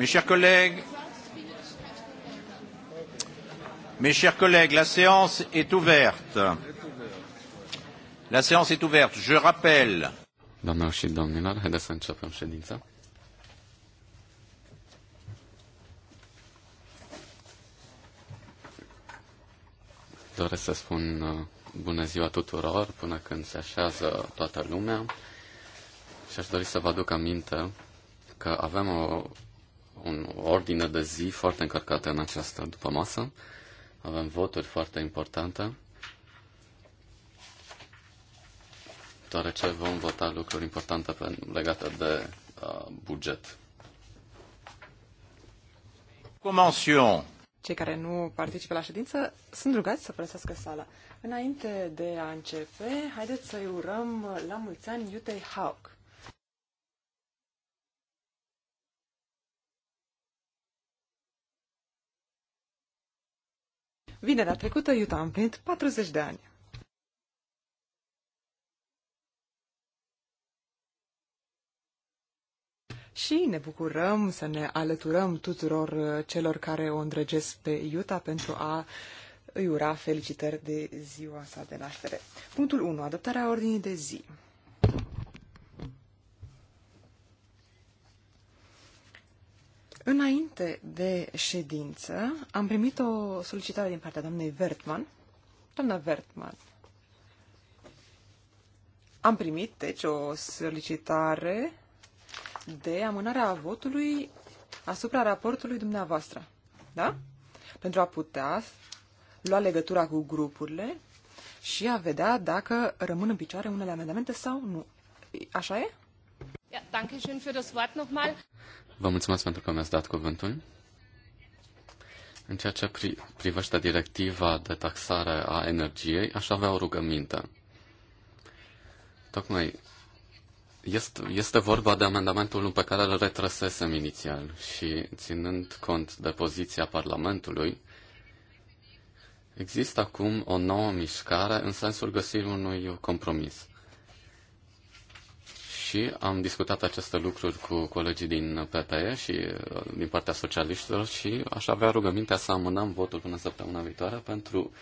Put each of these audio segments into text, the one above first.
Mes chers collègues, mes chers collègues, la séance est ouverte. La séance est ouverte. Je rappelle. Doamnelor și domnilor, haideți să începem ședința. Doresc să spun uh, bună ziua tuturor până când se așează toată lumea și aș dori să vă aduc aminte că avem o un ordine de zi foarte încărcată în această după masă. Avem voturi foarte importante. Deoarece vom vota lucruri importante pe, legate de uh, buget. Comension. Cei care nu participă la ședință sunt rugați să părăsească sala. Înainte de a începe, haideți să-i urăm la mulți ani Iutei Hauck. Vinerea trecută, Iuta a împlinit 40 de ani. și ne bucurăm să ne alăturăm tuturor uh, celor care o îndrăgesc pe Iuta pentru a îi ura felicitări de ziua sa de naștere. Punctul 1. Adoptarea ordinii de zi. Înainte de ședință, am primit o solicitare din partea doamnei Vertman. Doamna Vertman, am primit, deci, o solicitare de amânarea votului asupra raportului dumneavoastră. Da? Pentru a putea lua legătura cu grupurile și a vedea dacă rămân în picioare unele amendamente sau nu. Așa e? Dankeschön für das Wort nochmal. Vă mulțumesc pentru că mi-ați dat cuvântul. În ceea ce pri- privește directiva de taxare a energiei, aș avea o rugăminte. Tocmai este, este vorba de amendamentul pe care îl retrăsesem inițial și ținând cont de poziția Parlamentului, există acum o nouă mișcare în sensul găsirii unui compromis și am discutat aceste lucruri cu colegii din PPE și uh, din partea socialiștilor și aș avea rugămintea să amânăm votul până săptămâna viitoare pentru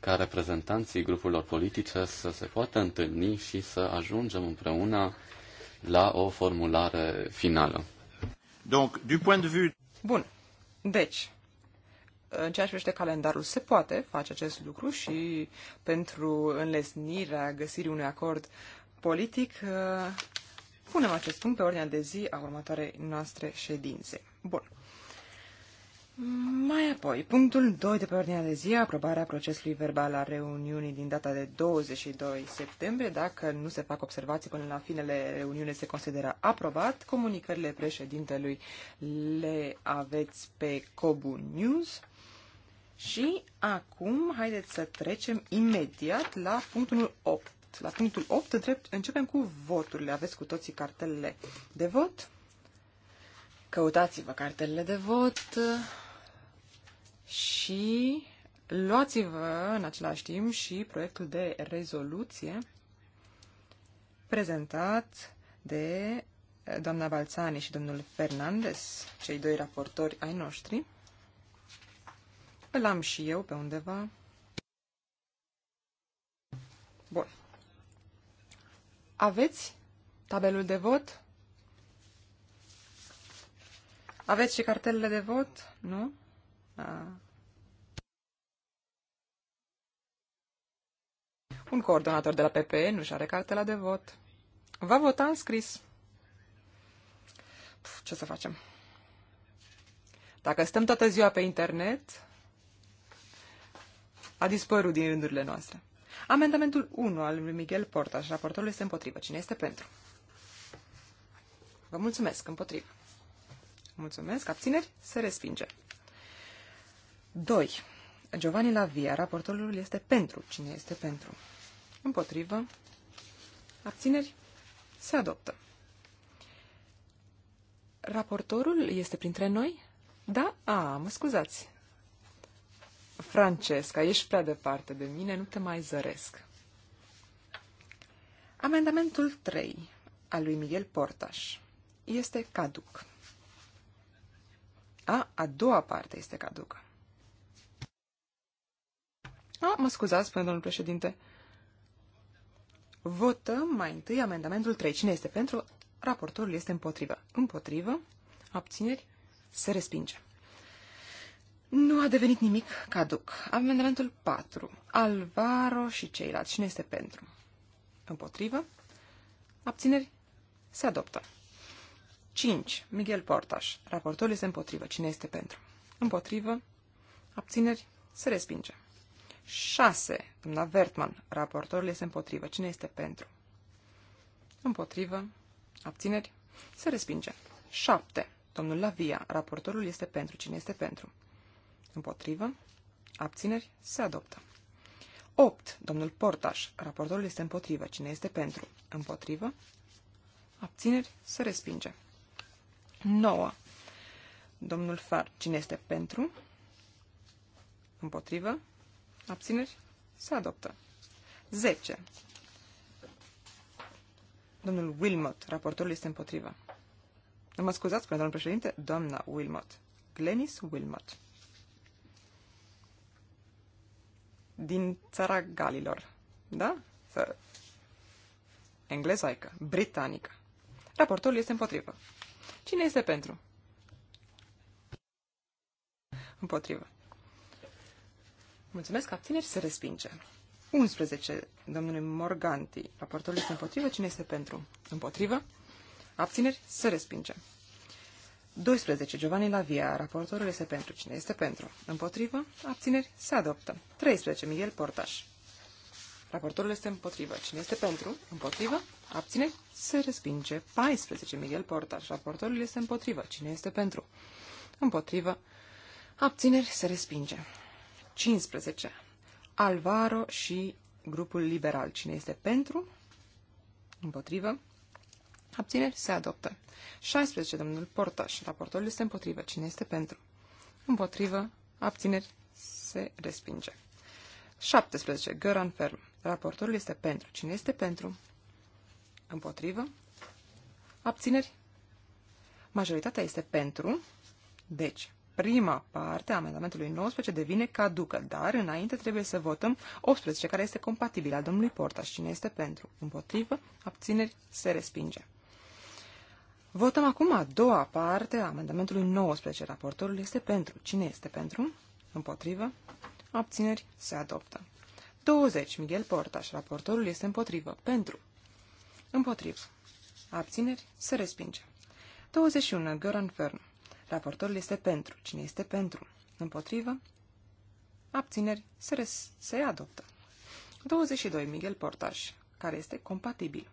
ca reprezentanții grupurilor politice să se poată întâlni și să ajungem împreună la o formulare finală. Donc, du point de vue... Bun. Deci, în ceea ce privește calendarul, se poate face acest lucru și pentru înlesnirea găsirii unui acord politic uh, punem acest punct pe ordinea de zi a următoarei noastre ședințe. Bun. Mai apoi, punctul 2 de pe ordinea de zi, aprobarea procesului verbal a reuniunii din data de 22 septembrie. Dacă nu se fac observații până la finele reuniunii, se consideră aprobat. Comunicările președintelui le aveți pe Cobu News. Și acum, haideți să trecem imediat la punctul 8 8. La punctul 8 drept, începem cu voturile. Aveți cu toții cartelele de vot. Căutați-vă cartelele de vot și luați-vă în același timp și proiectul de rezoluție prezentat de doamna Balțani și domnul Fernandez, cei doi raportori ai noștri. Îl am și eu pe undeva. Bun. Aveți tabelul de vot? Aveți și cartelele de vot? Nu? A. Un coordonator de la PPE nu-și are cartela de vot. Va vota în scris. Puf, ce să facem? Dacă stăm toată ziua pe internet, a dispărut din rândurile noastre. Amendamentul 1 al lui Miguel Portaș. Raportorul este împotrivă. Cine este pentru? Vă mulțumesc. Împotrivă. Mulțumesc. Abțineri? Se respinge. 2. Giovanni Lavia. Raportorul este pentru. Cine este pentru? Împotrivă. Abțineri? Se adoptă. Raportorul este printre noi? Da? A, mă scuzați. Francesca, ești prea departe de mine, nu te mai zăresc. Amendamentul 3 al lui Miguel Portaș este caduc. A, a doua parte este caducă. A, mă scuzați, spune domnul președinte. Votăm mai întâi amendamentul 3. Cine este pentru? Raportorul este împotrivă. Împotrivă, abțineri, se respinge. Nu a devenit nimic caduc. Amendamentul 4. Alvaro și ceilalți. Cine este pentru? Împotrivă. Abțineri? Se adoptă. 5. Miguel Portaș. Raportorul este împotrivă. Cine este pentru? Împotrivă. Abțineri? Se respinge. 6. Doamna Vertman. Raportorul este împotrivă. Cine este pentru? Împotrivă. Abțineri? Se respinge. 7. Domnul Lavia. Raportorul este pentru. Cine este pentru? Împotrivă. Abțineri. Se adoptă. 8. Domnul Portaș. Raportorul este împotrivă. Cine este pentru? Împotrivă. Abțineri. Se respinge. 9. Domnul Far. Cine este pentru? Împotrivă. Abțineri. Se adoptă. 10. Domnul Wilmot. Raportorul este împotrivă. Mă scuzați, până, domnul președinte, doamna Wilmot. Glenis Wilmot. din țara Galilor, da? Să... Englezaică, britanică. Raportul este împotrivă. Cine este pentru? Împotrivă. Mulțumesc, abțineri, se respinge. 11. Domnului Morganti. Raportul este împotrivă. Cine este pentru? Împotrivă. Abțineri, se respinge. 12. Giovanni Lavia. Raportorul este pentru. Cine este pentru? Împotrivă. Abțineri. Se adoptă. 13. Miguel Portaș. Raportorul este împotrivă. Cine este pentru? Împotrivă. Abțineri. Se respinge. 14. Miguel Portaș. Raportorul este împotrivă. Cine este pentru? Împotrivă. Abțineri. Se respinge. 15. Alvaro și grupul liberal. Cine este pentru? Împotrivă. Abțineri se adoptă. 16. Domnul Portaș. Raportorul este împotrivă. Cine este pentru? Împotrivă. Abțineri se respinge. 17. Găran Ferm. Raportorul este pentru. Cine este pentru? Împotrivă. Abțineri. Majoritatea este pentru. Deci, prima parte a amendamentului 19 devine caducă, dar înainte trebuie să votăm 18, care este compatibil al domnului Portaș. Cine este pentru? Împotrivă. Abțineri se respinge. Votăm acum a doua parte a amendamentului 19. Raportorul este pentru. Cine este pentru? Împotrivă. Abțineri. Se adoptă. 20. Miguel Portaș. Raportorul este împotrivă. Pentru. Împotrivă. Abțineri. Se respinge. 21. Göran Fern. Raportorul este pentru. Cine este pentru? Împotrivă. Abțineri. Se, se adoptă. 22. Miguel Portaș. Care este compatibil.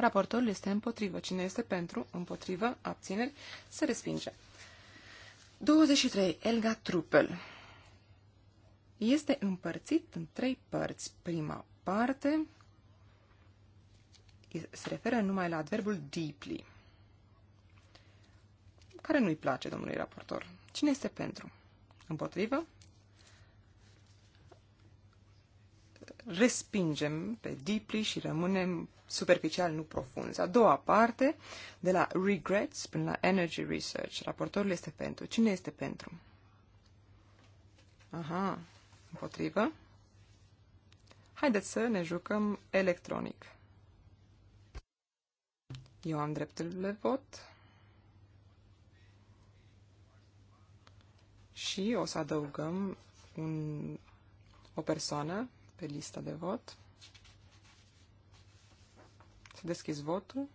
Raportorul este împotrivă. Cine este pentru? Împotrivă. Abțineri. Se respinge. 23. Elga Trupel. Este împărțit în trei părți. Prima parte se referă numai la adverbul deeply, care nu-i place domnului raportor. Cine este pentru? Împotrivă? respingem pe deeply și rămânem superficial, nu profund. A doua parte, de la regrets până la energy research. Raportorul este pentru. Cine este pentru? Aha, împotrivă. Haideți să ne jucăm electronic. Eu am dreptul de vot. Și o să adăugăm un, o persoană pe lista de vot. Să deschis votul.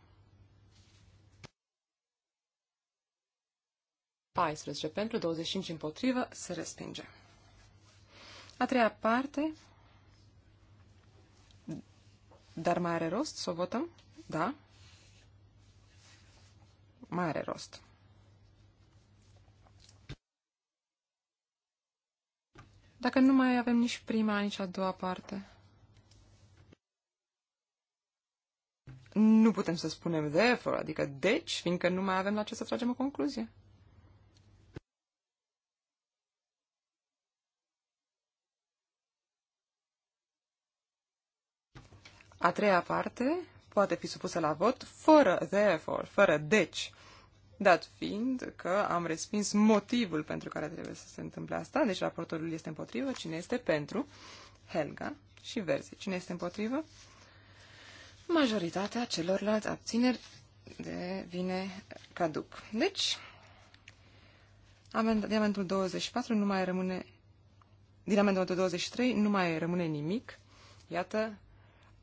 14 pentru, 25 împotrivă, se respinge. A treia parte, dar mai are rost să o votăm? Da. Mai are rost. Dacă nu mai avem nici prima, nici a doua parte. Nu putem să spunem therefore, adică deci, fiindcă nu mai avem la ce să tragem o concluzie. A treia parte poate fi supusă la vot fără therefore, fără deci dat fiind că am respins motivul pentru care trebuie să se întâmple asta, deci raportorul este împotrivă, cine este pentru, Helga și Verzi. Cine este împotrivă? Majoritatea celorlalți abțineri devine caduc. Deci, amendamentul 24 nu mai rămâne, din amendamentul 23 nu mai rămâne nimic. Iată,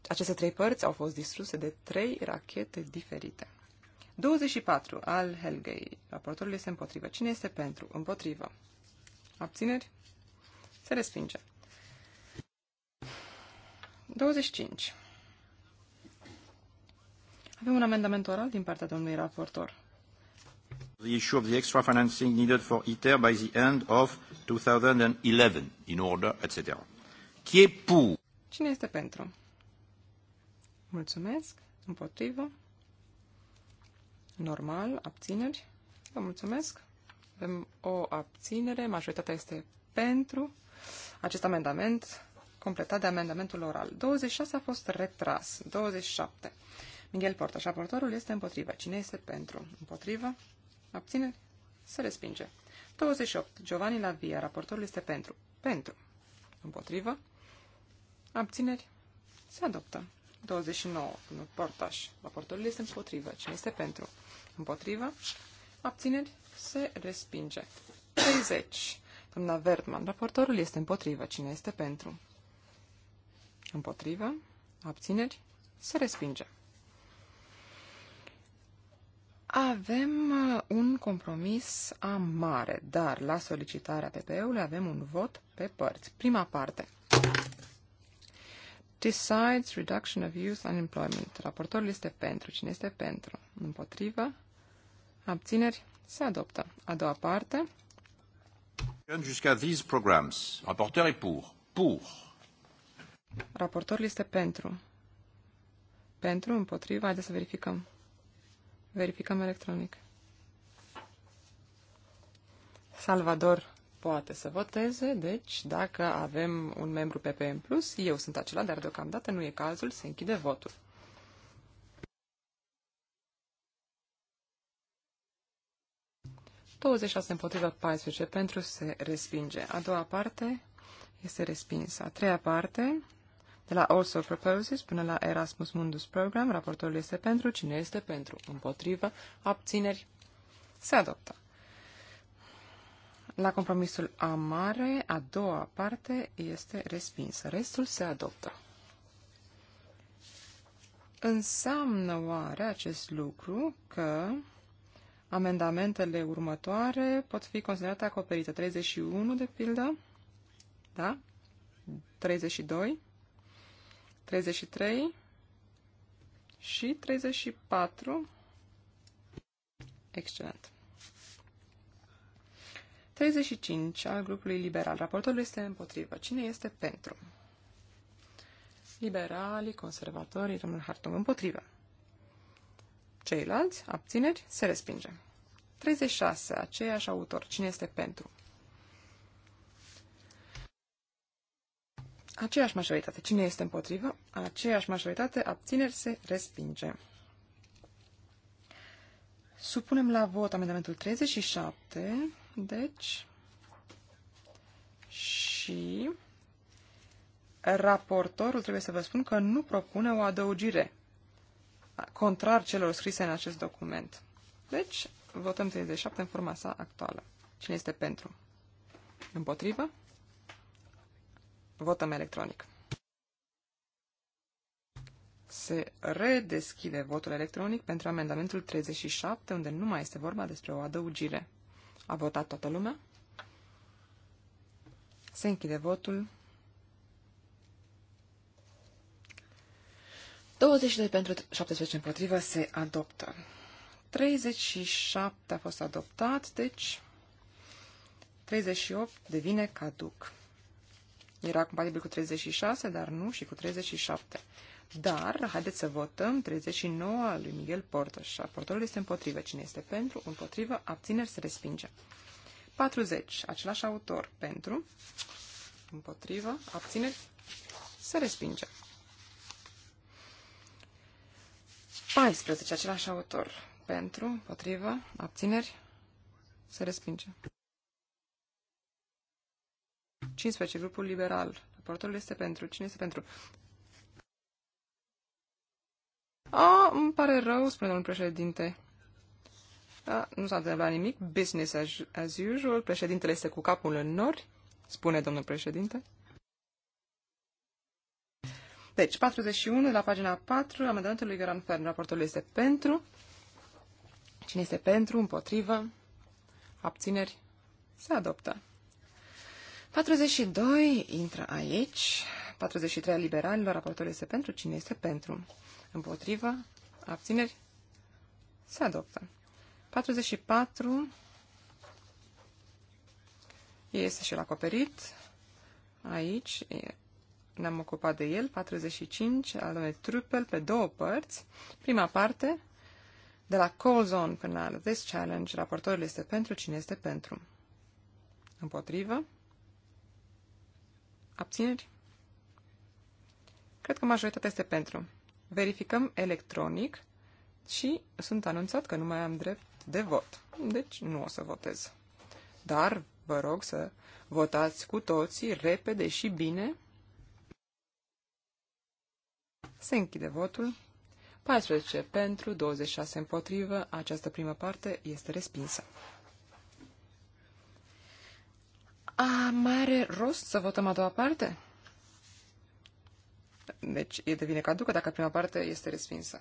aceste trei părți au fost distruse de trei rachete diferite. 24 al Helgei. Raportorul este împotrivă. Cine este pentru? Împotrivă. Abțineri? Se respinge. 25. Avem un amendament oral din partea domnului raportor. The issue of the extra financing needed for ITER by the end of 2011 in order, etc. Qui est pour? Cine este pentru? Mulțumesc. Împotrivă normal, abțineri. Vă mulțumesc. Avem o abținere, majoritatea este pentru acest amendament, completat de amendamentul oral. 26 a fost retras. 27. Miguel Portaș, raportorul, este împotrivă. Cine este pentru? Împotrivă? Abțineri? Se respinge. 28. Giovanni Lavia, raportorul, este pentru. Pentru. Împotrivă? Abțineri? Se adoptă. 29. Portaș, raportorul, este împotrivă. Cine este pentru? Împotrivă. Abțineri. Se respinge. 30. Doamna Vertman, raportorul este împotrivă. Cine este pentru? Împotrivă. Abțineri. Se respinge. Avem uh, un compromis amare, dar la solicitarea PPE-ului avem un vot pe părți. Prima parte. Decides reduction of youth unemployment. Raportorul este pentru. Cine este pentru? Împotrivă? Abțineri? Se adoptă. A doua parte. Jusqu'à these programs. Raporteur est pour. Pour. Raportorul este pentru. Pentru, împotriva, haideți să verificăm. Verificăm electronic. Salvador poate să voteze, deci dacă avem un membru PP în plus, eu sunt acela, dar deocamdată nu e cazul, se închide votul. 26 împotriva 14 pentru se respinge. A doua parte este respinsă. A treia parte, de la Also Proposes până la Erasmus Mundus Program, raportorul este pentru, cine este pentru, împotrivă, abțineri, se adoptă. La compromisul A mare, a doua parte este respinsă. Restul se adoptă. Înseamnă oare acest lucru că Amendamentele următoare pot fi considerate acoperite. 31, de pildă, da? 32, 33 și 34. Excelent. 35 al grupului liberal. Raportul este împotrivă. Cine este pentru? Liberalii, conservatorii, domnul Hartung împotrivă. Ceilalți, abțineri, se respinge. 36. Aceiași autor. Cine este pentru? Aceeași majoritate. Cine este împotrivă? Aceeași majoritate. Abțineri se respinge. Supunem la vot amendamentul 37. Deci... Și... Raportorul trebuie să vă spun că nu propune o adăugire contrar celor scrise în acest document. Deci, votăm 37 în forma sa actuală. Cine este pentru? Împotrivă? Votăm electronic. Se redeschide votul electronic pentru amendamentul 37, unde nu mai este vorba despre o adăugire. A votat toată lumea? Se închide votul. 22 pentru 17 împotrivă se adoptă. 37 a fost adoptat, deci 38 devine caduc. Era compatibil cu 36, dar nu și cu 37. Dar, haideți să votăm 39 al lui Miguel Portaș. Raportorul este împotrivă. Cine este pentru? Împotrivă. Abțineri se respinge. 40. Același autor. Pentru. Împotrivă. Abțineri se respinge. 14, același autor. Pentru, potrivă abțineri, se respinge. 15, grupul liberal. Raportul este pentru. Cine este pentru? A, îmi pare rău, spune domnul președinte. A, nu s-a întâmplat nimic. Business as, as usual. Președintele este cu capul în nori, spune domnul președinte. Deci, 41 la pagina 4, amendamentul lui Gheran Fern. Raportul este pentru. Cine este pentru, împotrivă, abțineri, se adoptă. 42 intră aici. 43 a liberalilor, raportul este pentru. Cine este pentru, împotrivă, abțineri, se adoptă. 44 este și-l acoperit. Aici ne-am ocupat de el, 45, al lui Truppel, pe două părți. Prima parte, de la Call Zone până la This Challenge, raportorul este pentru, cine este pentru? Împotrivă? Abțineri? Cred că majoritatea este pentru. Verificăm electronic și sunt anunțat că nu mai am drept de vot. Deci nu o să votez. Dar vă rog să votați cu toții repede și bine se închide votul. 14 pentru, 26 împotrivă. Această primă parte este respinsă. A, mai are rost să votăm a doua parte? Deci e devine caducă dacă prima parte este respinsă.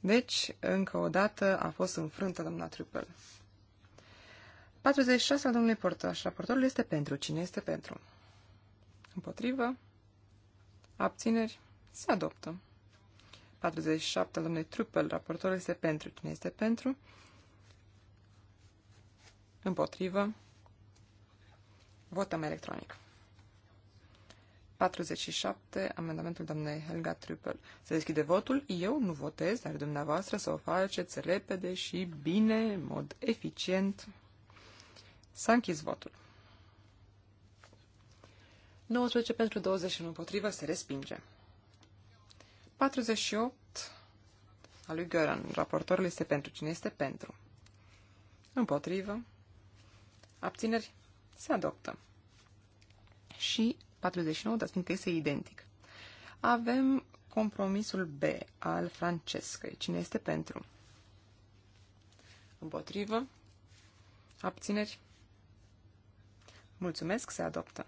Deci, încă o dată a fost înfrântă doamna Trupel. 46 al domnului Portaș. Raportorul este pentru. Cine este pentru? Împotrivă. Abțineri? Se adoptă. 47 al domnului Trupel, raportorul este pentru. Cine este pentru? Împotrivă. Votăm electronic. 47, amendamentul doamnei Helga Trupel. Se deschide votul, eu nu votez, dar dumneavoastră să o faceți repede și bine, în mod eficient. S-a închis votul. 19 pentru 21 împotrivă se respinge. 48 a lui Göran. Raportorul este pentru. Cine este pentru? Împotrivă. Abțineri se adoptă. Și 49, dar că este identic. Avem compromisul B al Francescăi. Cine este pentru? Împotrivă. Abțineri. Mulțumesc, se adoptă.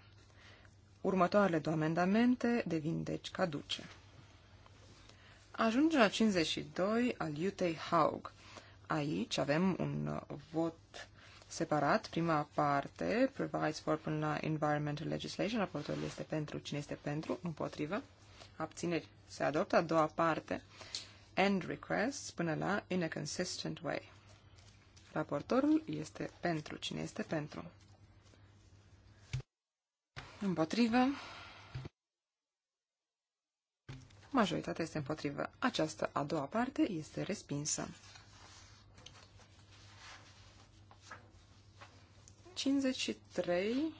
Următoarele două amendamente devin deci caduce. Ajungem la 52 al Iutei Haug. Aici avem un uh, vot separat. Prima parte provides for până la environmental legislation. Raportul este pentru cine este pentru, împotrivă. Abțineri se adoptă. A doua parte end requests până la in a consistent way. Raportorul este pentru cine este pentru, Împotrivă. Majoritatea este împotrivă. Această a doua parte este respinsă. 53.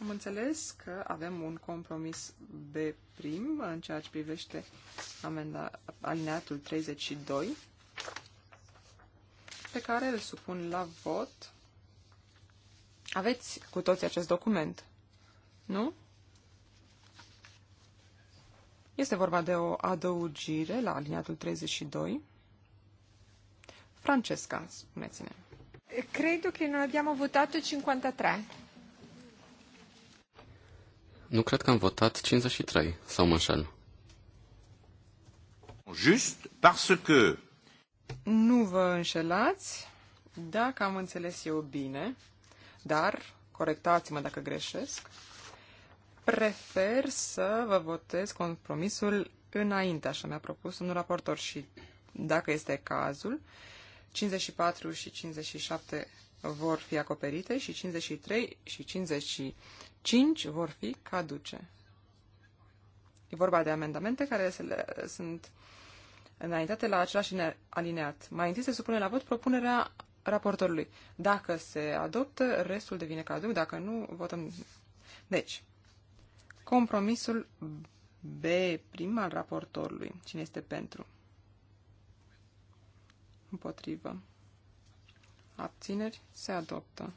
Am înțeles că avem un compromis B prim în ceea ce privește amenda, alineatul 32 pe care îl supun la vot. Aveți cu toții acest document. Nu? Este vorba de o adăugire la aliniatul 32. Francesca, spuneți-ne. Credo che non abbiamo votato 53. Nu cred că am votat 53, sau mă înșel. Just parce que... Nu vă înșelați, dacă am înțeles eu bine, dar corectați-mă dacă greșesc prefer să vă votez compromisul înainte, așa mi-a propus un raportor și dacă este cazul, 54 și 57 vor fi acoperite și 53 și 55 vor fi caduce. E vorba de amendamente care se le, sunt înaintate la același alineat. Mai întâi se supune la vot propunerea raportorului. Dacă se adoptă, restul devine caduc, dacă nu, votăm. Deci, Compromisul B prim al raportorului. Cine este pentru? Împotrivă. Abțineri se adoptă.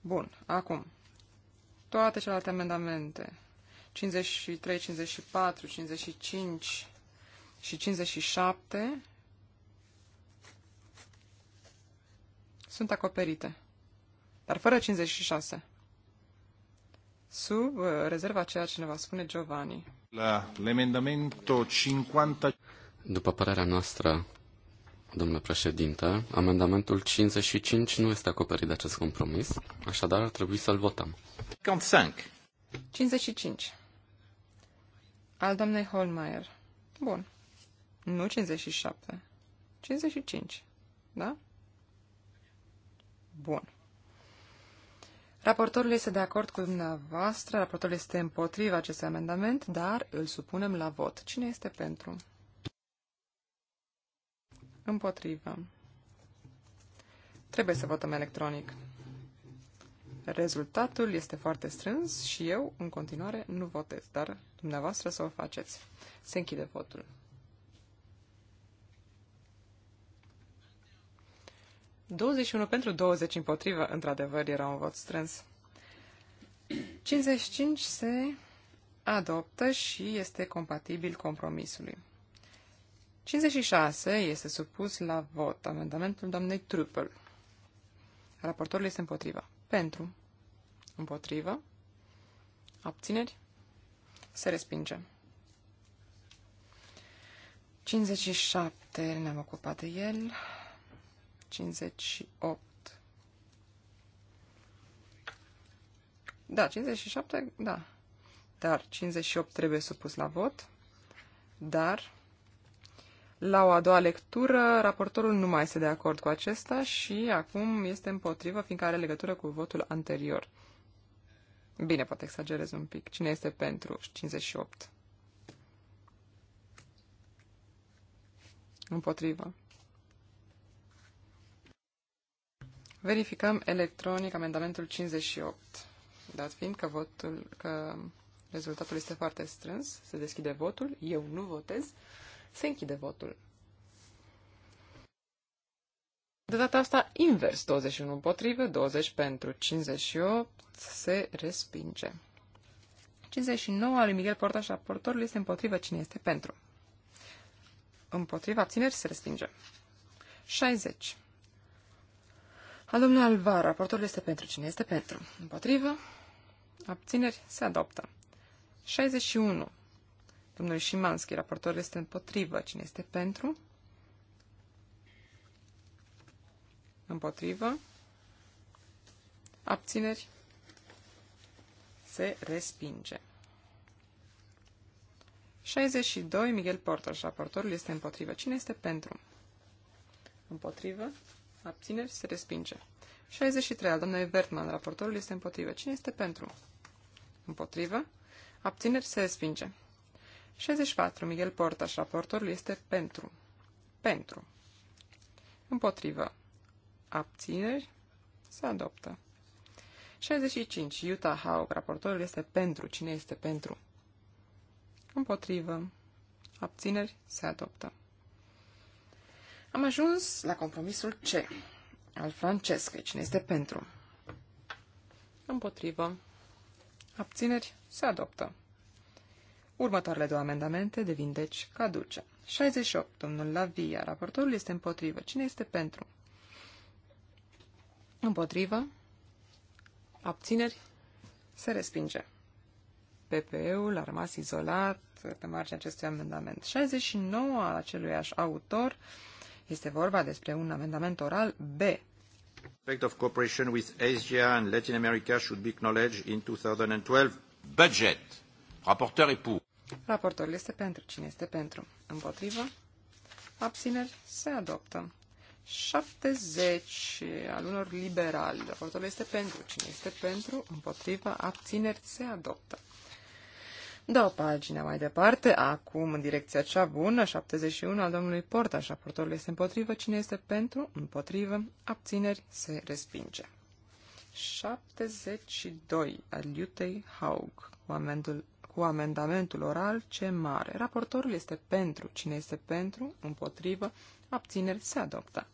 Bun, acum, toate celelalte amendamente, 53, 54, 55 și 57, sunt acoperite, dar fără 56 sub uh, rezerva ceea ce ne va spune Giovanni. La l'emendamento 50... După părerea noastră, domnule președinte, amendamentul 55 nu este acoperit de acest compromis, așadar ar trebui să-l votăm. 55. 55. Al doamnei Holmeier. Bun. Nu 57. 55. Da? Bun. Raportorul este de acord cu dumneavoastră, raportorul este împotriva acestui amendament, dar îl supunem la vot. Cine este pentru? Împotrivă. Trebuie să votăm electronic. Rezultatul este foarte strâns și eu, în continuare, nu votez, dar dumneavoastră să o faceți. Se închide votul. 21 pentru 20 împotrivă, într-adevăr, era un vot strâns. 55 se adoptă și este compatibil compromisului. 56 este supus la vot amendamentul doamnei Trupel. Raportorul este împotriva. Pentru. Împotrivă. Abțineri. Se respinge. 57 ne-am ocupat de el. 58. Da, 57, da. Dar 58 trebuie supus la vot. Dar la o a doua lectură, raportorul nu mai este de acord cu acesta și acum este împotrivă, fiindcă are legătură cu votul anterior. Bine, poate exagerez un pic. Cine este pentru 58? Împotrivă. Verificăm electronic amendamentul 58. Dat fiind că, votul, că rezultatul este foarte strâns, se deschide votul, eu nu votez, se închide votul. De data asta, invers, 21 împotrivă, 20 pentru, 58 se respinge. 59 al lui Miguel Portaș, raportorul este împotrivă, cine este pentru? Împotriva abțineri se respinge. 60. Al domnului Alvar, raportul este pentru cine este pentru. Împotrivă, abțineri, se adoptă. 61. Domnul Șimanski, raportorul este împotrivă. Cine este pentru? Împotrivă. Abțineri. Se respinge. 62. Miguel Portas, raportorul este împotrivă. Cine este pentru? Împotrivă. Abțineri se respinge. 63 al domnului raportorul este împotrivă. Cine este pentru? Împotrivă. Abțineri se respinge. 64. Miguel Portaș, raportorul este pentru. Pentru. Împotrivă. Abțineri se adoptă. 65. Utah Haug, raportorul este pentru. Cine este pentru? Împotrivă. Abțineri se adoptă. Am ajuns la compromisul C al Francescăi. Cine este pentru? Împotrivă. Abțineri se adoptă. Următoarele două amendamente devin deci caduce. 68. Domnul Lavia. Raportorul este împotrivă. Cine este pentru? Împotrivă. Abțineri se respinge. PPE-ul a rămas izolat pe marginea acestui amendament. 69 al aceluiași autor este vorba despre un amendament oral B. Aspect of cooperation with Asia and Latin America should be acknowledged in 2012 budget. Raportor e pour. Raportorul este pentru. Cine este pentru? Împotrivă? Abțineri? Se adoptă. 70 al unor liberali. Raportorul este pentru. Cine este pentru? Împotrivă? Abțineri? Se adoptă. Da, o pagină mai departe, acum în direcția cea bună, 71 al domnului și Raportorul este împotrivă. Cine este pentru? Împotrivă. Abțineri se respinge. 72 al Iutei Haug. Cu amendul cu amendamentul oral ce mare. Raportorul este pentru. Cine este pentru? Împotrivă. Abțineri se adoptă.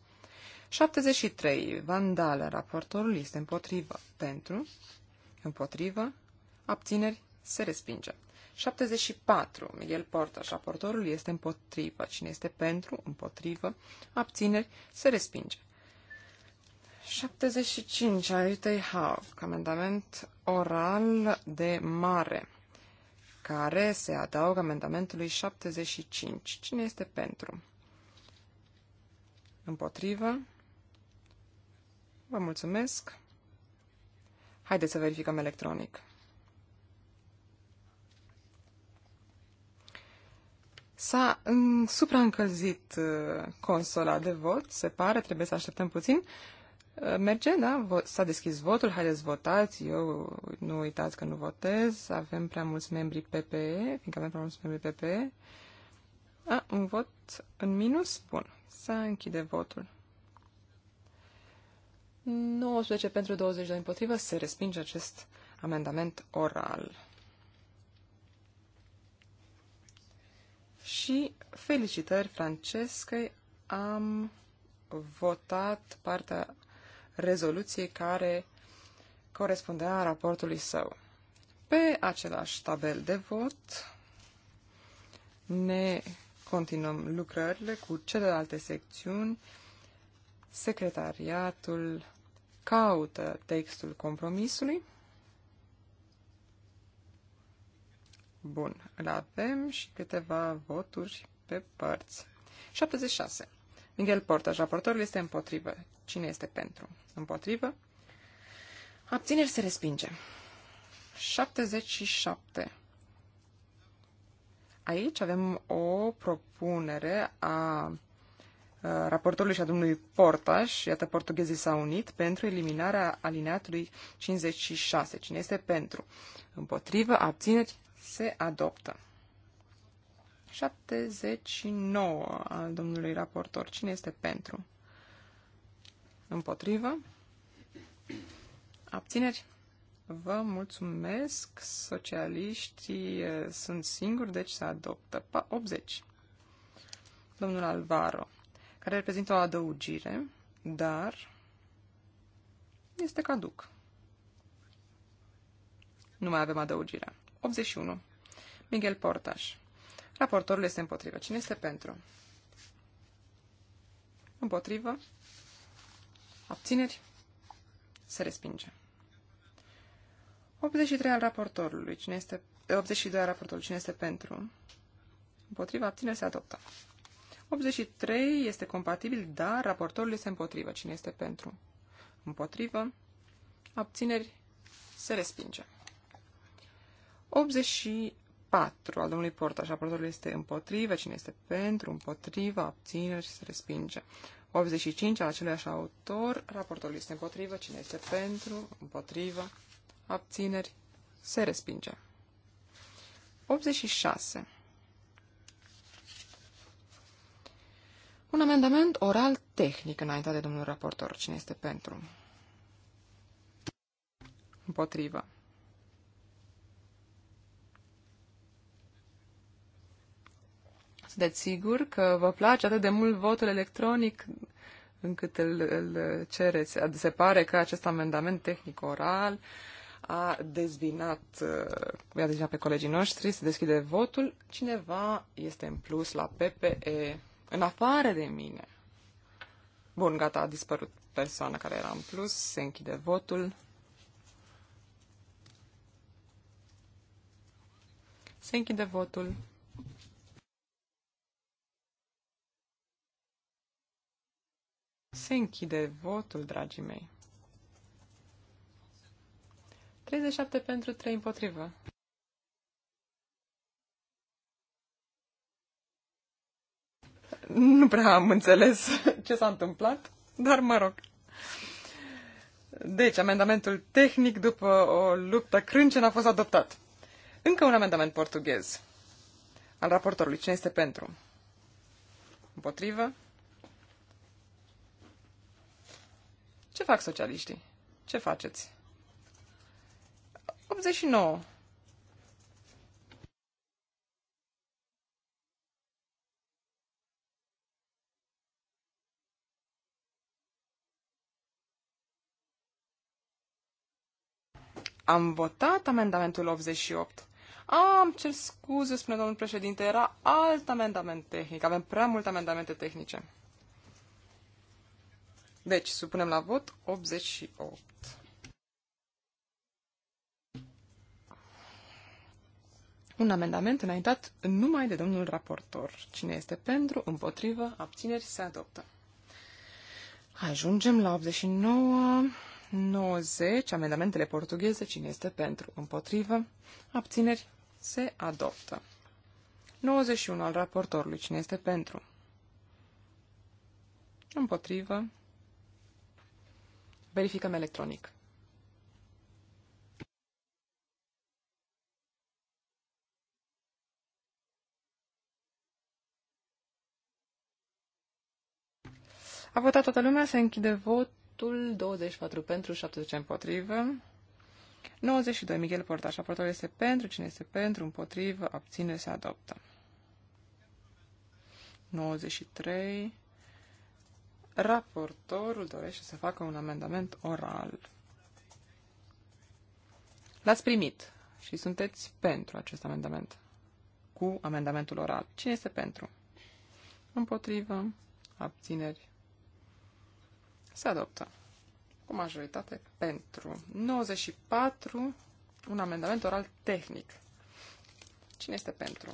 73. Vandală. Raportorul este împotrivă. Pentru. Împotrivă. Abțineri se respinge. 74. Miguel Portas. Raportorul este împotrivă. Cine este pentru, împotrivă, abțineri, se respinge. 75. Aiutei Haug. Amendament oral de mare care se adaugă amendamentului 75. Cine este pentru? Împotrivă? Vă mulțumesc. Haideți să verificăm electronic. S-a supraîncălzit uh, consola de vot, se pare, trebuie să așteptăm puțin. Uh, merge, da, s-a deschis votul, haideți votați, eu nu uitați că nu votez, avem prea mulți membri PPE, fiindcă avem prea mulți membri PPE. A, un vot în minus? Bun, s-a închide votul. 19 pentru 22 împotrivă se respinge acest amendament oral. Și felicitări Francescăi, am votat partea rezoluției care corespundea raportului său. Pe același tabel de vot ne continuăm lucrările cu celelalte secțiuni. Secretariatul caută textul compromisului. Bun, îl avem și câteva voturi pe părți. 76. Miguel Portaș, raportorul, este împotrivă. Cine este pentru? Împotrivă. Abțineri se respinge. 77. Aici avem o propunere a raportorului și a domnului Portaș, iată portughezii s-au unit, pentru eliminarea alineatului 56. Cine este pentru? Împotrivă, abțineri, se adoptă. 79 al domnului raportor. Cine este pentru? Împotrivă? Abțineri? Vă mulțumesc, socialiștii eh, sunt singuri, deci se adoptă. pa 80. Domnul Alvaro, care reprezintă o adăugire, dar este caduc. Nu mai avem adăugirea. 81. Miguel Portaș. Raportorul este împotrivă. Cine este pentru? Împotrivă. Abțineri. Se respinge. 83 al raportorului. Cine este, 82 eh, al raportorului. Cine este pentru? Împotrivă. Abțineri. Se adoptă. 83 este compatibil, dar raportorul este împotrivă. Cine este pentru? Împotrivă. Abțineri. Se respinge. 84 al domnului Porta. Și raportorul este împotrivă. Cine este pentru? Împotrivă. și Se respinge. 85 al aceluiași autor. Raportorul este împotrivă. Cine este pentru? Împotrivă. Abțineri. Se respinge. 86. Un amendament oral tehnic înaintea de domnul raportor. Cine este pentru? Împotrivă. Sunteți sigur că vă place atât de mult votul electronic încât îl, îl cereți? Se pare că acest amendament tehnic-oral a dezbinat, uh, i-a dezbinat pe colegii noștri, se deschide votul. Cineva este în plus la PPE, în afară de mine. Bun, gata, a dispărut persoana care era în plus, se închide votul. Se închide votul. Se închide votul, dragii mei. 37 pentru 3 împotrivă. Nu prea am înțeles ce s-a întâmplat, dar mă rog. Deci, amendamentul tehnic după o luptă crâncenă a fost adoptat. Încă un amendament portughez al raportorului. Cine este pentru? Împotrivă? Ce fac socialiștii? Ce faceți? 89. Am votat amendamentul 88. Am cer scuze, spune domnul președinte, era alt amendament tehnic. Avem prea multe amendamente tehnice. Deci, supunem la vot 88. Un amendament înaintat numai de domnul raportor. Cine este pentru, împotrivă, abțineri, se adoptă. Ajungem la 89, 90, amendamentele portugheze, cine este pentru, împotrivă, abțineri, se adoptă. 91 al raportorului, cine este pentru, împotrivă, Verificăm electronic. A votat toată lumea, se închide votul, 24 pentru, 70 împotrivă. 92. Miguel Portaș. aportul este pentru, cine este pentru, împotrivă, abține, se adoptă. 93. Raportorul dorește să facă un amendament oral. L-ați primit și sunteți pentru acest amendament. Cu amendamentul oral. Cine este pentru? Împotrivă. Abțineri. Se adoptă. Cu majoritate pentru. 94. Un amendament oral tehnic. Cine este pentru?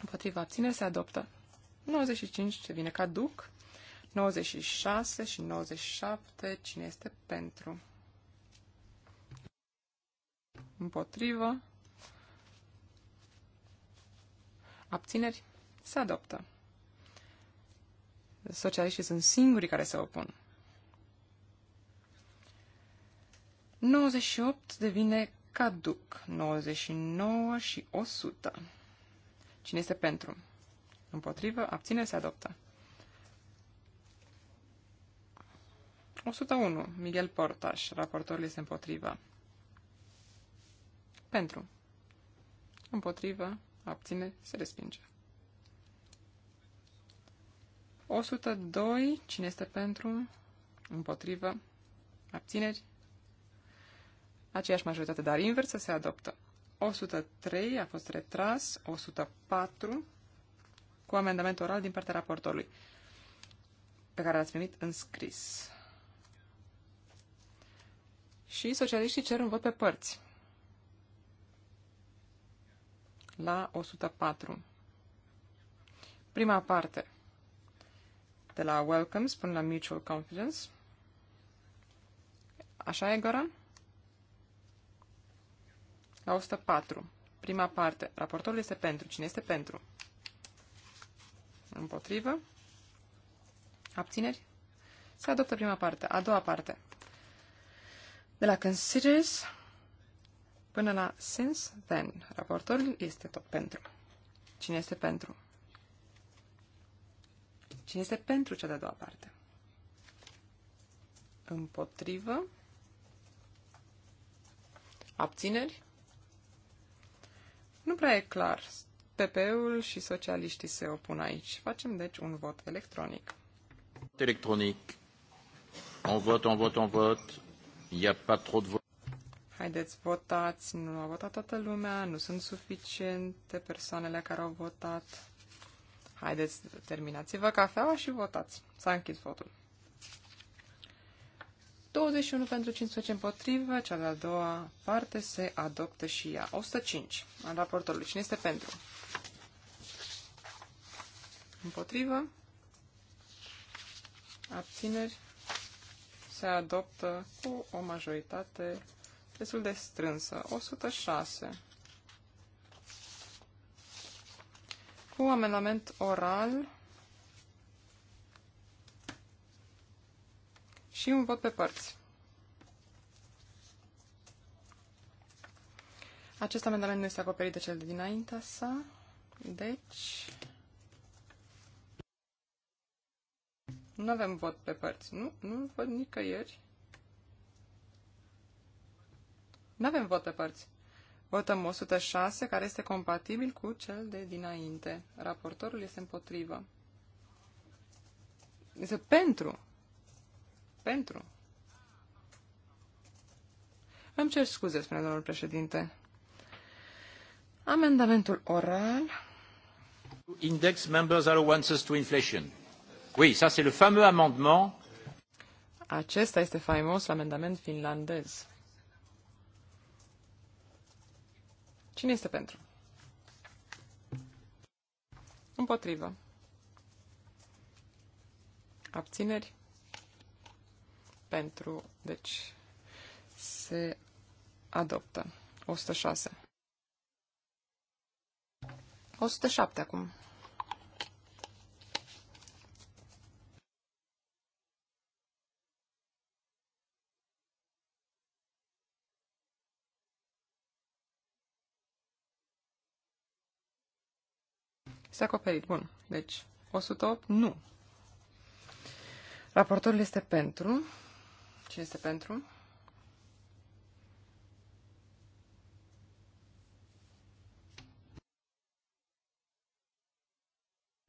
Împotriva abțineri se adoptă. 95 ce vine caduc. 96 și 97. Cine este pentru? Împotrivă. Abțineri. Se adoptă. Socialiștii sunt singurii care se opun. 98 devine caduc. 99 și 100. Cine este pentru? Împotrivă. abține Se adoptă. 101. Miguel Portaș. Raportorul este împotrivă. Pentru. Împotrivă. abține Se respinge. 102. Cine este pentru? Împotrivă. Abțineri. Aceeași majoritate, dar inversă, se adoptă. 103 a fost retras. 104 cu amendament oral din partea raportorului, pe care l-ați primit în scris. Și socialiștii cer un vot pe părți. La 104. Prima parte. De la Welcomes până la Mutual Confidence. Așa e, Goran? La 104. Prima parte. Raportorul este pentru. Cine este pentru? Împotrivă. Abțineri. Se adoptă prima parte. A doua parte. De la considers până la since then. Raportorul este tot pentru. Cine este pentru? Cine este pentru cea de-a doua parte? Împotrivă. Abțineri? Nu prea e clar. PP-ul și socialiștii se opun aici. Facem deci un vot electronic. Electronic. On vot, on vot, on vot. Il a pas trop de vot. Haideți, votați. Nu a votat toată lumea, nu sunt suficiente persoanele care au votat. Haideți, terminați-vă cafeaua și votați. S-a închis votul. 21 pentru 15 împotrivă, cea de-a doua parte se adoptă și ea. 105 raportul lui, Cine este pentru? Împotrivă. Abțineri. Se adoptă cu o majoritate destul de strânsă. 106. Cu amendament oral și un vot pe părți. Acest amendament nu este acoperit de cel de dinaintea sa, deci Nu avem vot pe părți. Nu, nu văd nicăieri. Nu avem vot pe părți. Votăm 106, care este compatibil cu cel de dinainte. Raportorul este împotrivă. Este pentru. Pentru. Îmi cer scuze, spune domnul președinte. Amendamentul oral. Index members are to inflation. Oui, ça c'est le fameux amendement. Acesta este faimos amendament finlandez. Cine este pentru? Împotrivă. Abțineri. Pentru. Deci se adoptă. 106. 107 acum. Este acoperit. Bun. Deci, 108, nu. Raportorul este pentru. Cine este pentru?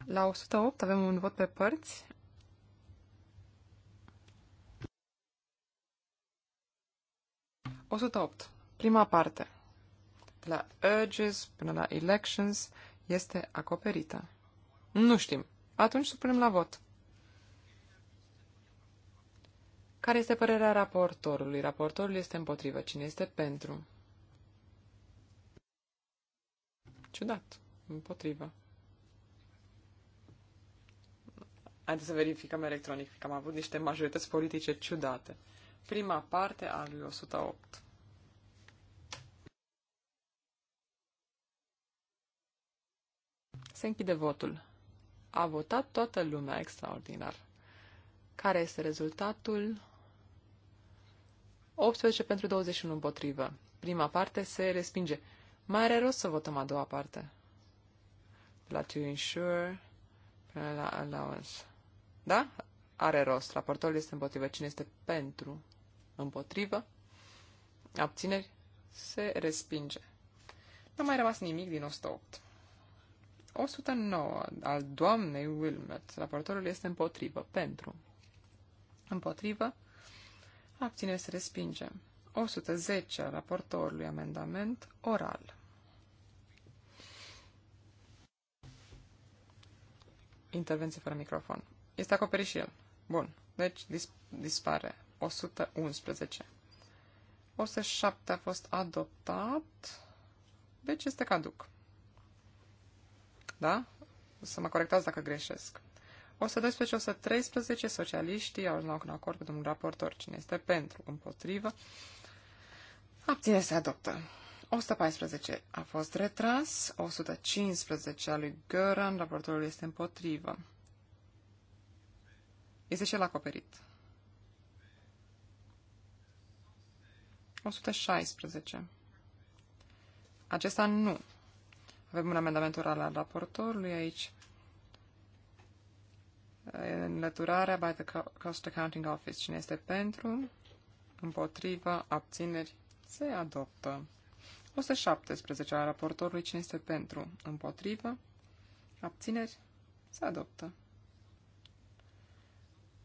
La 108 avem un vot pe părți. opt. Prima parte. De la urges până la elections este acoperită. Nu știm. Atunci supunem la vot. Care este părerea raportorului? Raportorul este împotrivă. Cine este pentru? Ciudat. Împotrivă. Haideți să verificăm electronic, că am avut niște majorități politice ciudate. Prima parte a lui 108. Se închide votul. A votat toată lumea, extraordinar. Care este rezultatul? 18 pentru 21 împotrivă. Prima parte se respinge. Mai are rost să votăm a doua parte. La to insure, până la allowance. Da? Are rost. Raportorul este împotrivă. Cine este pentru? Împotrivă. Abțineri? Se respinge. Nu mai rămas nimic din 108. 109 al doamnei Wilmot. Raportorul este împotrivă. Pentru. Împotrivă. Abține se respinge. 110 al raportorului amendament oral. Intervenție fără microfon. Este acoperit și el. Bun. Deci dis dispare. 111. 107 a fost adoptat. Deci este caduc da? Să mă corectați dacă greșesc. 112-113, socialiștii au ajuns la un acord cu domnul raportor. Cine este pentru? Împotrivă. Abține se adoptă. 114 a fost retras, 115 a lui Göran, raportorul este împotrivă. Este și el acoperit. 116. Acesta nu avem un amendament oral al raportorului aici. Înlăturarea by the Cost Accounting Office. Cine este pentru? împotriva, Abțineri? Se adoptă. 117 al raportorului. Cine este pentru? împotriva, Abțineri? Se adoptă.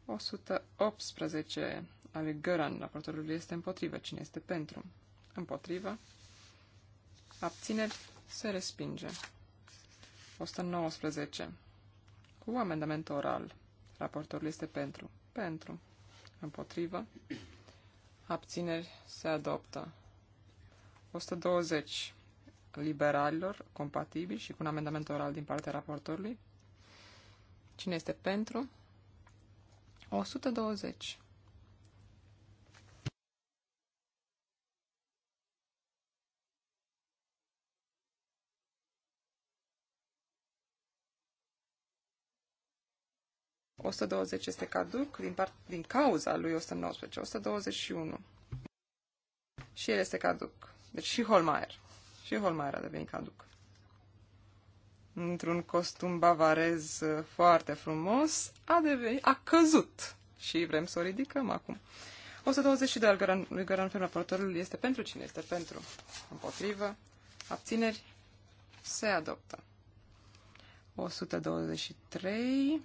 118 al lui Găran, raportorului este împotrivă. Cine este pentru? Împotrivă. Abțineri se respinge. 119. Cu amendament oral. Raportorul este pentru. Pentru. Împotrivă. Abțineri. Se adoptă. 120. Liberalilor, compatibil și cu un amendament oral din partea raportorului. Cine este pentru? 120. 120 este caduc din, part, din cauza lui 119. 121. Și el este caduc. Deci și Holmeier. Și Holmeier a devenit caduc. Într-un costum bavarez uh, foarte frumos, a, devenit, a căzut. Și vrem să o ridicăm acum. 122 al Găran, lui Găran Ferm, raportorul este pentru cine? Este pentru. Împotrivă. Abțineri. Se adoptă. 123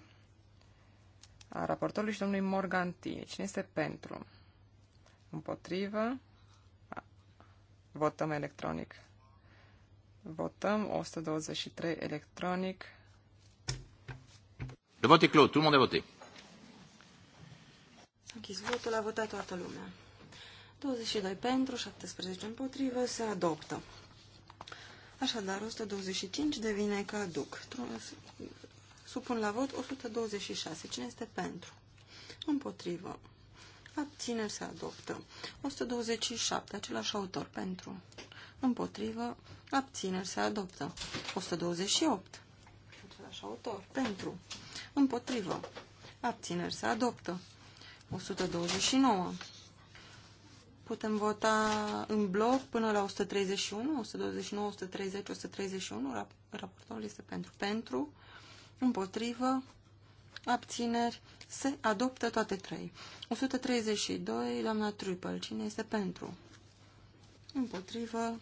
a raportorului și domnului Morganti. Cine este pentru? Împotrivă. Votăm electronic. Votăm 123 electronic. Le vot e clos, tout le monde a voté. S-a închis votul, a votat toată lumea. 22 pentru, 17 împotrivă, se adoptă. Așadar, 125 devine caduc. Supun la vot 126. Cine este pentru? Împotrivă. Abțineri se adoptă. 127. Același autor pentru. Împotrivă. Abțineri se adoptă. 128. Același autor pentru. Împotrivă. Abțineri se adoptă. 129. Putem vota în bloc până la 131, 129, 130, 131. Raportorul este pentru. Pentru împotrivă, abțineri, se adoptă toate trei. 132, doamna Trupel, cine este pentru? Împotrivă,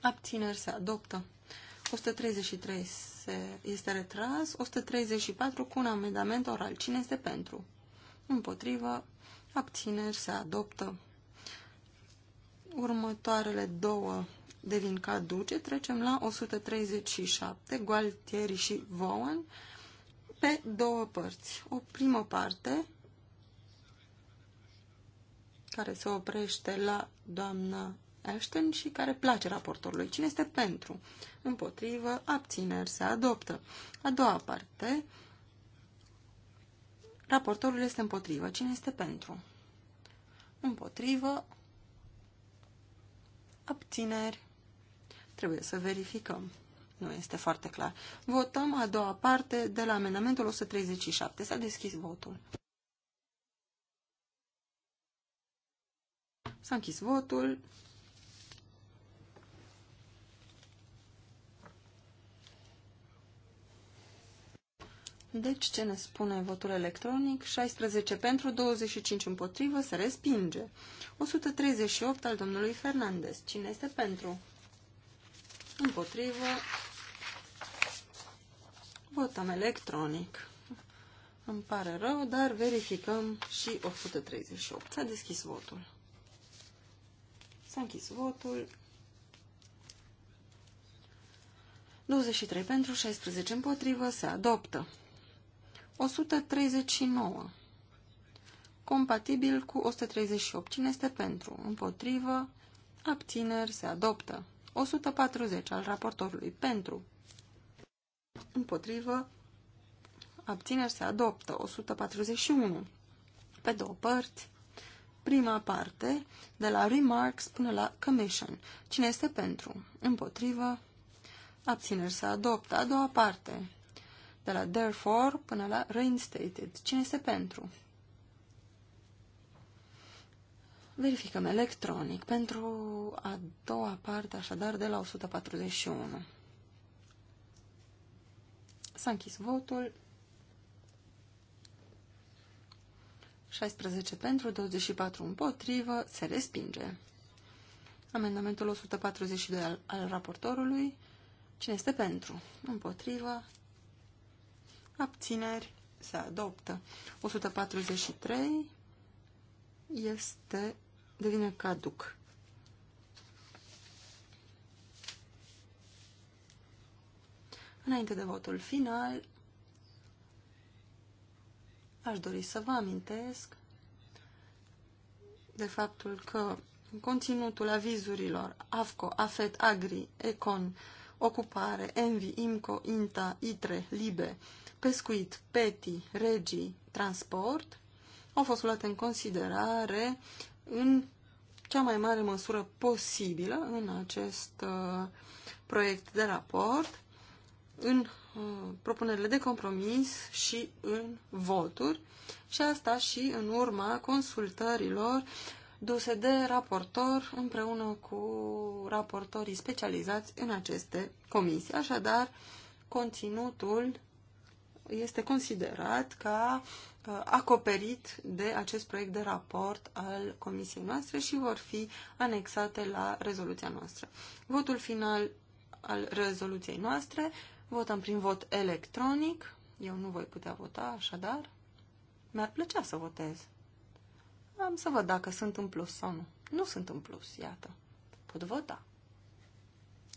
abțineri, se adoptă. 133 se, este retras, 134 cu un amendament oral. Cine este pentru? Împotrivă, abțineri, se adoptă. Următoarele două devin caduce, trecem la 137, Gualtieri și Vaughan, pe două părți. O primă parte, care se oprește la doamna Ashton și care place raportorului. Cine este pentru? Împotrivă, abțineri, se adoptă. A doua parte, raportorul este împotrivă. Cine este pentru? Împotrivă, abțineri, Trebuie să verificăm. Nu este foarte clar. Votăm a doua parte de la amendamentul 137. S-a deschis votul. S-a închis votul. Deci, ce ne spune votul electronic? 16 pentru, 25 împotrivă, se respinge. 138 al domnului Fernandez. Cine este pentru? împotrivă, votăm electronic. Îmi pare rău, dar verificăm și 138. S-a deschis votul. S-a închis votul. 23 pentru, 16 împotrivă, se adoptă. 139. Compatibil cu 138. Cine este pentru? Împotrivă, abțineri, se adoptă. 140 al raportorului pentru, împotrivă, abțineri se adoptă. 141 pe două părți. Prima parte, de la remarks până la commission. Cine este pentru? Împotrivă, abțineri se adoptă. A doua parte, de la therefore până la reinstated. Cine este pentru? Verificăm electronic pentru a doua parte, așadar, de la 141. S-a închis votul. 16 pentru, 24 împotrivă, se respinge. Amendamentul 142 al, al raportorului. Cine este pentru? Împotrivă. Abțineri. Se adoptă. 143 este devine caduc. Înainte de votul final, aș dori să vă amintesc de faptul că conținutul avizurilor AFCO, AFET, AGRI, ECON, Ocupare, ENVI, IMCO, INTA, ITRE, LIBE, Pescuit, PETI, REGI, Transport au fost luate în considerare în cea mai mare măsură posibilă în acest uh, proiect de raport, în uh, propunerile de compromis și în voturi și asta și în urma consultărilor duse de raportor împreună cu raportorii specializați în aceste comisii. Așadar, conținutul este considerat ca uh, acoperit de acest proiect de raport al comisiei noastre și vor fi anexate la rezoluția noastră. Votul final al rezoluției noastre votăm prin vot electronic. Eu nu voi putea vota, așadar mi-ar plăcea să votez. Am să văd dacă sunt în plus sau nu. Nu sunt în plus, iată. Pot vota.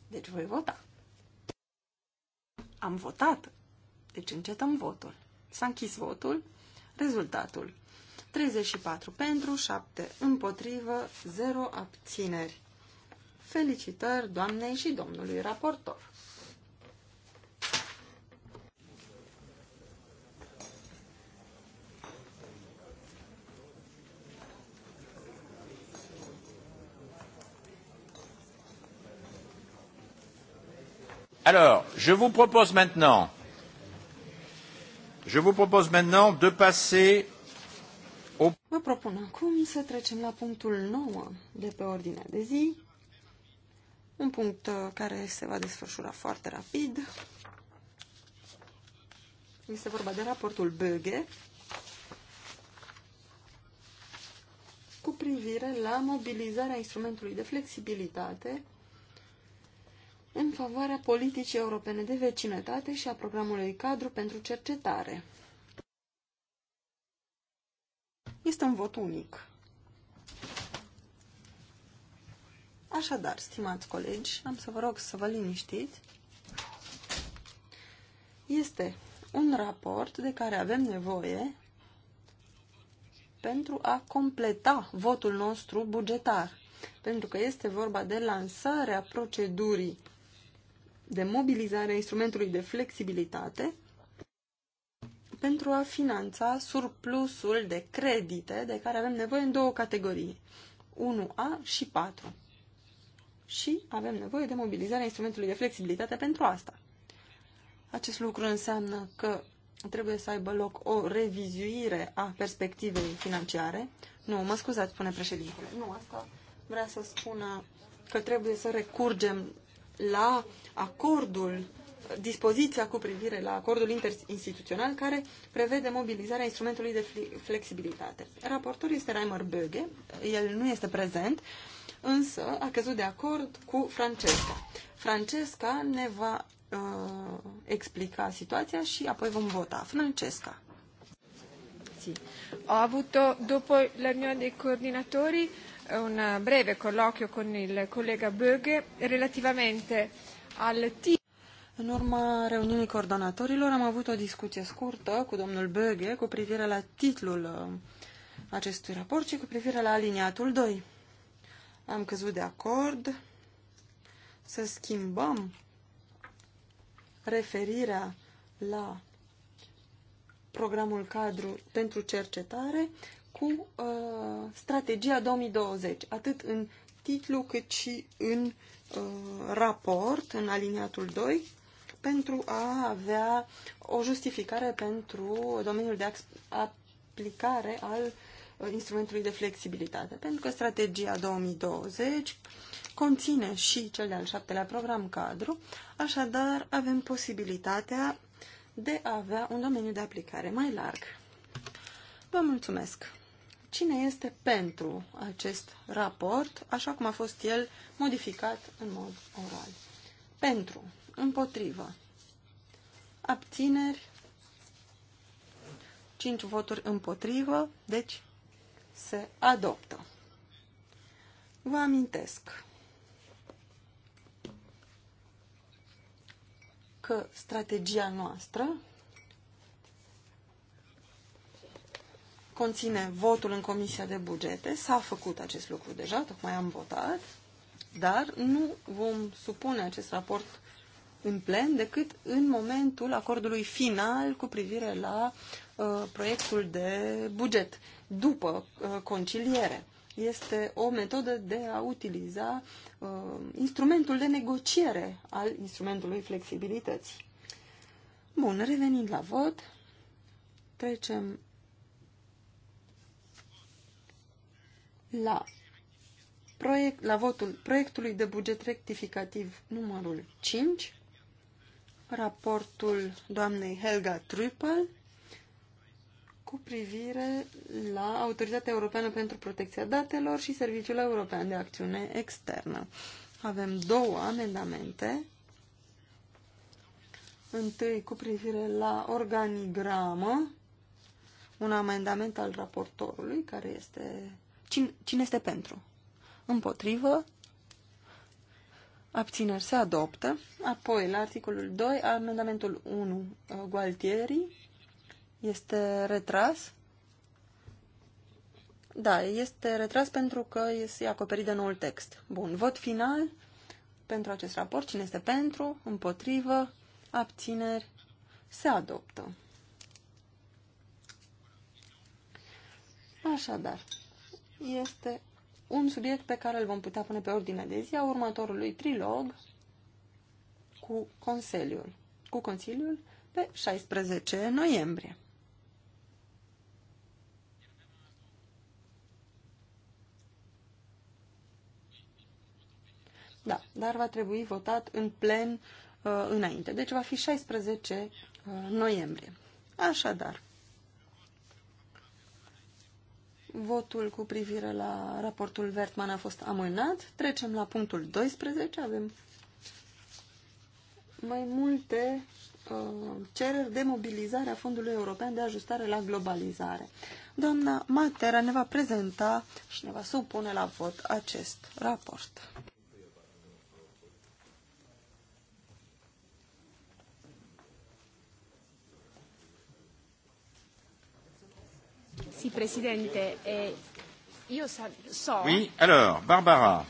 Deci voi vota. Am votat. Deci încetăm votul. S-a închis votul. Rezultatul. 34 pentru, 7 împotrivă, 0 abțineri. Felicitări doamnei și domnului raportor. Alors, je vous propose maintenant Je vous propose maintenant de passer au... Vă propun acum să trecem la punctul 9 de pe ordinea de zi, un punct uh, care se va desfășura foarte rapid. Este vorba de raportul Böge cu privire la mobilizarea instrumentului de flexibilitate în favoarea politicii europene de vecinătate și a programului cadru pentru cercetare. Este un vot unic. Așadar, stimați colegi, am să vă rog să vă liniștiți. Este un raport de care avem nevoie pentru a completa votul nostru bugetar, pentru că este vorba de lansarea procedurii de mobilizare a instrumentului de flexibilitate pentru a finanța surplusul de credite de care avem nevoie în două categorii, 1A și 4. Și avem nevoie de mobilizarea instrumentului de flexibilitate pentru asta. Acest lucru înseamnă că trebuie să aibă loc o revizuire a perspectivei financiare. Nu, mă scuzați, spune președintele. Nu, asta vrea să spună că trebuie să recurgem la acordul, dispoziția cu privire la acordul interinstituțional care prevede mobilizarea instrumentului de flexibilitate. Raportor este Reimer Böge, el nu este prezent, însă a căzut de acord cu Francesca. Francesca ne va uh, explica situația și apoi vom vota. Francesca. Sì. Ho avuto, dopo la riunione dei coordinatori, un breve colloquio con il collega Böge relativamente al tipo în urma reuniunii coordonatorilor am avut o discuție scurtă cu domnul Böge cu privire la titlul uh, acestui raport și cu privire la aliniatul 2. Am căzut de acord să schimbăm referirea la programul cadru pentru cercetare cu uh, strategia 2020, atât în titlu cât și în uh, raport, în aliniatul 2, pentru a avea o justificare pentru domeniul de aplicare al uh, instrumentului de flexibilitate. Pentru că strategia 2020 conține și cel de-al șaptelea program cadru, așadar avem posibilitatea de a avea un domeniu de aplicare mai larg. Vă mulțumesc! Cine este pentru acest raport, așa cum a fost el modificat în mod oral? Pentru, împotrivă, abțineri, 5 voturi împotrivă, deci se adoptă. Vă amintesc că strategia noastră conține votul în Comisia de Bugete. S-a făcut acest lucru deja, tocmai am votat, dar nu vom supune acest raport în plen decât în momentul acordului final cu privire la uh, proiectul de buget, după uh, conciliere. Este o metodă de a utiliza uh, instrumentul de negociere al instrumentului flexibilității. Bun, revenind la vot, trecem la, proiect, la votul proiectului de buget rectificativ numărul 5, raportul doamnei Helga Trüppel cu privire la Autoritatea Europeană pentru Protecția Datelor și Serviciul European de Acțiune Externă. Avem două amendamente. Întâi cu privire la organigramă, un amendament al raportorului care este Cine, cine este pentru? Împotrivă. Abțineri se adoptă. Apoi, la articolul 2, amendamentul 1, uh, Gualtieri, este retras. Da, este retras pentru că este acoperit de noul text. Bun, vot final pentru acest raport. Cine este pentru, împotrivă, abțineri, se adoptă. Așadar, este un subiect pe care îl vom putea pune pe ordine de zi a următorului trilog cu Consiliul, cu Consiliul pe 16 noiembrie. Da, dar va trebui votat în plen uh, înainte. Deci va fi 16 uh, noiembrie. Așadar, Votul cu privire la raportul Vertman a fost amânat. Trecem la punctul 12. Avem mai multe uh, cereri de mobilizare a Fondului European de Ajustare la Globalizare. Doamna Matera ne va prezenta și ne va supune la vot acest raport. Sì, Presidente, eh, io so... Oui, alors, Barbara,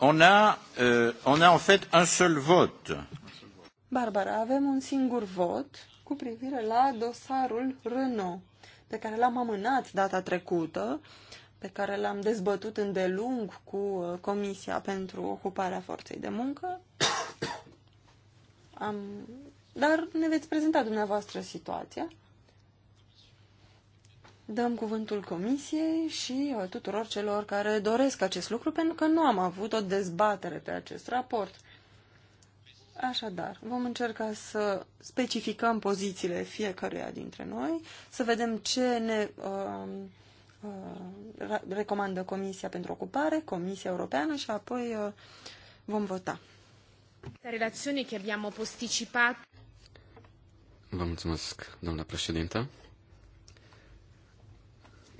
on a, euh, on a en fait un seul vote. Barbara, avem un singur vot cu privire la dosarul Renault, pe care l-am amânat data trecută, pe care l-am dezbătut îndelung cu uh, Comisia pentru Ocuparea Forței de Muncă. Am... Dar ne veți prezenta dumneavoastră situația dăm cuvântul comisiei și uh, tuturor celor care doresc acest lucru, pentru că nu am avut o dezbatere pe acest raport. Așadar, vom încerca să specificăm pozițiile fiecăruia dintre noi, să vedem ce ne um, uh, uh, recomandă Comisia pentru Ocupare, Comisia Europeană și apoi uh, vom vota. Relațiunii care abbiamo posticipat. Vă mulțumesc, doamna președintă.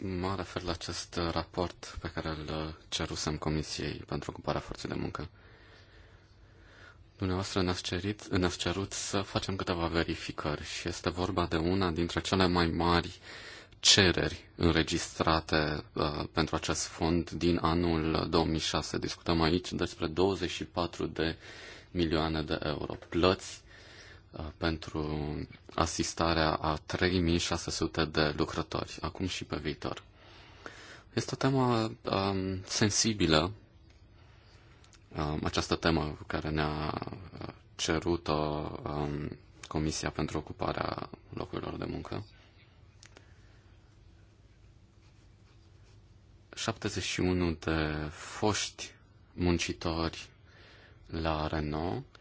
Mă refer la acest raport pe care îl cerusem Comisiei pentru ocuparea forței de muncă. Dumneavoastră ne-ați, cerit, ne-ați cerut să facem câteva verificări și este vorba de una dintre cele mai mari cereri înregistrate uh, pentru acest fond din anul 2006. Discutăm aici despre 24 de milioane de euro. Plăți Uh, pentru asistarea a 3600 de lucrători, acum și pe viitor. Este o temă um, sensibilă, um, această temă care ne-a uh, cerut-o um, Comisia pentru Ocuparea Locurilor de Muncă. 71 de foști muncitori la Renault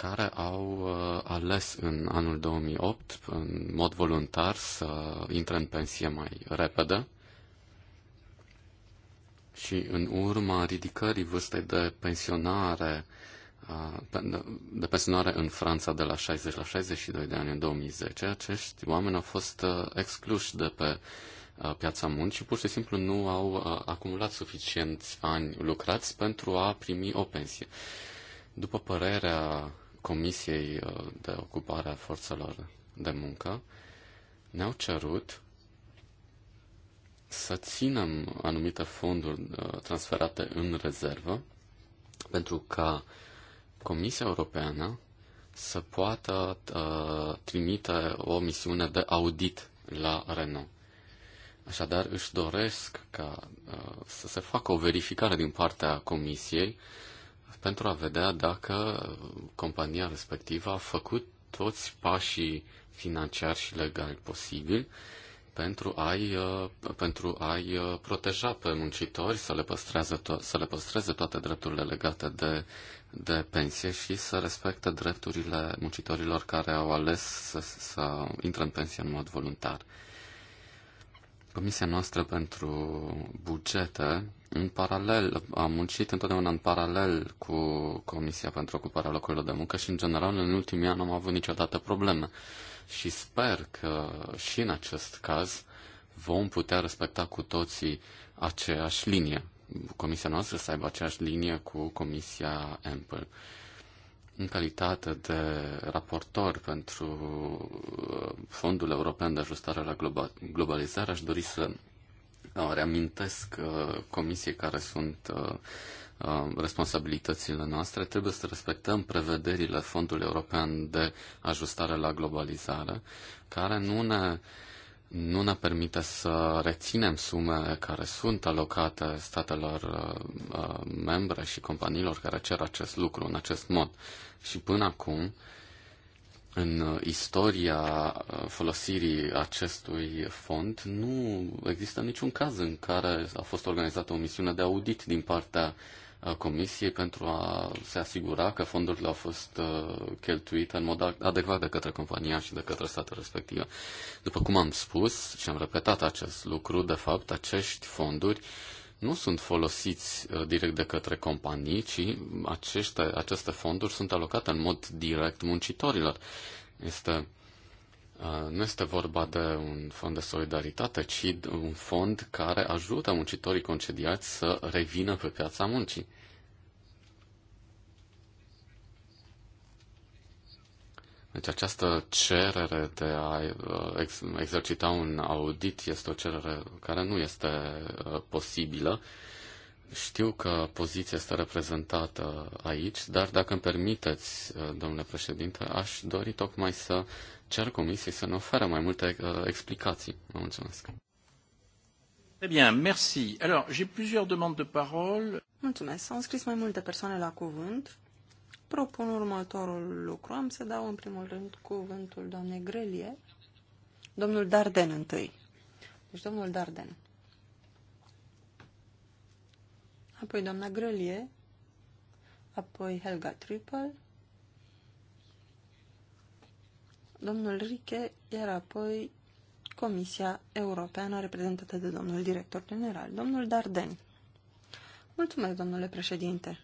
care au uh, ales în anul 2008, în mod voluntar, să intre în pensie mai repede și în urma ridicării vârstei de pensionare uh, de pensionare în Franța de la 60 la 62 de ani în 2010, acești oameni au fost uh, excluși de pe piața muncii, pur și simplu nu au acumulat suficienți ani lucrați pentru a primi o pensie. După părerea Comisiei uh, de Ocupare a Forțelor de Muncă ne-au cerut să ținem anumite fonduri uh, transferate în rezervă pentru ca Comisia Europeană să poată uh, trimite o misiune de audit la Renault. Așadar, își doresc ca uh, să se facă o verificare din partea Comisiei pentru a vedea dacă compania respectivă a făcut toți pașii financiari și legali posibili pentru a-i, uh, pentru a-i uh, proteja pe muncitori, să le, păstreze to- să le păstreze toate drepturile legate de, de pensie și să respecte drepturile muncitorilor care au ales să, să intre în pensie în mod voluntar. Comisia noastră pentru bugete în paralel, am muncit întotdeauna în paralel cu Comisia pentru Ocuparea Locurilor de Muncă și, în general, în ultimii ani nu am avut niciodată probleme. Și sper că și în acest caz vom putea respecta cu toții aceeași linie. Comisia noastră să aibă aceeași linie cu Comisia Ample. În calitate de raportor pentru Fondul European de Ajustare la Globalizare, aș dori să reamintesc uh, comisiei care sunt uh, uh, responsabilitățile noastre, trebuie să respectăm prevederile Fondului European de Ajustare la Globalizare, care nu ne, nu ne permite să reținem sume care sunt alocate statelor membre și companiilor care cer acest lucru în acest mod. Și până acum, uh, în uh, istoria uh, folosirii acestui fond nu există niciun caz în care a fost organizată o misiune de audit din partea uh, Comisiei pentru a se asigura că fondurile au fost cheltuite în mod adecvat de către compania și de către statul respectiv. După cum am spus și am repetat acest lucru, de fapt, acești fonduri nu sunt folosiți uh, direct de către companii, ci aceste, aceste fonduri sunt alocate în mod direct muncitorilor. Este, uh, nu este vorba de un fond de solidaritate, ci un fond care ajută muncitorii concediați să revină pe piața muncii. Deci această cerere de a uh, ex- exercita un audit este o cerere care nu este uh, posibilă. Știu că poziția este reprezentată aici, dar dacă îmi permiteți, uh, domnule președinte, aș dori tocmai să cer comisiei să ne ofere mai multe explicații. Vă mulțumesc. Très eh bien, merci. Alors, j'ai plusieurs demandes de parole. Mulțumesc. S-au înscris mai multe persoane la cuvânt propun următorul lucru. Am să dau în primul rând cuvântul doamnei Grelie, domnul Darden întâi. Deci domnul Darden. Apoi doamna Grelie, apoi Helga Triple, domnul Riche, iar apoi Comisia Europeană reprezentată de domnul director general, domnul Darden. Mulțumesc, domnule președinte.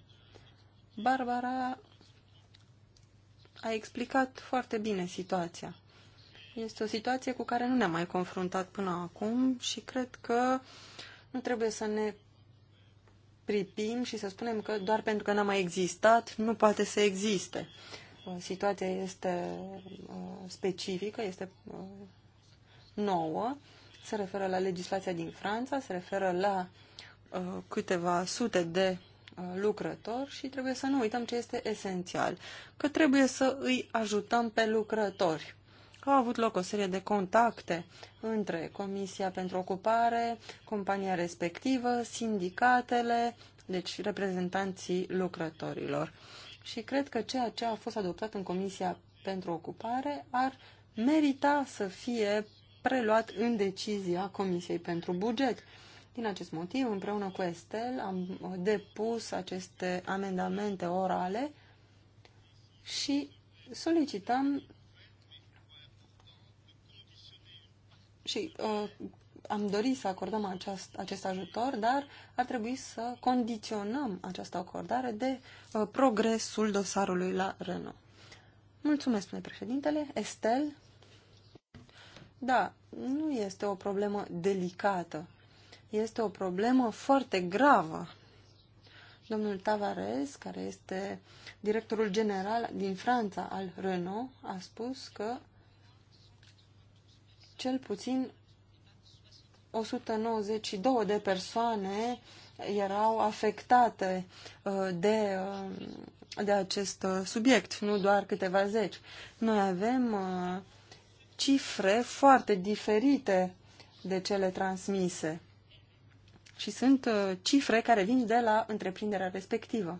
Barbara a explicat foarte bine situația. Este o situație cu care nu ne-am mai confruntat până acum și cred că nu trebuie să ne pripim și să spunem că doar pentru că n-a mai existat, nu poate să existe. Uh, situația este uh, specifică, este uh, nouă, se referă la legislația din Franța, se referă la câteva sute de Uh, lucrător și trebuie să nu uităm ce este esențial, că trebuie să îi ajutăm pe lucrători. Au avut loc o serie de contacte între Comisia pentru Ocupare, compania respectivă, sindicatele, deci reprezentanții lucrătorilor. Și cred că ceea ce a fost adoptat în Comisia pentru Ocupare ar merita să fie preluat în decizia Comisiei pentru Buget din acest motiv, împreună cu Estel, am uh, depus aceste amendamente orale și solicităm și uh, am dorit să acordăm aceast, acest ajutor, dar ar trebui să condiționăm această acordare de uh, progresul dosarului la Renault. Mulțumesc, spune președintele. Estel? Da, nu este o problemă delicată este o problemă foarte gravă. Domnul Tavares, care este directorul general din Franța al Renault, a spus că cel puțin 192 de persoane erau afectate uh, de, uh, de acest uh, subiect, nu doar câteva zeci. Noi avem cifre foarte diferite de cele transmise și sunt uh, cifre care vin de la întreprinderea respectivă.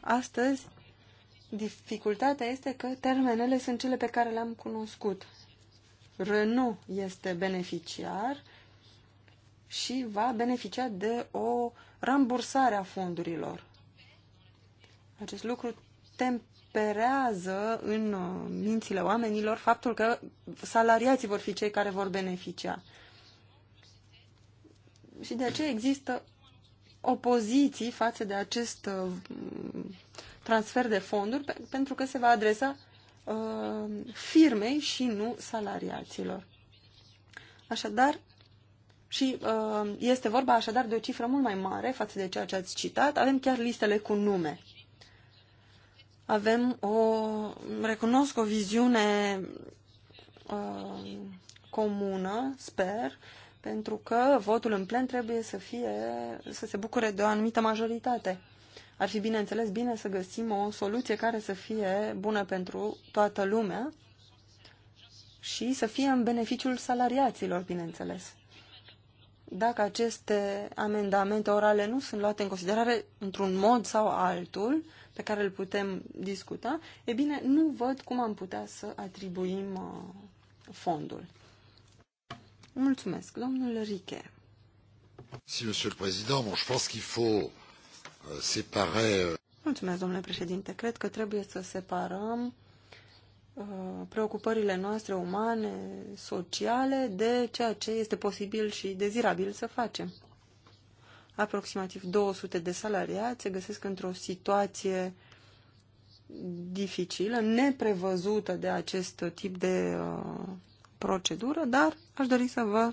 Astăzi, dificultatea este că termenele sunt cele pe care le-am cunoscut. Renault este beneficiar și va beneficia de o rambursare a fondurilor. Acest lucru tem sperează în uh, mințile oamenilor faptul că salariații vor fi cei care vor beneficia. Și de aceea există opoziții față de acest uh, transfer de fonduri pentru că se va adresa uh, firmei și nu salariaților. Așadar, și este vorba așadar de o cifră mult mai mare față de ceea ce ați citat, avem chiar listele cu nume avem o, recunosc o viziune uh, comună, sper, pentru că votul în plen trebuie să fie, să se bucure de o anumită majoritate. Ar fi, bineînțeles, bine să găsim o soluție care să fie bună pentru toată lumea și să fie în beneficiul salariaților, bineînțeles. Dacă aceste amendamente orale nu sunt luate în considerare într-un mod sau altul, uh, pe care îl putem discuta, e bine, nu văd cum am putea să atribuim uh, fondul. Mulțumesc, domnul Riche. Si, monsieur le président, bon, je pense qu'il faut euh, séparer... Euh, Mulțumesc, domnule președinte. Cred că trebuie să separăm uh, preocupările noastre umane, sociale, de ceea ce este posibil și dezirabil să facem aproximativ 200 de salariați se găsesc într-o situație dificilă, neprevăzută de acest tip de uh, procedură, dar aș dori să vă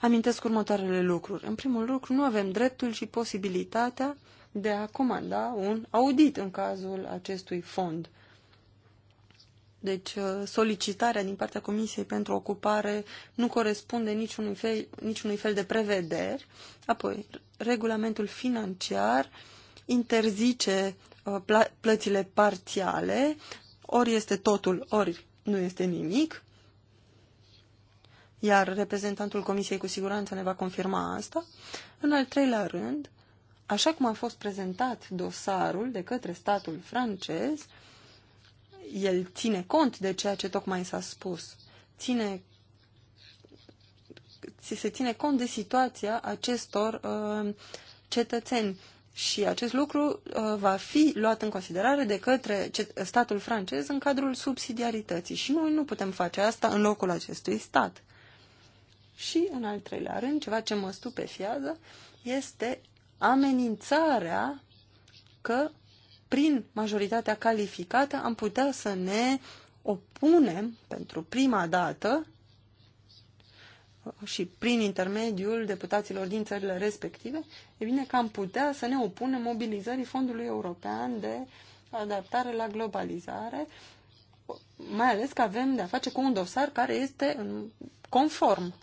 amintesc următoarele lucruri. În primul lucru, nu avem dreptul și posibilitatea de a comanda un audit în cazul acestui fond. Deci uh, solicitarea din partea Comisiei pentru Ocupare nu corespunde niciunui fel, niciunui fel de prevederi. Apoi, regulamentul financiar interzice uh, plățile parțiale, ori este totul, ori nu este nimic. Iar reprezentantul Comisiei cu siguranță ne va confirma asta. În al treilea rând, așa cum a fost prezentat dosarul de către statul francez, el ține cont de ceea ce tocmai s-a spus. Ține, se ține cont de situația acestor uh, cetățeni. Și acest lucru uh, va fi luat în considerare de către statul francez în cadrul subsidiarității. Și noi nu putem face asta în locul acestui stat. Și, în al treilea rând, ceva ce mă stupefiază este amenințarea că prin majoritatea calificată am putea să ne opunem pentru prima dată și prin intermediul deputaților din țările respective, e bine că am putea să ne opunem mobilizării Fondului European de adaptare la globalizare, mai ales că avem de-a face cu un dosar care este conform.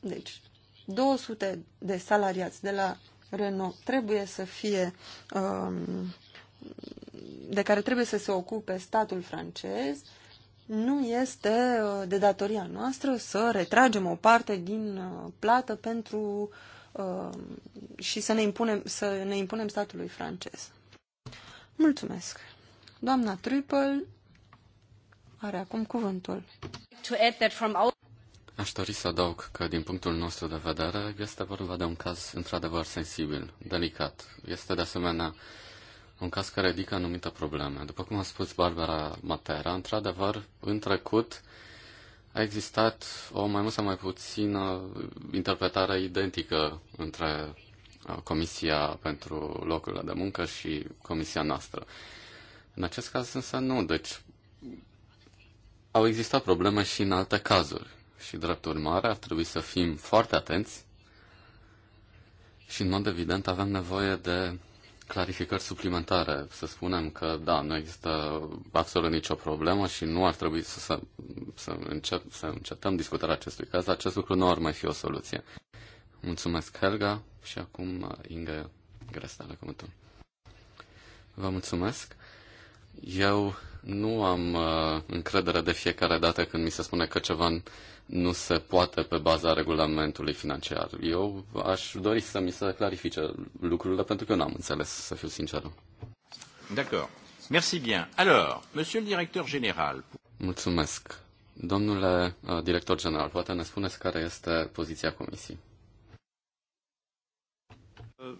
Deci, 200 de salariați de la Renault trebuie să fie um, de care trebuie să se ocupe statul francez, nu este uh, de datoria noastră să retragem o parte din uh, plată pentru um, și să ne impunem, să ne impunem statului francez. Mulțumesc. Doamna Triple are acum cuvântul. Aș dori să adaug că, din punctul nostru de vedere, este vorba de un caz într-adevăr sensibil, delicat. Este, de asemenea, un caz care ridică anumite probleme. După cum a spus Barbara Matera, într-adevăr, în trecut a existat o mai mult sau mai puțină interpretare identică între uh, Comisia pentru locurile de muncă și Comisia noastră. În acest caz însă nu, deci au existat probleme și în alte cazuri și drept urmare ar trebui să fim foarte atenți și în mod evident avem nevoie de clarificări suplimentare. Să spunem că, da, nu există absolut nicio problemă și nu ar trebui să, să, să, încep, să încetăm discutarea acestui caz. Acest lucru nu ar mai fi o soluție. Mulțumesc, Helga, și acum Inge Grestele, cum Vă mulțumesc. Eu nu am uh, încredere de fiecare dată când mi se spune că ceva nu se poate pe baza regulamentului financiar. Eu aș dori să mi se clarifice lucrurile pentru că eu n-am înțeles, să fiu sincer. D'accord. Merci bien. Alors, monsieur le directeur général. Mulțumesc. Domnule uh, director general, poate ne spuneți care este poziția comisiei? Uh,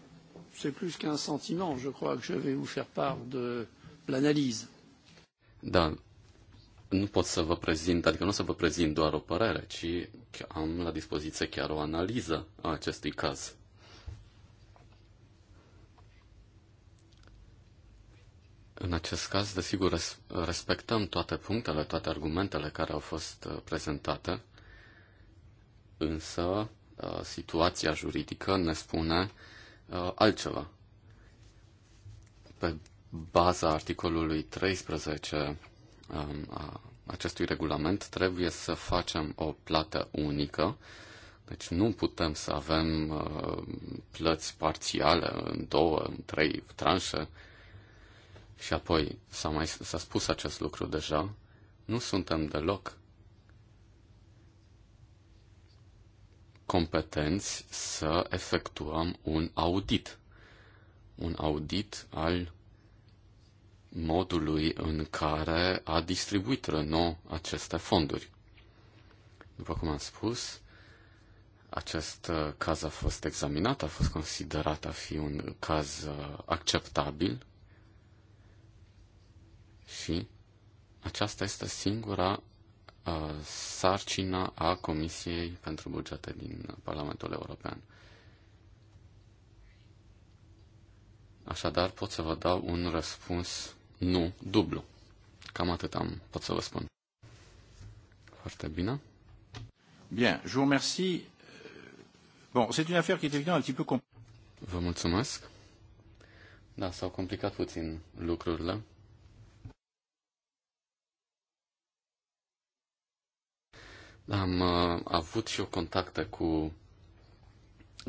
C'est plus qu'un sentiment, je crois que je vais vous faire part de l'analyse. Da, nu pot să vă prezint, adică nu o să vă prezint doar o părere, ci am la dispoziție chiar o analiză a acestui caz. În acest caz, desigur, respectăm toate punctele, toate argumentele care au fost uh, prezentate, însă uh, situația juridică ne spune uh, altceva. Pe baza articolului 13 um, a acestui regulament trebuie să facem o plată unică. Deci nu putem să avem uh, plăți parțiale în două, în trei tranșe. Și apoi s-a, mai, s-a spus acest lucru deja. Nu suntem deloc competenți să efectuăm un audit. Un audit al modului în care a distribuit Renault aceste fonduri. După cum am spus, acest caz a fost examinat, a fost considerat a fi un caz uh, acceptabil și aceasta este singura uh, sarcina a Comisiei pentru Bugete din Parlamentul European. Așadar, pot să vă dau un răspuns nu dublu. Cam atât am, pot să vă spun. Foarte bine. Bien, je vous remercie. Bon, c'est une affaire qui est évidemment un petit peu compl- Vă mulțumesc. Da, s-au complicat puțin lucrurile. Am uh, avut și eu contacte cu,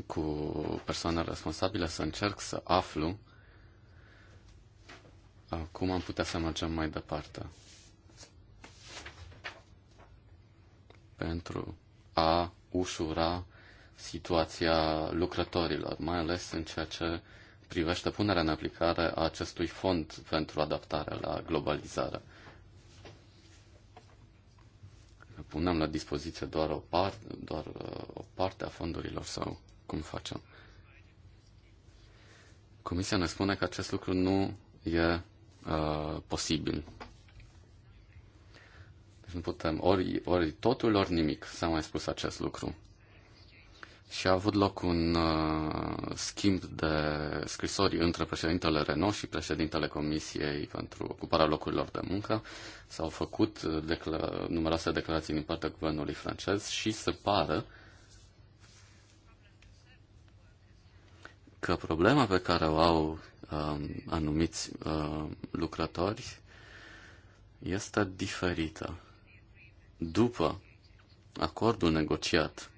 cu persoana responsabilă să încerc să aflu cum am putea să mergem mai departe. Pentru a ușura situația lucrătorilor, mai ales în ceea ce privește punerea în aplicare a acestui fond pentru adaptare la globalizare. Punem la dispoziție doar o, parte, doar uh, o parte a fondurilor sau cum facem? Comisia ne spune că acest lucru nu e Uh, posibil. Deci nu putem ori, ori totul, ori nimic. S-a mai spus acest lucru. Și a avut loc un uh, schimb de scrisori între președintele Renault și președintele Comisiei pentru ocuparea locurilor de muncă. S-au făcut uh, decla- numeroase declarații din partea guvernului francez și se pare că problema pe care o au uh, anumiți uh, lucrători este diferită. După acordul negociat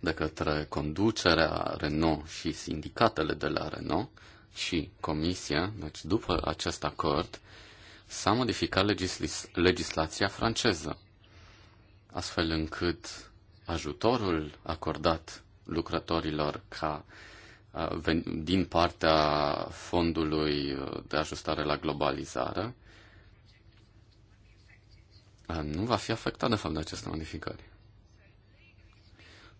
de către conducerea Renault și sindicatele de la Renault și Comisia, deci după acest acord, s-a modificat legisl- legislația franceză, astfel încât ajutorul acordat lucrătorilor ca uh, din partea fondului uh, de ajustare la globalizare nu va fi afectat, de fapt, de aceste modificări.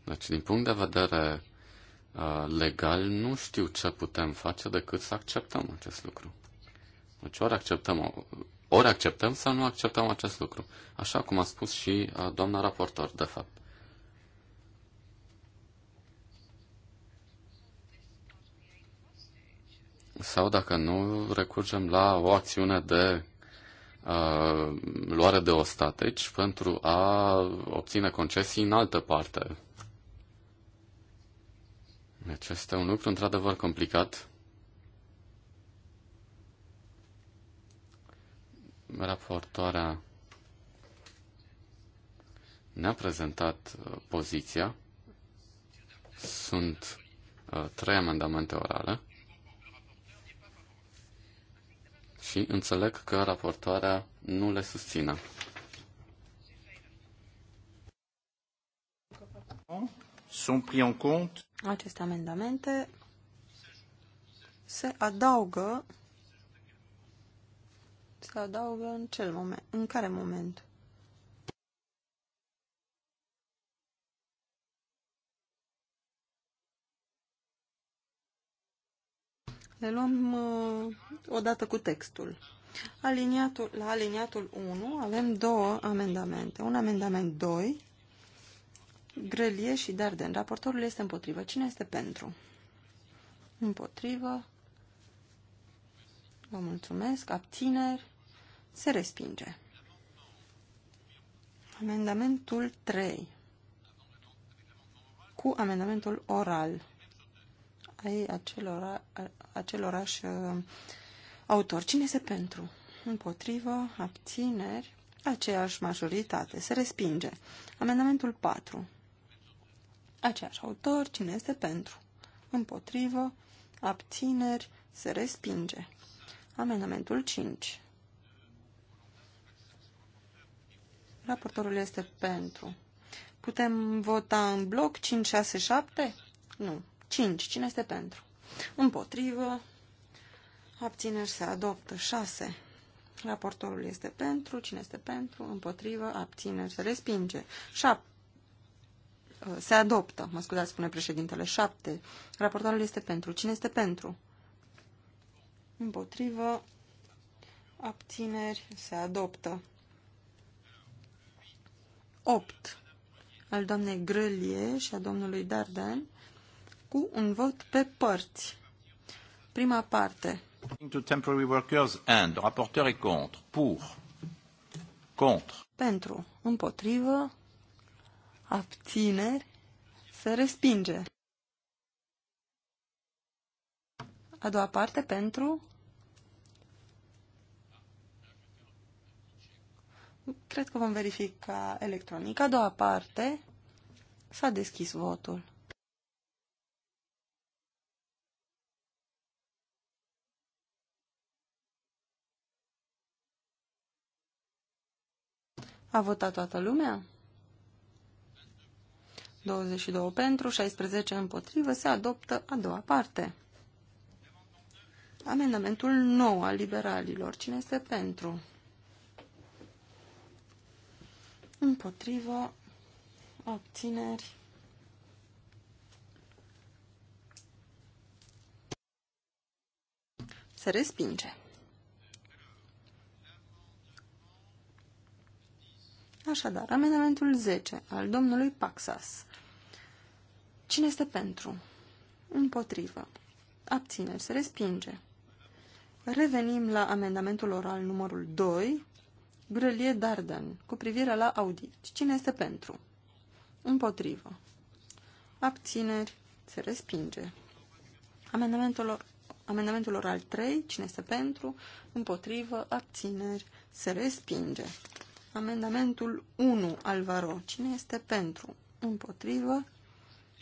Deci, din punct de vedere legal, nu știu ce putem face decât să acceptăm acest lucru. Deci, ori acceptăm, ori acceptăm sau nu acceptăm acest lucru. Așa cum a spus și doamna raportor, de fapt. sau dacă nu, recurgem la o acțiune de uh, luare de ostateci pentru a obține concesii în altă parte. Deci este un lucru într-adevăr complicat. Raportoarea ne-a prezentat uh, poziția. Sunt uh, trei amendamente orale. și înțeleg că raportoarea nu le susține. Sunt în cont. Aceste amendamente se adaugă se adaugă în, cel moment, în care moment? Le luăm uh, odată cu textul. Aliniatul, la aliniatul 1 avem două amendamente. Un amendament 2, Grelie și Darden. Raportorul este împotrivă. Cine este pentru? Împotrivă. Vă mulțumesc. Abțineri. Se respinge. Amendamentul 3. Cu amendamentul oral ai acelora, acelorași uh, autor. Cine se pentru? Împotrivă, abțineri, aceeași majoritate. Se respinge. Amendamentul 4. Aceeași autor. Cine este pentru? Împotrivă, abțineri, se respinge. Amendamentul 5. Raportorul este pentru. Putem vota în bloc 5, 6, 7? Nu. 5. Cine este pentru? Împotrivă. Abțineri se adoptă. 6. Raportorul este pentru. Cine este pentru? Împotrivă. Abțineri se respinge. 7. Uh, se adoptă, mă scuzați, spune președintele. 7. Raportorul este pentru. Cine este pentru? Împotrivă. Abțineri se adoptă. 8 al doamnei Grălie și a domnului Dardan cu un vot pe părți. Prima parte. To temporary workers and rapporteur est contre. Pour. Contre. Pentru. Împotrivă. Abțineri. Se respinge. A doua parte pentru Cred că vom verifica electronic. A doua parte s-a deschis votul. A votat toată lumea? 22 pentru, 16 împotrivă, se adoptă a doua parte. Amendamentul nou al liberalilor. Cine este pentru? Împotrivă, obțineri. Se respinge. Așadar, amendamentul 10 al domnului Paxas. Cine este pentru? Împotrivă. Abțineri. Se respinge. Revenim la amendamentul oral numărul 2, Grelie Dardan, cu privire la audit. Cine este pentru? Împotrivă. Abțineri. Se respinge. Amendamentul, amendamentul oral 3. Cine este pentru? Împotrivă. Abțineri. Se respinge. Amendamentul 1, Alvaro. Cine este pentru? Împotrivă.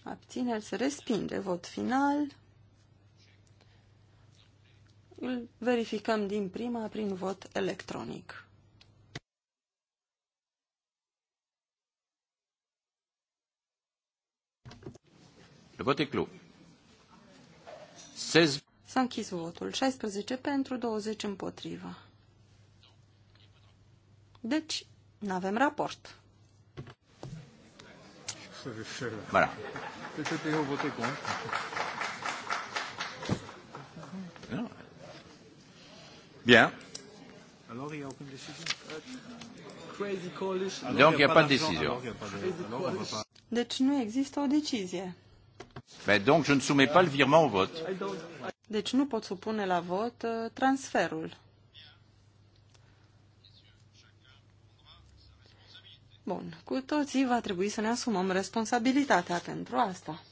Abțineri se respinge. Vot final. Îl verificăm din prima prin vot electronic. vot e 16... S-a închis votul. 16 pentru, 20 împotrivă. Deci, nu avem raport. Voilà. Da. Bien. Donc il n'y a pas de décision. Deci nu există o decizie. Ben, donc je ne soumets pas le virement au vote. Deci nu pot supune la vot uh, transferul. Bun, cu toții va trebui să ne asumăm responsabilitatea pentru asta.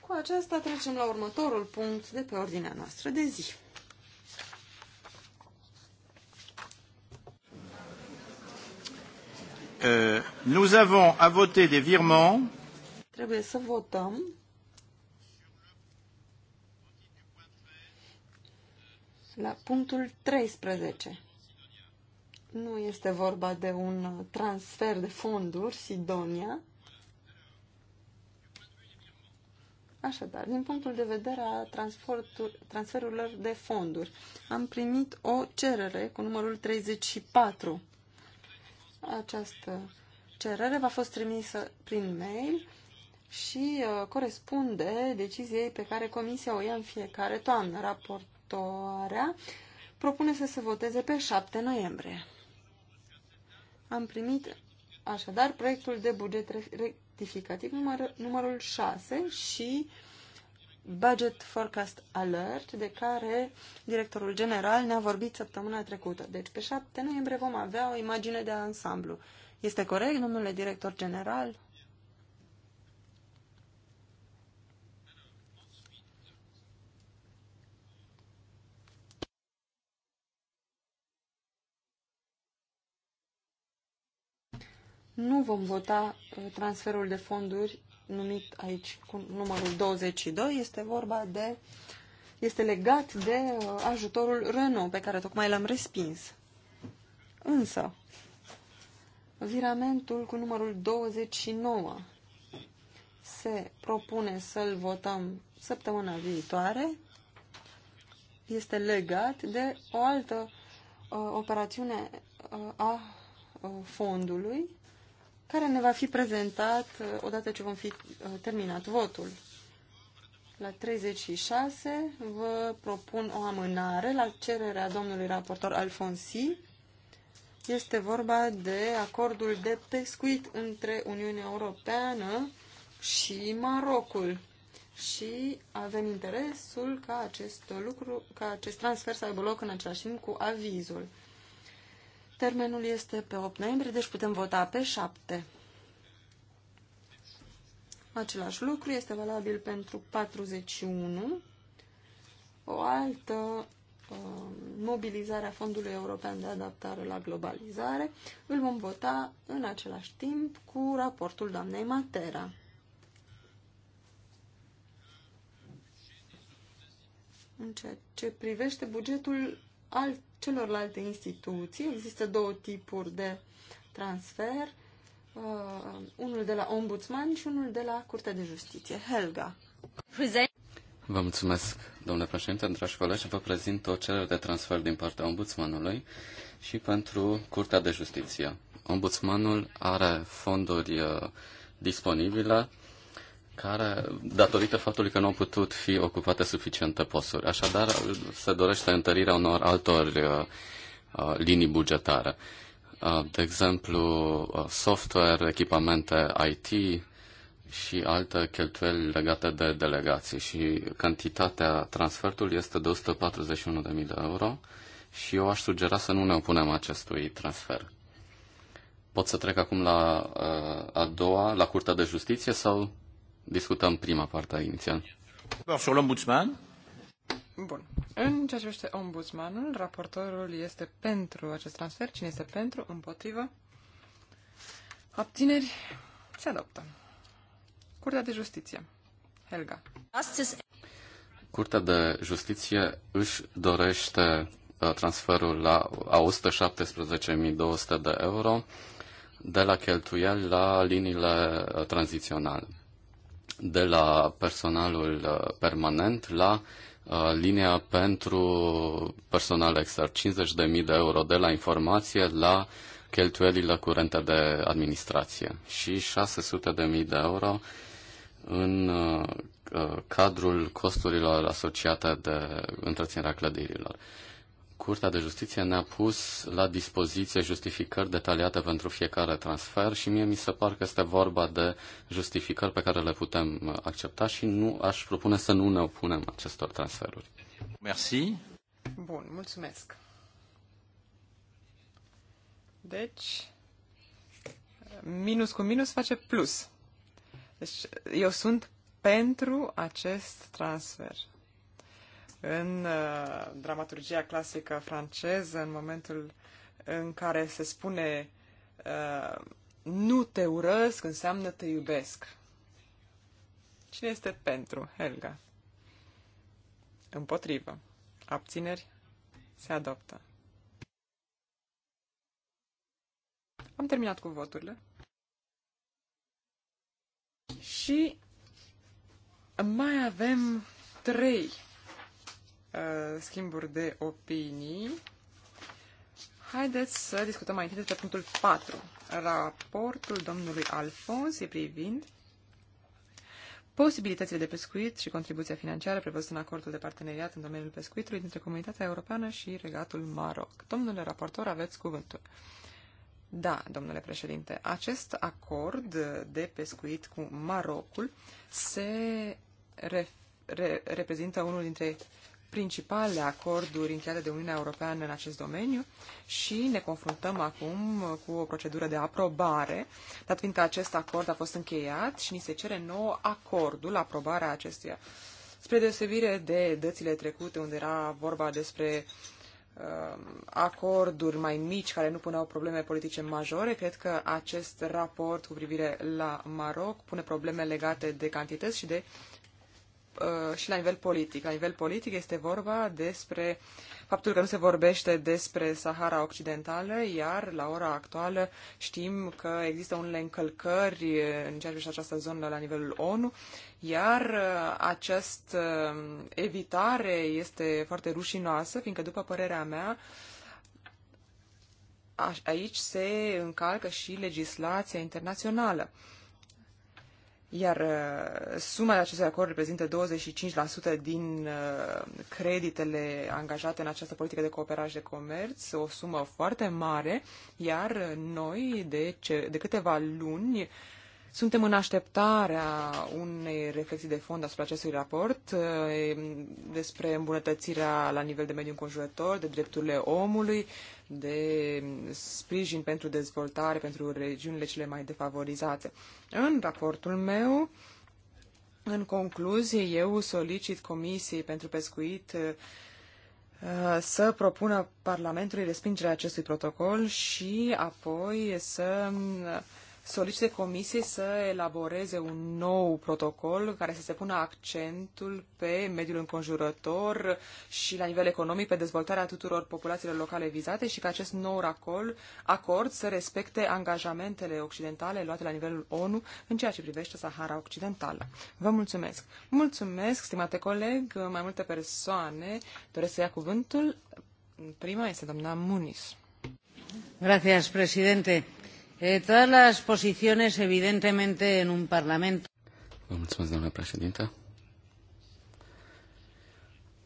Cu aceasta trecem la următorul punct de pe ordinea noastră de zi. Uh, nous avons à voter des virements. Trebuie să votăm la punctul 13. Nu este vorba de un transfer de fonduri, Sidonia. Așadar, din punctul de vedere a transferurilor de fonduri, am primit o cerere cu numărul 34. Această cerere va fost trimisă prin mail și uh, corespunde deciziei pe care Comisia o ia în fiecare toamnă. Raportoarea propune să se voteze pe 7 noiembrie. Am primit așadar proiectul de buget rectificativ număr, numărul 6 și Budget Forecast Alert, de care directorul general ne-a vorbit săptămâna trecută. Deci pe 7 noiembrie vom avea o imagine de ansamblu. Este corect, domnule director general? Nu vom vota uh, transferul de fonduri numit aici cu numărul 22. Este vorba de... Este legat de uh, ajutorul Renault pe care tocmai l-am respins. Însă, viramentul cu numărul 29 se propune să-l votăm săptămâna viitoare. Este legat de o altă uh, operațiune uh, a uh, fondului care ne va fi prezentat uh, odată ce vom fi uh, terminat votul. La 36 vă propun o amânare la cererea domnului raportor Alfonsi. Este vorba de acordul de pescuit între Uniunea Europeană și Marocul. Și avem interesul ca acest, lucru, ca acest transfer să aibă loc în același timp cu avizul. Termenul este pe 8 noiembrie, deci putem vota pe 7. Același lucru este valabil pentru 41. O altă uh, mobilizare a Fondului European de Adaptare la Globalizare îl vom vota în același timp cu raportul doamnei Matera. În ceea ce privește bugetul alt celorlalte instituții. Există două tipuri de transfer, uh, unul de la ombudsman și unul de la Curtea de Justiție. Helga. Vă mulțumesc, domnule președinte, dragi colegi. Vă prezint o cerere de transfer din partea ombudsmanului și pentru Curtea de Justiție. Ombudsmanul are fonduri uh, disponibile care, datorită faptului că nu au putut fi ocupate suficiente posturi. Așadar, se dorește întărirea unor altor uh, uh linii bugetare. Uh, de exemplu, uh, software, echipamente IT și alte cheltuieli legate de delegații. Și cantitatea transferului este de 141.000 de euro și eu aș sugera să nu ne opunem acestui transfer. Pot să trec acum la uh, a doua, la Curtea de Justiție sau Discutăm prima parte inițial. Sur l'ombudsman. Bun. În ceea ce privește ombudsmanul, raportorul este pentru acest transfer. Cine este pentru? Împotrivă? Abțineri? Se adoptă. Curtea de Justiție. Helga. Astăzi... Curtea de Justiție își dorește uh, transferul la, a 117.200 de euro de la cheltuieli la liniile uh, tranziționale de la personalul uh, permanent la uh, linia pentru personal extern, 50.000 de euro de la informație la cheltuielile curente de administrație și 600.000 de euro în uh, cadrul costurilor asociate de întreținerea clădirilor. Curtea de Justiție ne-a pus la dispoziție justificări detaliate pentru fiecare transfer și mie mi se par că este vorba de justificări pe care le putem uh, accepta și nu aș propune să nu ne opunem acestor transferuri. Merci. Bun, mulțumesc. Deci, minus cu minus face plus. Deci, eu sunt pentru acest transfer. În uh, dramaturgia clasică franceză, în momentul în care se spune uh, nu te urăsc, înseamnă te iubesc. Cine este pentru? Helga. Împotrivă. Abțineri? Se adoptă. Am terminat cu voturile. Și mai avem trei Uh, schimburi de opinii. Haideți să discutăm mai întâi despre punctul 4, raportul domnului e privind posibilitățile de pescuit și contribuția financiară prevăzută în acordul de parteneriat în domeniul pescuitului dintre Comunitatea Europeană și Regatul Maroc. Domnule raportor, aveți cuvântul. Da, domnule președinte, acest acord de pescuit cu Marocul se ref, re, reprezintă unul dintre principale acorduri încheiate de Uniunea Europeană în acest domeniu și ne confruntăm acum cu o procedură de aprobare, dat fiindcă acest acord a fost încheiat și ni se cere nou acordul, aprobarea acestuia. Spre deosebire de dățile trecute, unde era vorba despre uh, acorduri mai mici care nu puneau probleme politice majore. Cred că acest raport cu privire la Maroc pune probleme legate de cantități și de uh, Uh, și la nivel politic. La nivel politic este vorba despre faptul că nu se vorbește despre Sahara Occidentală, iar la ora actuală știm că există unele încălcări în ceea ce privește această zonă la nivelul ONU, iar uh, această um, evitare este foarte rușinoasă, fiindcă, după părerea mea, aici se încalcă și legislația internațională iar uh, suma acestui acord reprezintă 25% din uh, creditele angajate în această politică de cooperare și de comerț, o sumă foarte mare, iar uh, noi de, ce, de câteva luni suntem în așteptarea unei reflexii de fond asupra acestui raport eh, despre îmbunătățirea la nivel de mediu înconjurător, de drepturile omului, de sprijin pentru dezvoltare pentru regiunile cele mai defavorizate. În raportul meu, în concluzie, eu solicit Comisiei pentru Pescuit eh, să propună Parlamentului respingerea acestui protocol și apoi să solicite comisiei să elaboreze un nou protocol care să se pună accentul pe mediul înconjurător și la nivel economic pe dezvoltarea tuturor populațiilor locale vizate și că acest nou racol, acord să respecte angajamentele occidentale luate la nivelul ONU în ceea ce privește Sahara Occidentală. Vă mulțumesc! Mulțumesc, stimate coleg, mai multe persoane doresc să ia cuvântul. Prima este doamna Muniz. Gracias, presidente todas las posiciones, evidentemente, en un Parlamento. Vă mulțumesc, doamna președinte.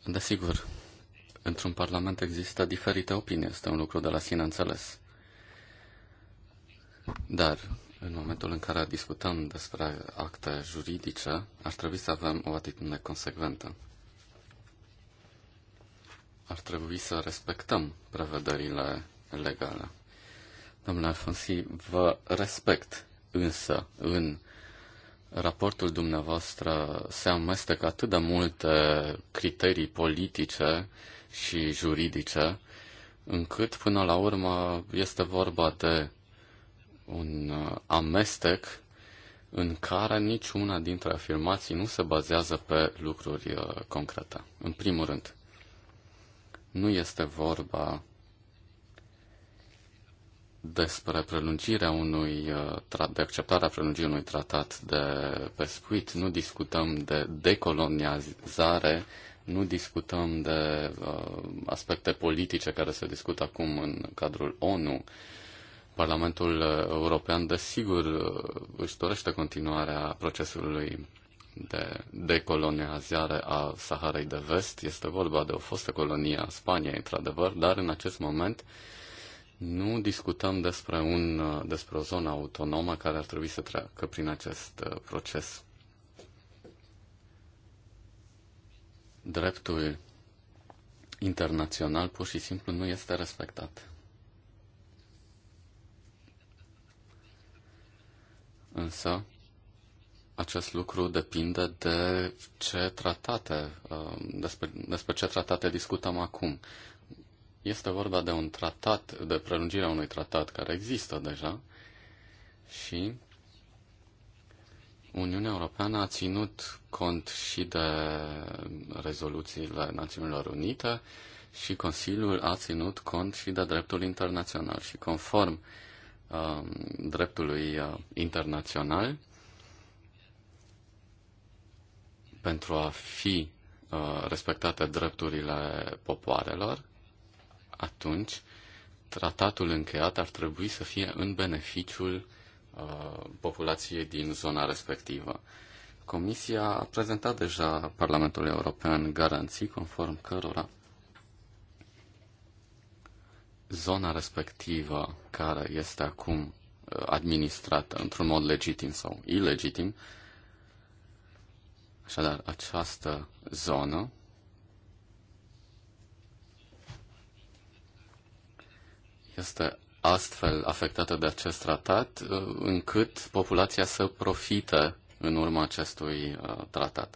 Desigur, într-un Parlament există diferite opinii, este un lucru de la sine înțeles. Dar, în momentul în care discutăm despre acte juridice, ar trebui să avem o atitudine consecventă. Ar trebui să respectăm prevederile legale. Domnule Alfonsi, vă respect, însă în raportul dumneavoastră se amestecă atât de multe criterii politice și juridice, încât până la urmă este vorba de un uh, amestec în care niciuna dintre afirmații nu se bazează pe lucruri uh, concrete. În primul rând, nu este vorba despre prelungirea unui, uh, de acceptarea prelungirii unui tratat de pescuit, nu discutăm de decolonizare, nu discutăm de uh, aspecte politice care se discută acum în cadrul ONU. Parlamentul uh, European, desigur, uh, își dorește continuarea procesului de decolonizare a Saharei de Vest. Este vorba de o fostă colonie a Spaniei, într-adevăr, dar în acest moment uh, nu discutăm despre, un, despre o zonă autonomă care ar trebui să treacă prin acest uh, proces. Dreptul internațional pur și simplu nu este respectat. Însă, acest lucru depinde de ce tratate, uh, despre, despre ce tratate discutăm acum. Este vorba de un tratat, de prelungirea unui tratat care există deja și Uniunea Europeană a ținut cont și de rezoluțiile Națiunilor Unite și Consiliul a ținut cont și de dreptul internațional și conform uh, dreptului uh, internațional pentru a fi uh, respectate drepturile popoarelor, atunci tratatul încheiat ar trebui să fie în beneficiul uh, populației din zona respectivă. Comisia a prezentat deja Parlamentului European garanții conform cărora zona respectivă care este acum uh, administrată într-un mod legitim sau ilegitim, așadar această zonă este astfel afectată de acest tratat, uh, încât populația să profite în urma acestui uh, tratat.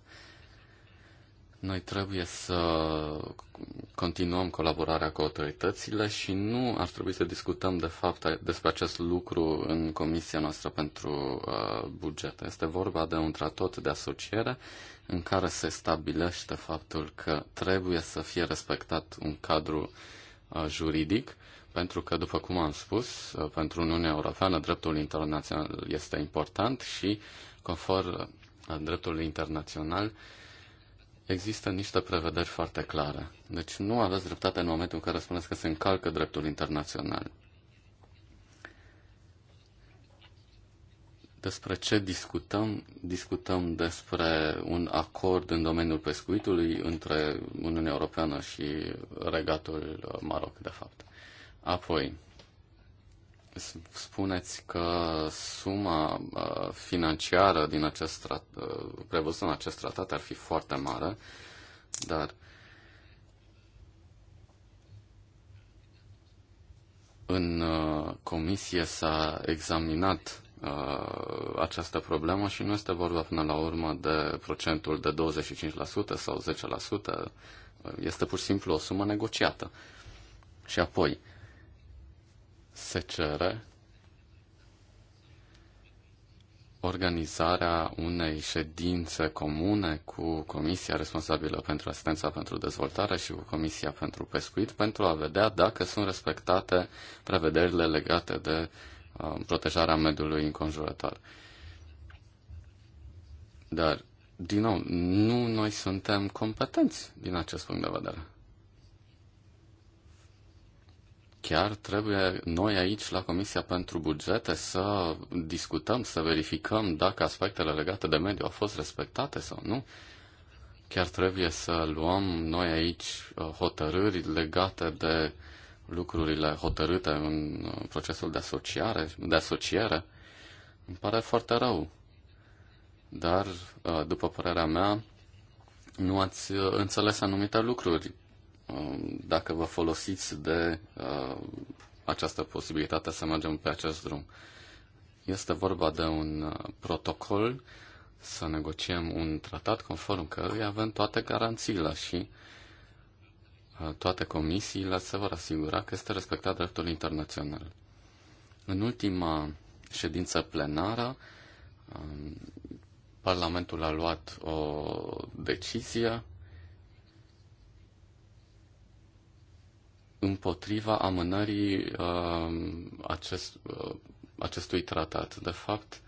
Noi trebuie să continuăm colaborarea cu autoritățile și nu ar trebui să discutăm de fapt despre acest lucru în comisia noastră pentru uh, buget. Este vorba de un tratat de asociere în care se stabilește faptul că trebuie să fie respectat un cadru juridic pentru că, după cum am spus, uh, pentru Uniunea Europeană dreptul internațional este important și, conform uh, dreptului internațional, există niște prevederi foarte clare. Deci nu aveți dreptate în momentul în care spuneți că se încalcă dreptul internațional. Despre ce discutăm? Discutăm despre un acord în domeniul pescuitului între Uniunea Europeană și regatul Maroc, de fapt. Apoi, spuneți că suma uh, financiară din acest trat- uh, prevăzută în acest tratat ar fi foarte mare, dar în uh, comisie s-a examinat această problemă și nu este vorba până la urmă de procentul de 25% sau 10%, este pur și simplu o sumă negociată. Și apoi, se cere organizarea unei ședințe comune cu Comisia responsabilă pentru asistența pentru dezvoltare și cu Comisia pentru pescuit pentru a vedea dacă sunt respectate prevederile legate de um, protejarea mediului înconjurător. Dar, din nou, nu noi suntem competenți din acest punct de vedere. chiar trebuie noi aici, la Comisia pentru Bugete, să discutăm, să verificăm dacă aspectele legate de mediu au fost respectate sau nu. Chiar trebuie să luăm noi aici uh, hotărâri legate de lucrurile hotărâte în uh, procesul de asociere. de asociere. Îmi pare foarte rău. Dar, uh, după părerea mea, nu ați înțeles anumite lucruri Um, dacă vă folosiți de uh, această posibilitate să mergem pe acest drum. Este vorba de un uh, protocol, să negociem un tratat conform căruia avem toate garanțiile și uh, toate comisiile se vor asigura că este respectat dreptul internațional. În ultima ședință plenară, um, Parlamentul a luat o decizie împotriva amânării uh, acest, uh, acestui tratat. De fapt,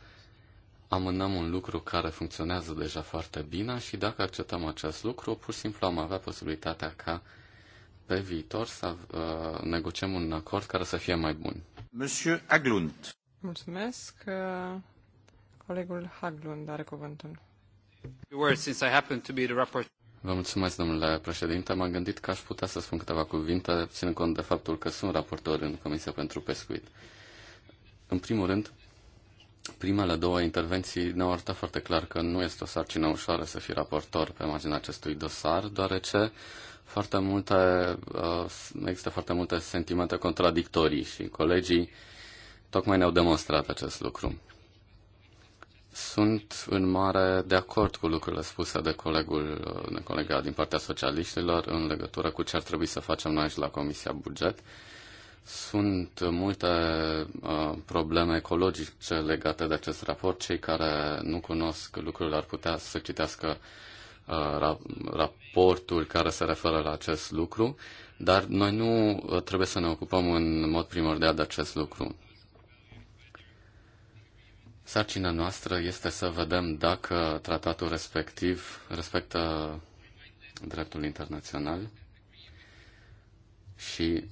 amânăm un lucru care funcționează deja foarte bine și dacă acceptăm acest lucru, pur și simplu am avea posibilitatea ca pe viitor să uh, negociem un acord care să fie mai bun. Monsieur Haglund. Mulțumesc. Uh, colegul Haglund are cuvântul. Since I happen to be the Vă mulțumesc, domnule președinte. M-am gândit că aș putea să spun câteva cuvinte, ținând cont de faptul că sunt raportor în Comisia pentru Pescuit. În primul rând, primele două intervenții ne-au arătat foarte clar că nu este o sarcină ușoară să fii raportor pe marginea acestui dosar, deoarece foarte multe, uh, există foarte multe sentimente contradictorii și colegii tocmai ne-au demonstrat acest lucru. Sunt în mare de acord cu lucrurile spuse de colegul, de colega din partea socialiștilor în legătură cu ce ar trebui să facem noi și la Comisia Buget. Sunt multe uh, probleme ecologice legate de acest raport. Cei care nu cunosc lucrurile ar putea să citească uh, raportul care se referă la acest lucru, dar noi nu uh, trebuie să ne ocupăm în mod primordial de acest lucru. Sarcina noastră este să vedem dacă tratatul respectiv respectă dreptul internațional și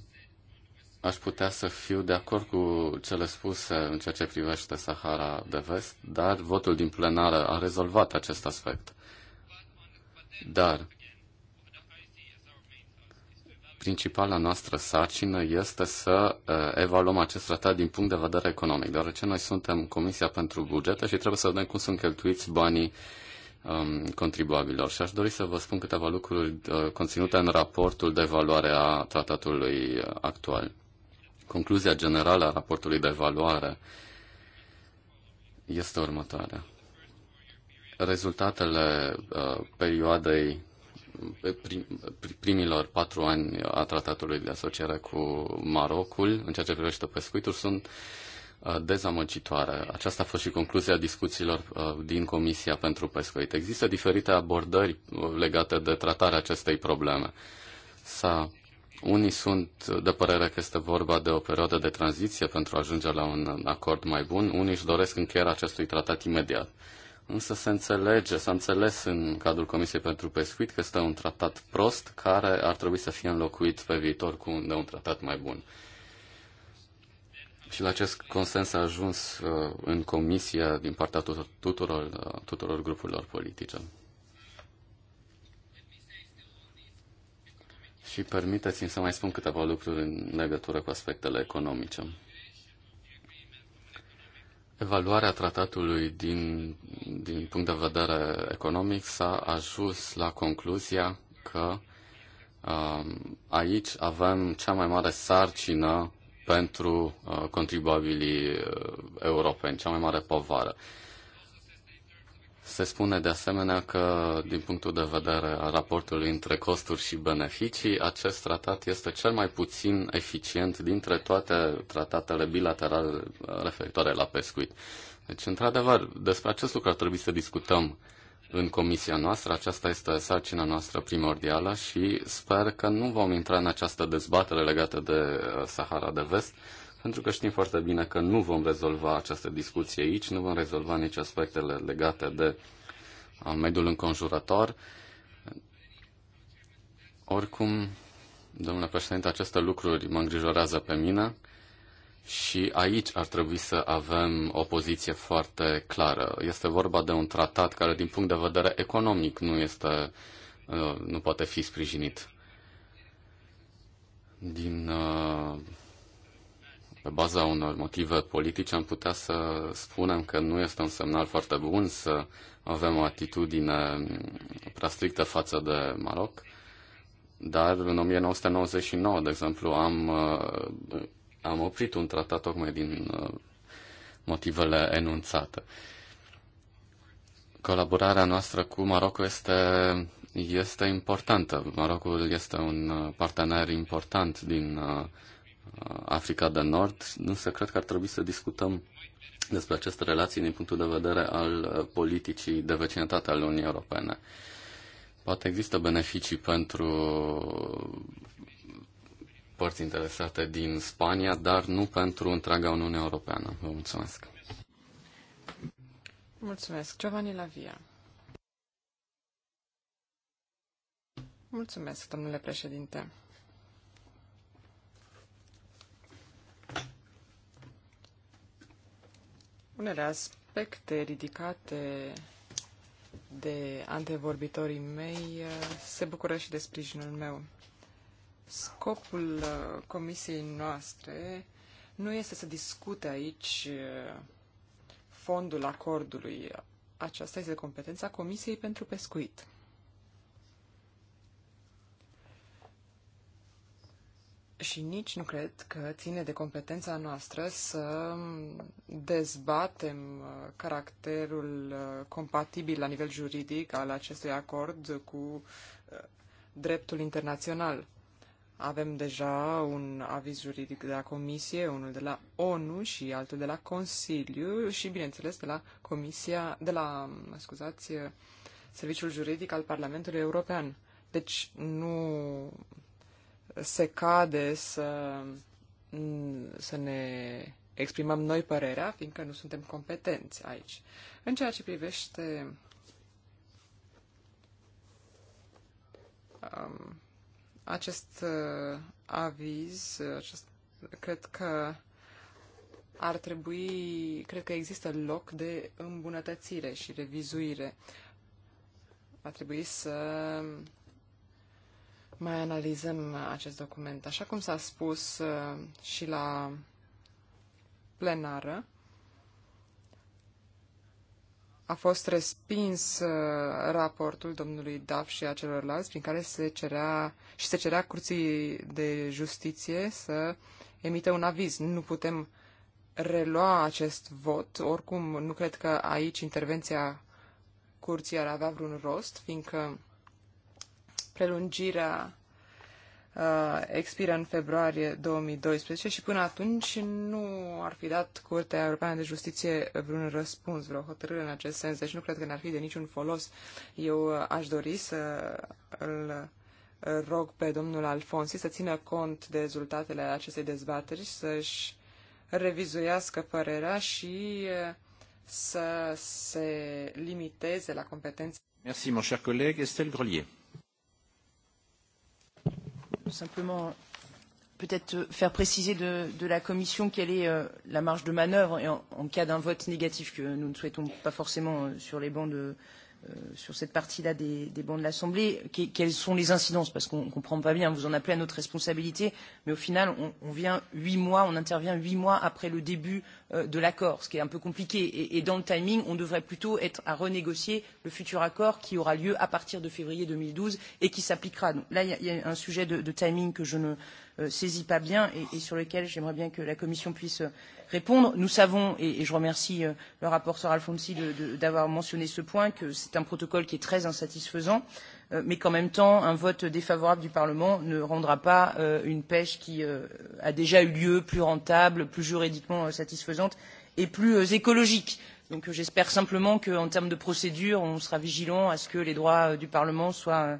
aș putea să fiu de acord cu cele spuse în ceea ce privește Sahara de Vest, dar votul din plenară a rezolvat acest aspect. Dar principala noastră sarcină este să uh, evaluăm acest tratat din punct de vedere economic, deoarece noi suntem Comisia pentru Bugete și trebuie să vedem cum sunt cheltuiți banii um, contribuabilor. Și aș dori să vă spun câteva lucruri uh, conținute în raportul de evaluare a tratatului uh, actual. Concluzia generală a raportului de evaluare este următoarea. Rezultatele uh, perioadei primilor patru ani a tratatului de asociere cu Marocul, în ceea ce privește pescuitul, sunt uh, dezamăgitoare. Aceasta a fost și concluzia discuțiilor uh, din Comisia pentru Pescuit. Există diferite abordări uh, legate de tratarea acestei probleme. S-a unii sunt de părere că este vorba de o perioadă de tranziție pentru a ajunge la un acord mai bun, unii își doresc încheierea acestui tratat imediat însă se înțelege, s-a înțeles în cadrul Comisiei pentru Pescuit că este un tratat prost care ar trebui să fie înlocuit pe viitor cu un, de un tratat mai bun. Și la acest consens a ajuns uh, în comisia din partea tuturor, tuturor, uh, tuturor grupurilor politice. Și permiteți-mi să mai spun câteva lucruri în legătură cu aspectele economice. Evaluarea tratatului din, din punct de vedere economic s-a ajuns la concluzia că um, aici avem cea mai mare sarcină pentru uh, contribuabilii uh, europeni, cea mai mare povară. Se spune de asemenea că, din punctul de vedere al raportului între costuri și beneficii, acest tratat este cel mai puțin eficient dintre toate tratatele bilaterale referitoare la pescuit. Deci, într-adevăr, despre acest lucru ar trebui să discutăm în comisia noastră. Aceasta este sarcina noastră primordială și sper că nu vom intra în această dezbatere legată de uh, Sahara de Vest, pentru că știm foarte bine că nu vom rezolva această discuție aici, nu vom rezolva nici aspectele legate de mediul înconjurător. Oricum, domnule președinte, aceste lucruri mă îngrijorează pe mine și aici ar trebui să avem o poziție foarte clară. Este vorba de un tratat care, din punct de vedere economic, nu, este, uh, nu poate fi sprijinit. Din uh, pe baza unor motive politice, am putea să spunem că nu este un semnal foarte bun să avem o atitudine prea strictă față de Maroc. Dar în 1999, de exemplu, am, uh, am oprit un tratat tocmai din uh, motivele enunțate. Colaborarea noastră cu Maroc este este importantă. Marocul este un uh, partener important din Africa de Nord, însă cred că ar trebui să discutăm despre aceste relații din punctul de vedere al uh, politicii de vecinătate al Uniunii Europene. Poate există beneficii pentru părți interesate din Spania, dar nu pentru întreaga Uniune Europeană. Vă mulțumesc. Mulțumesc. Giovanni Lavia. Mulțumesc, domnule președinte. Unele aspecte ridicate de antevorbitorii mei uh, se bucură și de sprijinul meu. Scopul uh, comisiei noastre nu este să discute aici uh, fondul acordului. Aceasta este competența Comisiei pentru Pescuit. Și nici nu cred că ține de competența noastră să dezbatem uh, caracterul uh, compatibil la nivel juridic al acestui acord cu uh, dreptul internațional. Avem deja un aviz juridic de la Comisie, unul de la ONU și altul de la Consiliu și, bineînțeles, de la Comisia, de la, scuzați, Serviciul Juridic al Parlamentului European. Deci nu se cade să, să ne exprimăm noi părerea, fiindcă nu suntem competenți aici. În ceea ce privește um, acest uh, aviz, acest, cred că ar trebui, cred că există loc de îmbunătățire și revizuire. Ar trebui să mai analizăm acest document. Așa cum s-a spus uh, și la plenară, a fost respins uh, raportul domnului Daf și a celorlalți prin care se cerea și se cerea curții de justiție să emite un aviz. Nu putem relua acest vot. Oricum, nu cred că aici intervenția curții ar avea vreun rost, fiindcă prelungirea uh, expiră în februarie 2012 și până atunci nu ar fi dat Curtea Europeană de Justiție vreun răspuns, vreo hotărâre în acest sens, deci nu cred că ne-ar fi de niciun folos. Eu uh, aș dori să îl uh, rog pe domnul Alfonsi să țină cont de rezultatele acestei dezbateri, să-și revizuiască părerea și uh, să se limiteze la competențe. Merci, mon cher collègue Estelle Grelier simplement peut-être euh, faire préciser de, de la Commission quelle est euh, la marge de manœuvre et en, en cas d'un vote négatif que nous ne souhaitons pas forcément euh, sur les bancs de, euh, sur cette partie-là des, des bancs de l'Assemblée, que, quelles sont les incidences Parce qu'on ne comprend pas bien, vous en appelez à notre responsabilité, mais au final, on, on vient huit mois, on intervient huit mois après le début euh, Euh, de l'accord, ce qui est un peu compliqué. Et, et dans le timing, on devrait plutôt être à renégocier le futur accord qui aura lieu à partir de février 2012 et qui s'appliquera. Donc là, il y, y, a un sujet de, de timing que je ne euh, saisis pas bien et, et sur lequel j'aimerais bien que la Commission puisse euh, répondre. Nous savons, et, et je remercie euh, le rapporteur Alfonsi d'avoir mentionné ce point, que c'est un protocole qui est très insatisfaisant. Euh, Euh, mais qu'en même temps, un vote défavorable du Parlement ne rendra pas euh, une pêche qui euh, a déjà eu lieu plus rentable, plus juridiquement euh, satisfaisante et plus euh, écologique. Donc euh, j'espère simplement qu'en termes de procédure, on sera vigilant à ce que les droits euh, du Parlement soient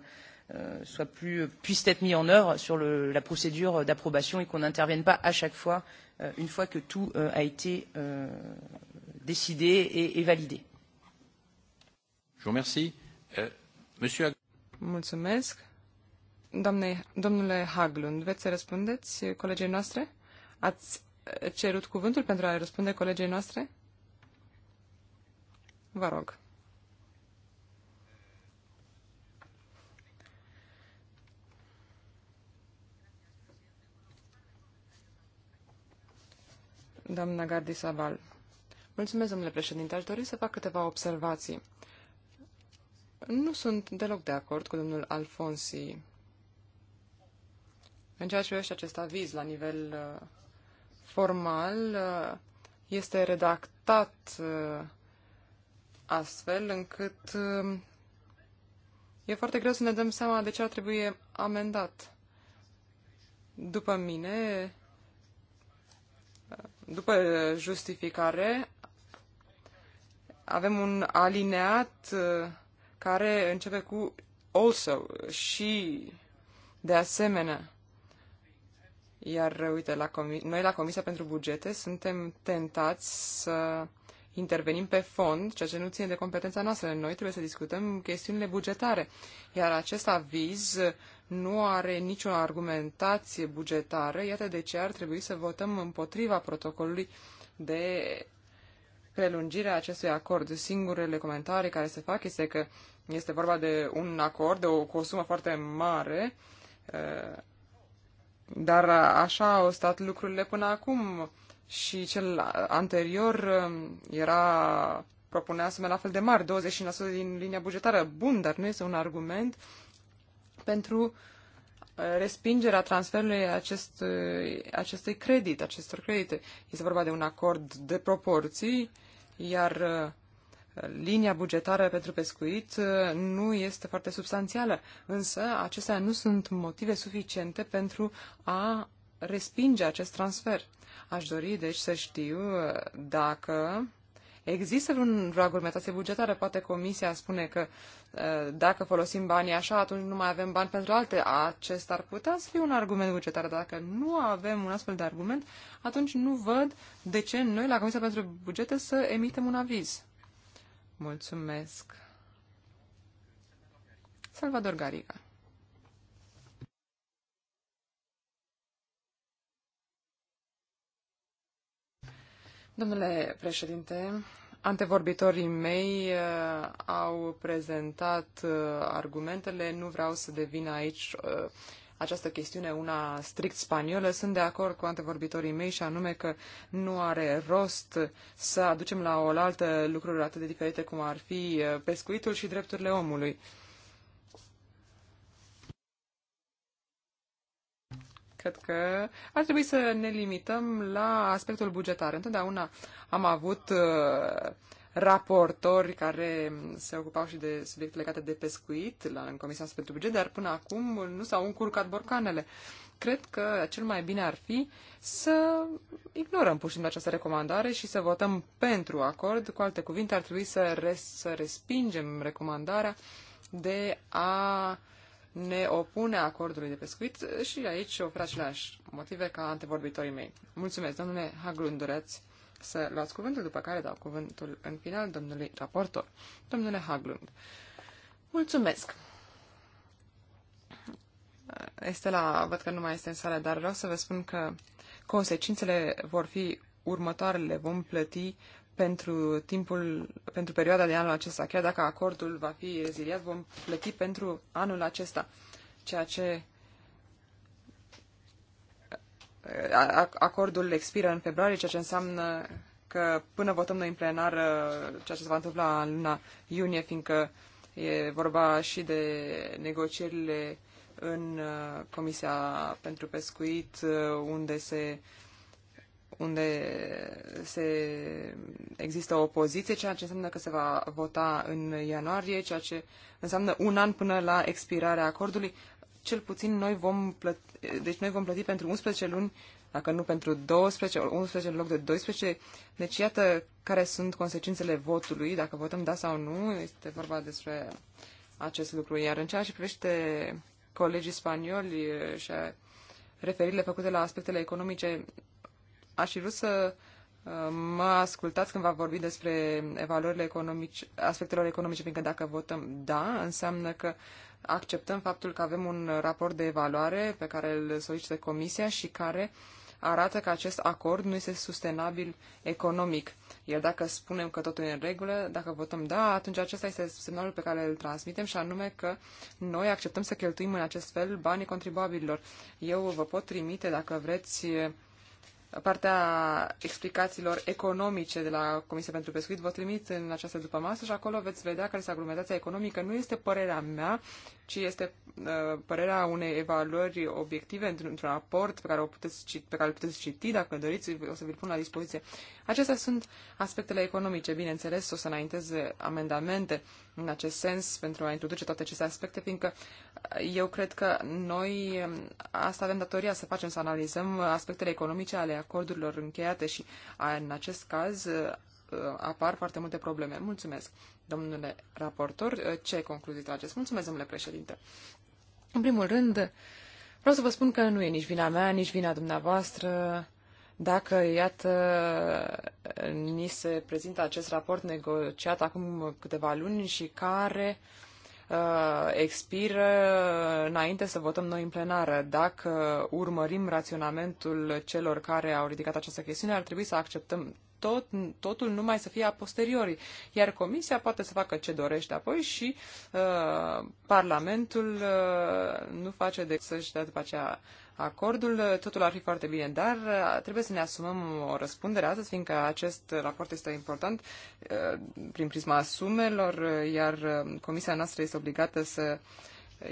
euh, soient plus, euh, puissent être mis en œuvre sur le, la procédure euh, d'approbation et qu'on n'intervienne pas à chaque fois, euh, une fois que tout euh, a été euh, décidé et, et validé. Je vous remercie. Euh, monsieur Mulțumesc. Doamne, domnule Haglund, veți să răspundeți colegii noastre? Ați eh, cerut cuvântul pentru a răspunde colegii noastre? Vă rog. Doamna Gardi Saval. Mulțumesc, domnule președinte. Aș dori să fac câteva observații. Nu sunt deloc de acord cu domnul Alfonsi în ceea ce privește acest aviz la nivel uh, formal. Uh, este redactat uh, astfel încât e foarte greu să ne dăm seama de ce ar trebui amendat. După mine, după justificare, avem un alineat care începe cu also și de asemenea. Iar, uite, la noi la Comisia pentru Bugete suntem tentați să intervenim pe fond, ceea ce nu ține de competența noastră. Noi trebuie să discutăm chestiunile bugetare. Iar acest aviz nu are nicio argumentație bugetară. Iată de ce ar trebui să votăm împotriva protocolului de a acestui acord. Singurele comentarii care se fac este că este vorba de un acord, de o, cu o sumă foarte mare, dar așa au stat lucrurile până acum și cel anterior era propunea sume la fel de mari, 20% din linia bugetară. Bun, dar nu este un argument pentru respingerea transferului acest, acestui credit, acestor credite. Este vorba de un acord de proporții, iar linia bugetară pentru pescuit uh, nu este foarte substanțială, însă acestea nu sunt motive suficiente pentru a respinge acest transfer. Aș dori, deci, să știu dacă există vreun, argumentație bugetară. Poate Comisia spune că uh, dacă folosim banii așa, atunci nu mai avem bani pentru alte. Acest ar putea să fie un argument bugetar. Dacă nu avem un astfel de argument, atunci nu văd de ce noi, la Comisia pentru Bugete, să emitem un aviz. Mulțumesc. Salvador Gariga. Domnule președinte, antevorbitorii mei uh, au prezentat uh, argumentele, nu vreau să devin aici uh, această chestiune una strict spaniolă. Sunt de acord cu antevorbitorii mei și anume că nu are rost să aducem la oaltă lucruri atât de diferite cum ar fi uh, pescuitul și drepturile omului. cred că ar trebui să ne limităm la aspectul bugetar. Întotdeauna am avut uh, raportori care se ocupau și de subiecte legate de pescuit la, în Comisia pentru Buget, dar până acum nu s-au încurcat borcanele. Cred că cel mai bine ar fi să ignorăm pur și simplu această recomandare și să votăm pentru acord. Cu alte cuvinte, ar trebui să, res, să respingem recomandarea de a ne opune acordului de pescuit și aici ofer aceleași motive ca antevorbitorii mei. Mulțumesc, domnule Haglund, să luați cuvântul, după care dau cuvântul în final domnului raportor, domnule Haglund. Mulțumesc! Este la, văd că nu mai este în sală, dar vreau să vă spun că consecințele vor fi următoarele. Vom plăti pentru timpul, pentru perioada de anul acesta. Chiar dacă acordul va fi reziliat, vom plăti pentru anul acesta, ceea ce acordul expiră în februarie, ceea ce înseamnă că până votăm noi în plenar uh, ceea ce se va întâmpla în luna iunie, fiindcă e vorba și de negocierile în uh, Comisia pentru Pescuit, uh, unde se unde se există o opoziție, ceea ce înseamnă că se va vota în ianuarie, ceea ce înseamnă un an până la expirarea acordului cel puțin noi vom plăti, deci noi vom plăti pentru 11 luni, dacă nu pentru 12, 11 în loc de 12. Deci iată care sunt consecințele votului, dacă votăm da sau nu, este vorba despre acest lucru. Iar în ceea ce privește colegii spanioli și referirile făcute la aspectele economice, aș fi vrut să uh, mă ascultați când va vorbi despre evaluările economice, aspectelor economice, fiindcă dacă votăm da, înseamnă că acceptăm faptul că avem un raport de evaluare pe care îl solicită Comisia și care arată că acest acord nu este sustenabil economic. Iar dacă spunem că totul e în regulă, dacă votăm da, atunci acesta este semnalul pe care îl transmitem și anume că noi acceptăm să cheltuim în acest fel banii contribuabililor. Eu vă pot trimite, dacă vreți, partea explicațiilor economice de la Comisia pentru Pescuit vă trimit în această după-masă și acolo veți vedea că aglomerația economică nu este părerea mea, ci este uh, părerea unei evaluări obiective într-un raport pe care, o puteți, pe care îl puteți citi dacă doriți, o să vi-l pun la dispoziție. Acestea sunt aspectele economice, bineînțeles, o să înaintez amendamente în acest sens pentru a introduce toate aceste aspecte, fiindcă uh, eu cred că noi um, asta avem datoria să facem, să analizăm aspectele economice ale acordurilor încheiate și în acest caz uh, apar foarte multe probleme. Mulțumesc! Domnule raportor, uh, ce concluzii trageți? Mulțumesc, domnule președinte. În primul rând, vreau să vă spun că nu e nici vina mea, nici vina dumneavoastră dacă, iată, ni se prezintă acest raport negociat acum câteva luni și care uh, expiră înainte să votăm noi în plenară. Dacă urmărim raționamentul celor care au ridicat această chestiune, ar trebui să acceptăm tot, totul numai să fie a posteriori. Iar Comisia poate să facă ce dorește apoi și uh, Parlamentul uh, nu face decât să-și dea după aceea acordul, totul ar fi foarte bine, dar uh, trebuie să ne asumăm o răspundere astăzi, fiindcă acest raport este important uh, prin prisma sumelor, uh, iar comisia noastră este obligată să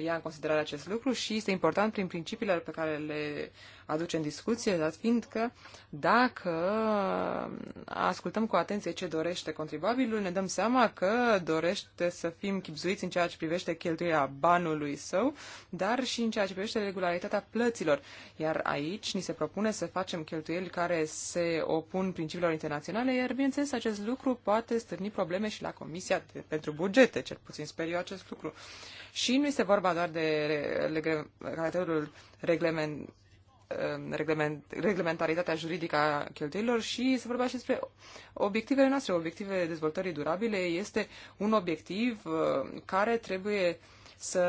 ia în considerare acest lucru și este important prin principiile pe care le aduce în discuție, dar fiind că dacă ascultăm cu atenție ce dorește contribuabilul, ne dăm seama că dorește să fim chipzuiți în ceea ce privește cheltuirea banului său, dar și în ceea ce privește regularitatea plăților. Iar aici ni se propune să facem cheltuieli care se opun principiilor internaționale, iar bineînțeles acest lucru poate stârni probleme și la Comisia de, pentru Bugete, cel puțin sper eu acest lucru. Și nu este vorba doar de re, caracterul reglement, reglement, reglementaritatea juridică a cheltuielilor și să vorbea și despre obiectivele noastre. Obiectivele dezvoltării durabile este un obiectiv uh, care trebuie să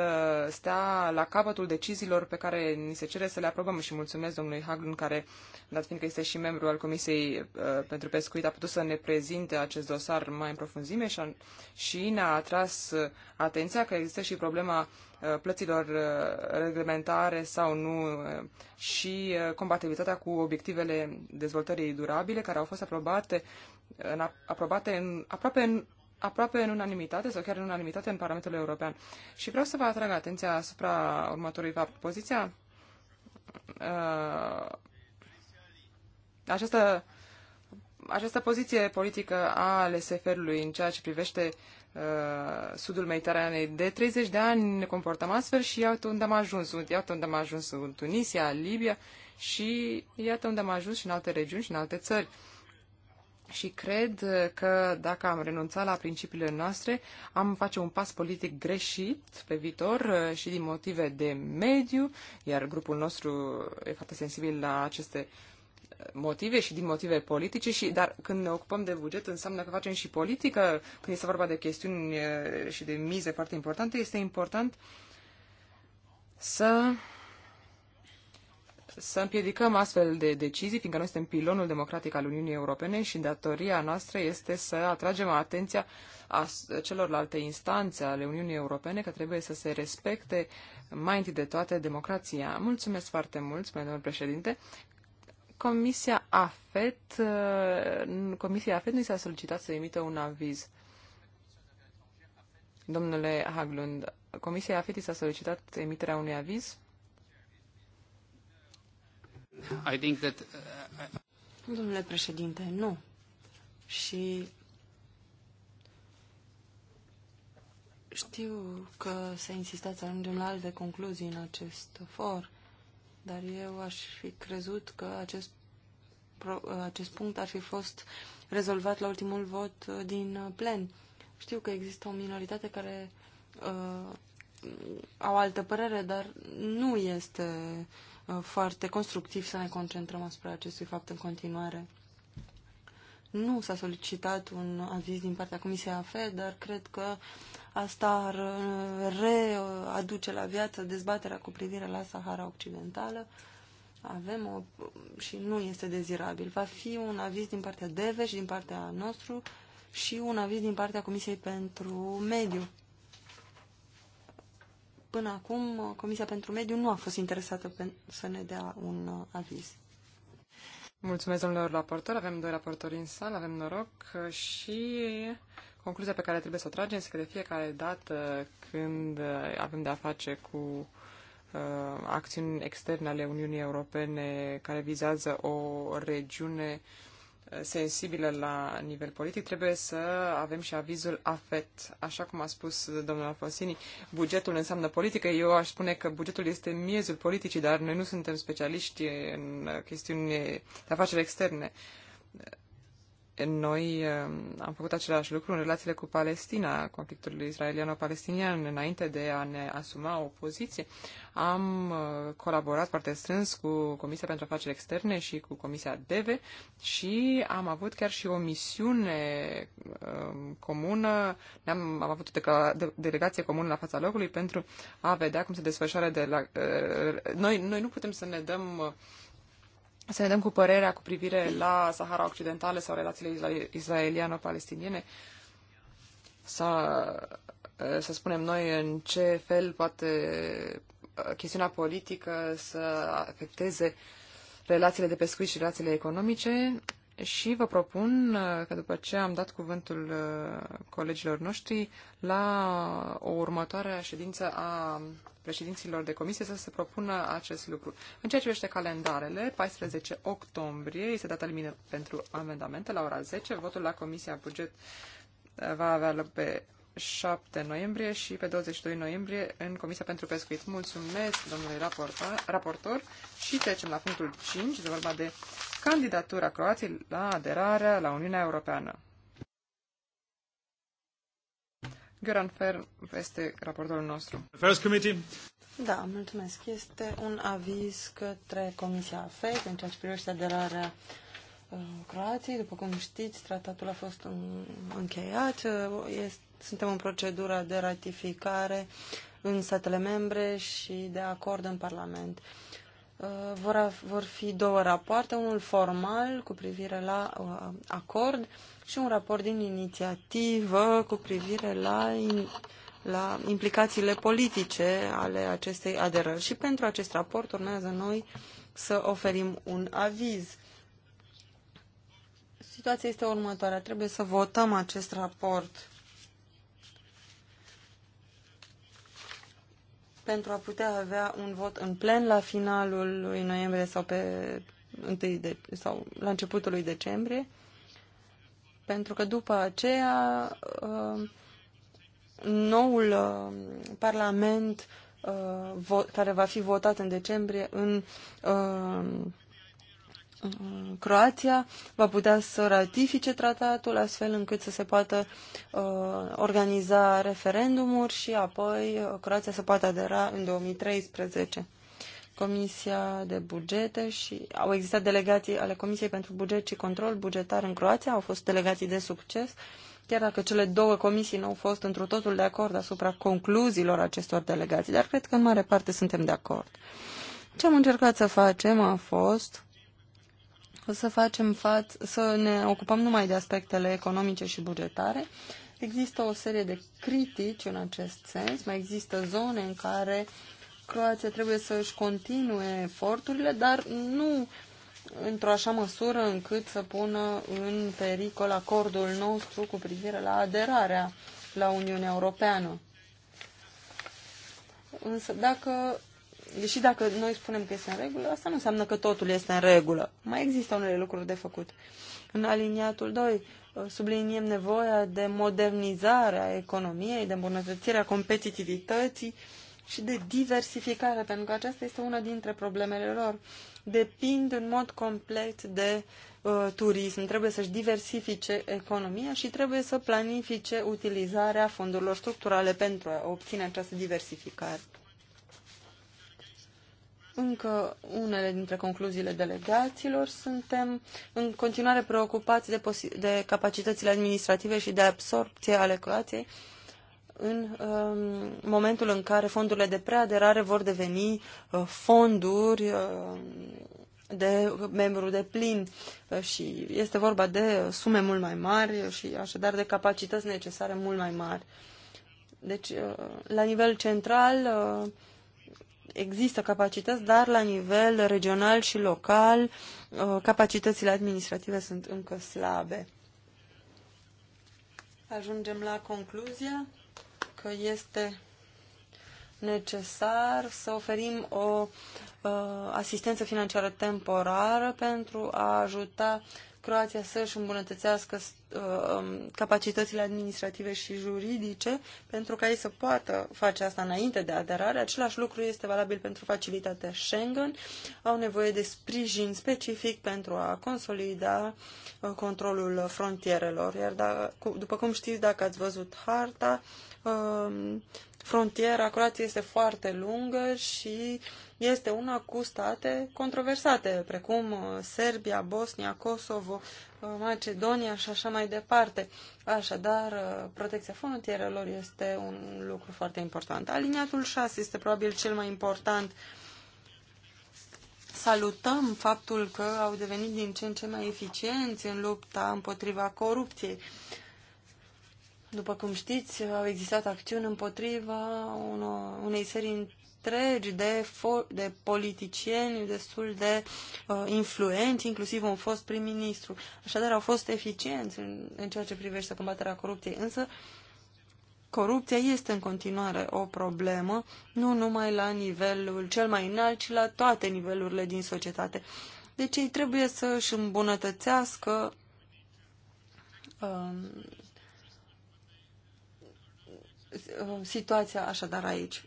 stea la capătul deciziilor pe care ni se cere să le aprobăm și mulțumesc domnului Haglund care, dat fiindcă este și membru al Comisiei uh, pentru Pescuit, a putut să ne prezinte acest dosar mai în profunzime și, a, și ne-a atras uh, atenția că există și problema Uh, plăților uh, reglementare sau nu uh, și compatibilitatea cu obiectivele dezvoltării durabile care au fost aprobate în, aprobate în, aproape în aproape în unanimitate sau chiar în unanimitate în Parlamentul European. Și vreau să vă atrag atenția asupra următorului fapt. Poziția uh, această, această poziție politică a LSFR-ului în ceea ce privește uh, Uh, sudul Mediteranei. De 30 de ani ne comportăm astfel și iată unde am ajuns. Iată unde am ajuns în Tunisia, Libia și iată unde am ajuns și în alte regiuni și în alte țări. Și cred că dacă am renunțat la principiile noastre, am face un pas politic greșit pe viitor uh, și din motive de mediu, iar grupul nostru e foarte sensibil la aceste uh, motive și din motive politice, și, dar când ne ocupăm de buget înseamnă că facem și politică, când este vorba de chestiuni și de mize foarte importante, este important să să împiedicăm astfel de decizii, fiindcă noi suntem pilonul democratic al Uniunii Europene și datoria noastră este să atragem atenția a celorlalte instanțe ale Uniunii Europene că trebuie să se respecte mai întâi de toate democrația. Mulțumesc foarte mult, spune domnul președinte. Comisia AFET, uh, Comisia AFET nu s-a solicitat să emită un aviz. Domnule Haglund, Comisia AFET s-a solicitat emiterea unui aviz? I think that, uh, I... Domnule președinte, nu. Și știu că s-a insistat să ajungem la alte concluzii în acest for, dar eu aș fi crezut că acest, acest punct ar fi fost rezolvat la ultimul vot uh, din uh, plen. Știu că există o minoritate care uh, au altă părere, dar nu este uh, foarte constructiv să ne concentrăm asupra acestui fapt în continuare. Nu s-a solicitat un aviz din partea Comisiei AFE, dar cred că Asta ar uh, readuce la viață dezbaterea cu privire la Sahara Occidentală. Avem o, și nu este dezirabil. Va fi un aviz din partea DEVE și din partea nostru și un aviz din partea Comisiei pentru Mediu. Până acum, Comisia pentru Mediu nu a fost interesată să ne dea un uh, aviz. Mulțumesc, domnilor raportori. Avem doi raportori în sală, avem noroc și Concluzia pe care trebuie să o tragem este că de fiecare dată când uh, avem de-a face cu uh, acțiuni externe ale Uniunii Europene care vizează o regiune uh, sensibilă la nivel politic, trebuie să avem și avizul AFET. Așa cum a spus domnul Alfonsini, bugetul înseamnă politică. Eu aș spune că bugetul este miezul politicii, dar noi nu suntem specialiști în chestiuni de afaceri externe noi um, am făcut același lucru în relațiile cu Palestina, conflictul israeliano-palestinian, înainte de a ne asuma o poziție. Am uh, colaborat foarte strâns cu Comisia pentru Afaceri Externe și cu Comisia DEVE și am avut chiar și o misiune um, comună, am am avut o delegație comună la fața locului pentru a vedea cum se desfășoară de la... Uh, noi, noi nu putem să ne dăm uh, să ne dăm cu părerea cu privire la Sahara Occidentală sau relațiile israeliano-palestiniene, să, să spunem noi în ce fel poate uh, chestiunea politică să afecteze relațiile de pescuit și relațiile economice. Și vă propun uh, că după ce am dat cuvântul uh, colegilor noștri, la o următoare ședință a președinților de comisie să se propună acest lucru. În ceea ce privește calendarele, 14 octombrie este data limită pentru amendamente la ora 10, votul la Comisia Buget uh, va avea loc pe 7 noiembrie și pe 22 noiembrie în Comisia pentru Pescuit. Mulțumesc, domnule raportor, raportor și trecem la punctul 5, de vorba de candidatura Croației la aderarea la Uniunea Europeană. Göran Fer este raportorul nostru. First committee. Da, mulțumesc. Este un aviz către Comisia AFEC în ceea ce privește aderarea Croației. După cum știți, tratatul a fost încheiat. Este, suntem în procedura de ratificare în statele membre și de acord în Parlament. Uh, vor, vor fi două rapoarte, unul formal cu privire la uh, acord și un raport din inițiativă cu privire la, in, la implicațiile politice ale acestei aderări. Și pentru acest raport urmează noi să oferim un aviz situația este următoarea. Trebuie să votăm acest raport pentru a putea avea un vot în plen la finalul lui noiembrie sau pe 1 de, sau la începutul lui decembrie, pentru că după aceea uh, noul uh, parlament uh, care va fi votat în decembrie în Croația va putea să ratifice tratatul astfel încât să se poată uh, organiza referendumuri și apoi uh, Croația să poată adera în 2013. Comisia de bugete și au existat delegații ale Comisiei pentru buget și control bugetar în Croația, au fost delegații de succes, chiar dacă cele două comisii nu au fost într-un totul de acord asupra concluziilor acestor delegații, dar cred că în mare parte suntem de acord. Ce am încercat să facem a fost să facem față, să ne ocupăm numai de aspectele economice și bugetare. Există o serie de critici în acest sens, mai există zone în care Croația trebuie să își continue eforturile, dar nu într-o așa măsură încât să pună în pericol acordul nostru cu privire la aderarea la Uniunea Europeană. Însă dacă deși dacă noi spunem că este în regulă, asta nu înseamnă că totul este în regulă. Mai există unele lucruri de făcut. În aliniatul 2 uh, subliniem nevoia de modernizare a economiei, de îmbunătățire a competitivității și de diversificare, pentru că aceasta este una dintre problemele lor. Depind în mod complet de uh, turism, trebuie să-și diversifice economia și trebuie să planifice utilizarea fondurilor structurale pentru a obține această diversificare încă unele dintre concluziile delegaților. Suntem în continuare preocupați de, de capacitățile administrative și de absorpție ale Croației în um, momentul în care fondurile de preaderare vor deveni uh, fonduri uh, de membru de plin uh, și este vorba de sume mult mai mari și așadar de capacități necesare mult mai mari. Deci, uh, la nivel central, uh, există capacități, dar la nivel regional și local uh, capacitățile administrative sunt încă slabe. Ajungem la concluzia că este necesar să oferim o uh, asistență financiară temporară pentru a ajuta Croația să-și îmbunătățească uh, um, capacitățile administrative și juridice pentru ca ei să poată face asta înainte de aderare. Același lucru este valabil pentru facilitatea Schengen. Au nevoie de sprijin specific pentru a consolida uh, controlul frontierelor. Iar dacă, după cum știți, dacă ați văzut harta, Um, frontiera Croației este foarte lungă și este una cu state controversate, precum uh, Serbia, Bosnia, Kosovo, uh, Macedonia și așa mai departe. Așadar, uh, protecția frontierelor este un lucru foarte important. Aliniatul 6 este probabil cel mai important. Salutăm faptul că au devenit din ce în ce mai eficienți în lupta împotriva corupției. După cum știți, au existat acțiuni împotriva unei serii întregi de, de politicieni destul de uh, influenți, inclusiv un fost prim-ministru. Așadar, au fost eficienți în, în ceea ce privește combaterea corupției. Însă, corupția este în continuare o problemă, nu numai la nivelul cel mai înalt, ci la toate nivelurile din societate. Deci ei trebuie să își îmbunătățească uh, Uh, situația așadar aici.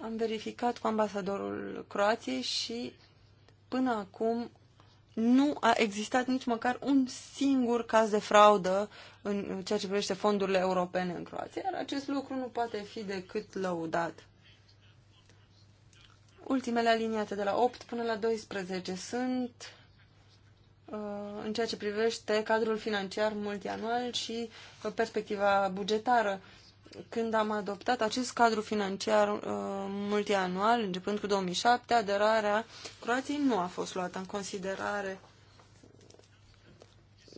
Am verificat cu ambasadorul Croației și până acum nu a existat nici măcar un singur caz de fraudă în ceea ce privește fondurile europene în Croația, iar acest lucru nu poate fi decât lăudat. Ultimele aliniate de la 8 până la 12 sunt Uh, în ceea ce privește cadrul financiar multianual și uh, perspectiva bugetară. Când am adoptat acest cadru financiar uh, multianual, începând cu 2007, aderarea Croației nu a fost luată în considerare.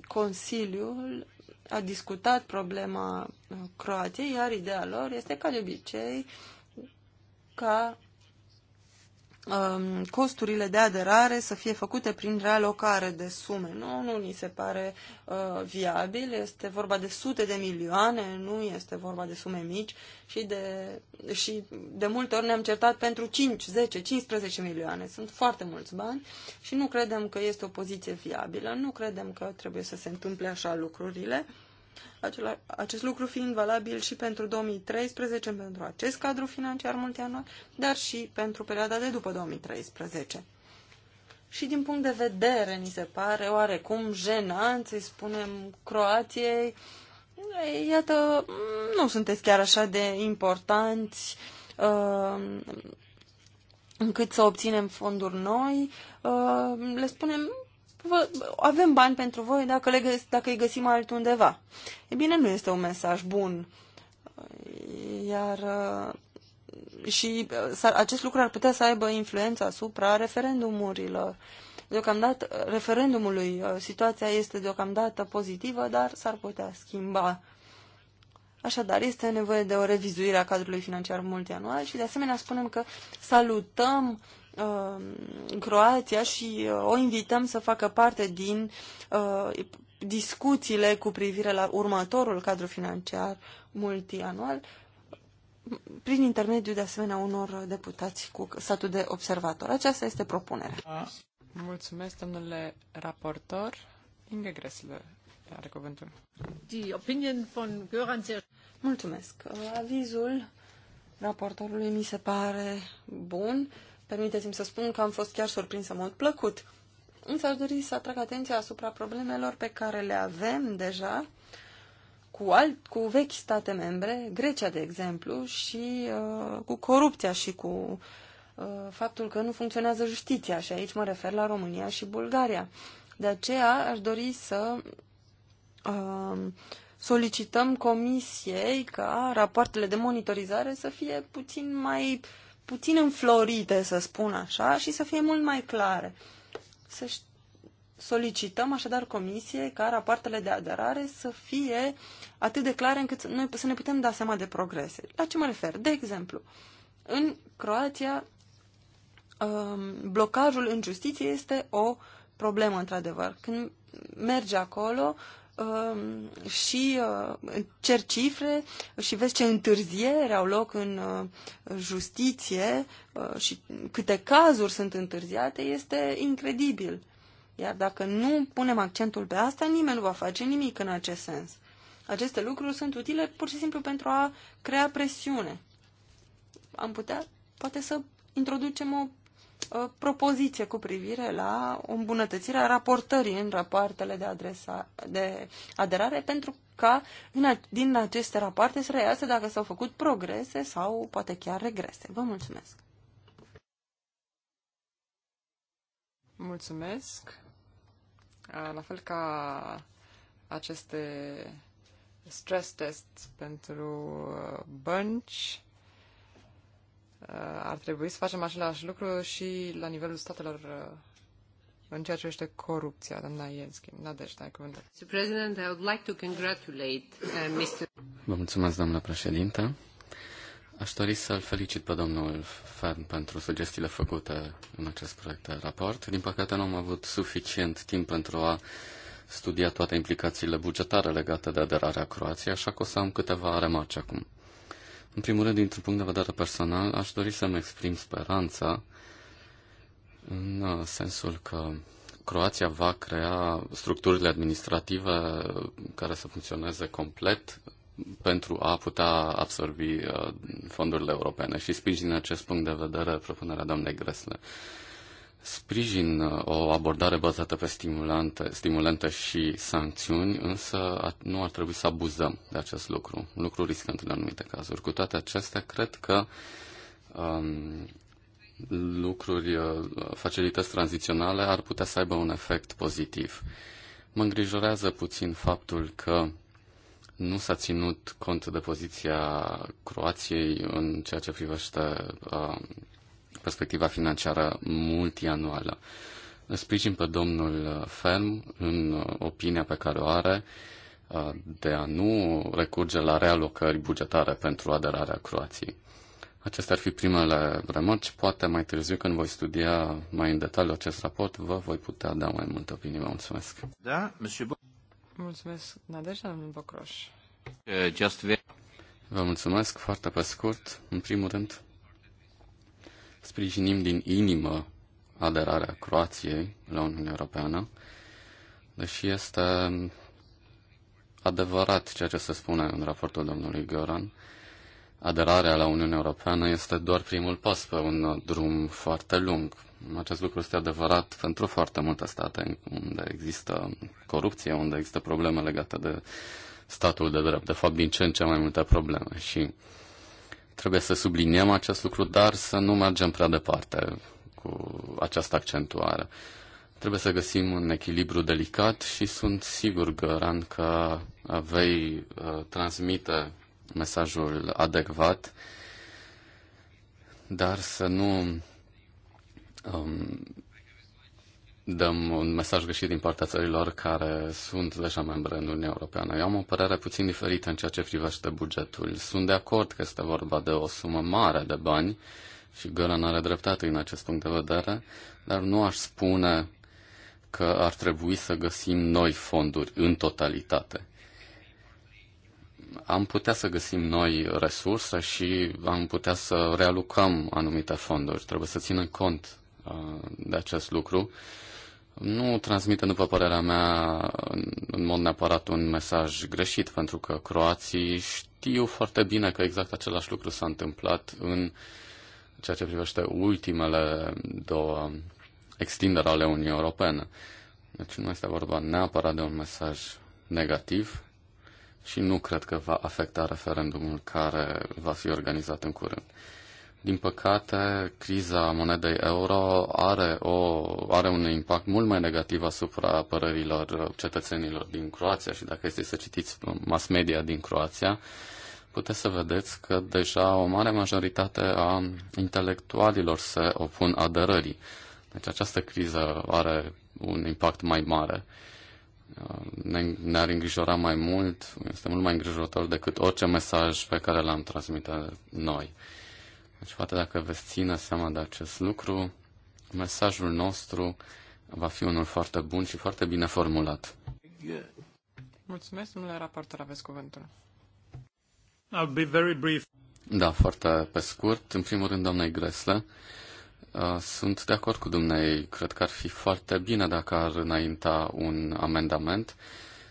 Consiliul a discutat problema Croației, iar ideea lor este ca de obicei ca Um, costurile de aderare să fie făcute prin realocare de sume. Nu, nu ni se pare uh, viabil, este vorba de sute de milioane, nu este vorba de sume mici și de, și de multe ori ne-am certat pentru 5, 10, 15 milioane. Sunt foarte mulți bani și nu credem că este o poziție viabilă, nu credem că trebuie să se întâmple așa lucrurile. Uh, acela, acest lucru fiind valabil și pentru 2013, pentru acest cadru financiar multianual, dar și pentru perioada de după 2013. Și din punct de vedere, ni se pare oarecum jenant, să spunem, Croației, iată, nu sunteți chiar așa de importanți uh, încât să obținem fonduri noi, uh, le spunem, vă, avem bani pentru voi dacă, le găs, dacă îi găsim altundeva. E bine, nu este un mesaj bun. Iar uh, și uh, acest lucru ar putea să aibă influență asupra referendumurilor. Deocamdată, uh, referendumului situația este deocamdată pozitivă, dar s-ar putea schimba. Așadar, este nevoie de o revizuire a cadrului financiar multianual și, de asemenea, spunem că salutăm Uh, Croația și uh, o invităm să facă parte din uh, discuțiile cu privire la următorul cadru financiar multianual prin intermediul de asemenea unor deputați cu statul de observator. Aceasta este propunerea. Mulțumesc, domnule raportor. Inge Gresle are cuvântul. von Mulțumesc. Avizul raportorului mi se pare bun Permiteți-mi să spun că am fost chiar surprins în mod plăcut. Însă aș dori să atrag atenția asupra problemelor pe care le avem deja cu, alt, cu vechi state membre, Grecia, de exemplu, și uh, cu corupția și cu uh, faptul că nu funcționează justiția. Și aici mă refer la România și Bulgaria. De aceea aș dori să uh, solicităm comisiei ca rapoartele de monitorizare să fie puțin mai uh, puțin înflorite, să spun așa, și să fie mult mai clare. Să solicităm așadar comisie ca rapoartele de aderare să fie atât de clare încât noi să ne putem da seama de progrese. La ce mă refer? De exemplu, în Croația um, blocajul în justiție este o problemă, într-adevăr. Când mergi acolo, Um, și uh, cer cifre și vezi ce întârzieri au loc în uh, justiție uh, și câte cazuri sunt întârziate, este incredibil. Iar dacă nu punem accentul pe asta, nimeni nu va face nimic în acest sens. Aceste lucruri sunt utile pur și simplu pentru a crea presiune. Am putea, poate, să introducem o Uh, propoziție cu privire la îmbunătățirea raportării în rapoartele de, adresa, de aderare pentru ca în, din aceste rapoarte să reiasă dacă s-au făcut progrese sau poate chiar regrese. Vă mulțumesc! Mulțumesc! La fel ca aceste stress tests pentru uh, bănci, Uh, ar trebui să facem același lucru și la nivelul statelor uh, în ceea ce este corupția, doamna Ienski. Nadejda, deci, da, ai cuvântul. President, I would like to congratulate uh, Mr. Vă mulțumesc, doamna președintă. Aș dori să-l felicit pe domnul Fern pentru sugestiile făcute în acest proiect de raport. Din păcate nu am avut suficient timp pentru a studia toate implicațiile bugetare legate de aderarea Croației, așa că o să am câteva remarci acum. În primul rând, dintr-un punct de vedere personal, aș dori să-mi exprim speranța în uh, sensul că Croația va crea structurile administrative care să funcționeze complet pentru a putea absorbi uh, fondurile europene și sprijin acest punct de vedere propunerea doamnei Gresle. Uh, Sprijin uh, o abordare bazată pe stimulante, stimulante și sancțiuni, însă nu ar trebui să abuzăm de acest lucru, lucru riscant în anumite cazuri. Cu toate acestea, cred că um, lucruri, uh, facilități tranziționale ar putea să aibă un efect pozitiv. Mă îngrijorează puțin faptul că nu s-a ținut cont de poziția Croației în ceea ce privește uh, perspectiva financiară multianuală. Îl sprijin pe domnul Ferm în opinia pe care o are uh, de a nu recurge la realocări bugetare pentru aderarea Croației. Acestea ar fi primele remarci. Poate mai târziu, când voi studia mai în detaliu acest raport, vă voi putea da mai multe opinii. Vă mulțumesc. Da, monsieur... Mulțumesc, Nadeja, domnul Bocroș. Uh, just... Vă mulțumesc foarte pe scurt. În primul rând, Sprijinim din inimă aderarea Croației la Uniunea Europeană, deși este adevărat ceea ce se spune în raportul domnului Goran, aderarea la Uniunea Europeană este doar primul pas pe un drum foarte lung. Acest lucru este adevărat pentru foarte multe state unde există corupție, unde există probleme legate de statul de drept. De fapt, din ce în ce mai multe probleme și uh, Trebuie să subliniem acest lucru, dar să nu mergem prea departe cu această accentuare. Trebuie să găsim un echilibru delicat și sunt sigur, Găran, că vei uh, transmite mesajul adecvat, dar să nu um, dăm un mesaj greșit din partea țărilor care sunt deja membre în Uniunea Europeană. Eu am o părere puțin diferită în ceea ce privește bugetul. Sunt de acord că este vorba de o sumă mare de bani și nu are dreptate în acest punct de vedere, dar nu aș spune că ar trebui să găsim noi fonduri în totalitate. Am putea să găsim noi resurse și am putea să realucăm anumite fonduri. Trebuie să ținem cont uh, de acest lucru nu transmite, după părerea mea, în mod neapărat un mesaj greșit, pentru că croații știu foarte bine că exact același lucru s-a întâmplat în ceea ce privește ultimele două extindere ale Uniunii Europene. Deci nu este vorba neapărat de un mesaj negativ și nu cred că va afecta referendumul care va fi organizat în curând. Din păcate, criza monedei euro are, o, are un impact mult mai negativ asupra apărărilor cetățenilor din Croația și dacă este să citiți mass media din Croația, puteți să vedeți că deja o mare majoritate a intelectualilor se opun aderării. Deci această criză are un impact mai mare. Ne, ne-ar îngrijora mai mult, este mult mai îngrijorător decât orice mesaj pe care l-am transmite noi. Deci, poate dacă veți ține seama de acest lucru, mesajul nostru va fi unul foarte bun și foarte bine formulat. Mulțumesc, domnule raportor, aveți cuvântul. I'll be very brief. Da, foarte pe scurt. În primul rând, doamnei Gresle, uh, sunt de acord cu dumnei. Cred că ar fi foarte bine dacă ar înainta un amendament.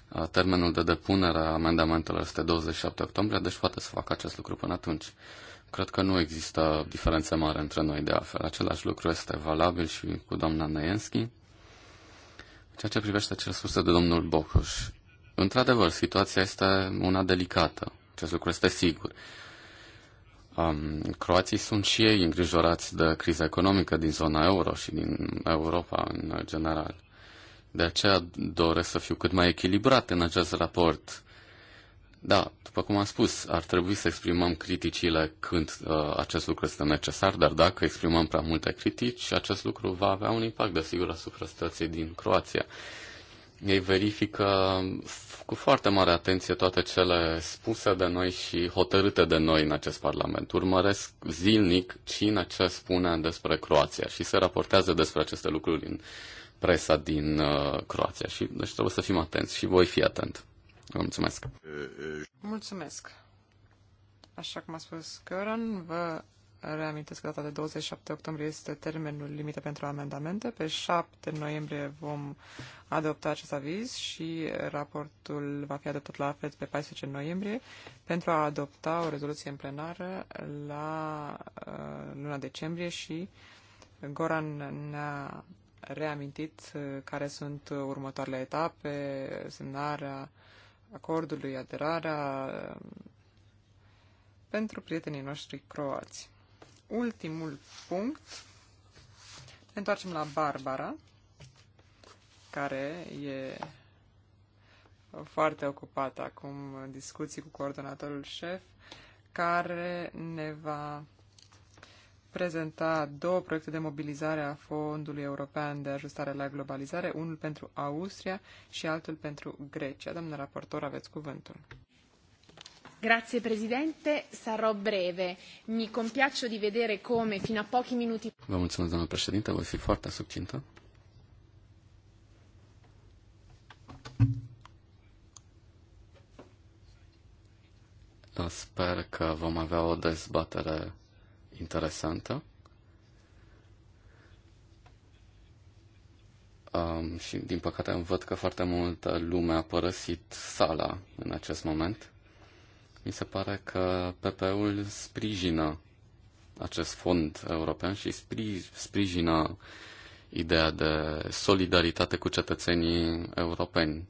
Uh, termenul de depunere a amendamentelor este 27 octombrie, deci poate să facă acest lucru până atunci. Cred că nu există diferențe mari între noi de altfel. Același lucru este valabil și cu doamna Năienski. Ceea ce privește cele spuse de domnul Bocuș, într-adevăr, situația este una delicată. Acest lucru este sigur. Um, croații sunt și ei îngrijorați de criza economică din zona euro și din Europa în general. De aceea doresc să fiu cât mai echilibrat în acest raport. Da, după cum am spus, ar trebui să exprimăm criticile când uh, acest lucru este necesar, dar dacă exprimăm prea multe critici, acest lucru va avea un impact, desigur, asupra situației din Croația. Ei verifică cu foarte mare atenție toate cele spuse de noi și hotărâte de noi în acest Parlament. Urmăresc zilnic cine ce spune despre Croația și se raportează despre aceste lucruri în presa din uh, Croația. Și, deci trebuie să fim atenți și voi fi atent. Vă mulțumesc. Mulțumesc. Așa cum a spus Căran, vă reamintesc că data de 27 octombrie este termenul limită pentru amendamente. Pe 7 noiembrie vom adopta acest aviz și raportul va fi adoptat la FED pe 14 noiembrie pentru a adopta o rezoluție în plenară la uh, luna decembrie și Goran ne-a reamintit uh, care sunt următoarele etape, semnarea acordului, aderarea um, pentru prietenii noștri croați. Ultimul punct. Ne întoarcem la Barbara, care e foarte ocupată acum în discuții cu coordonatorul șef, care ne va prezenta două proiecte de mobilizare a Fondului European de Ajustare la Globalizare, unul pentru Austria și altul pentru Grecia. Doamnă raportor, aveți cuvântul. Grazie Presidente, sarò breve. Mi compiaccio di vedere come fino a pochi minuti... Vă mulțumesc, doamnă președinte, voi fi foarte succintă. Da, sper că vom avea o dezbatere interesantă. Um, și, din păcate, văd că foarte multă lume a părăsit sala în acest moment. Mi se pare că PP-ul sprijină acest fond european și sprijină ideea de solidaritate cu cetățenii europeni.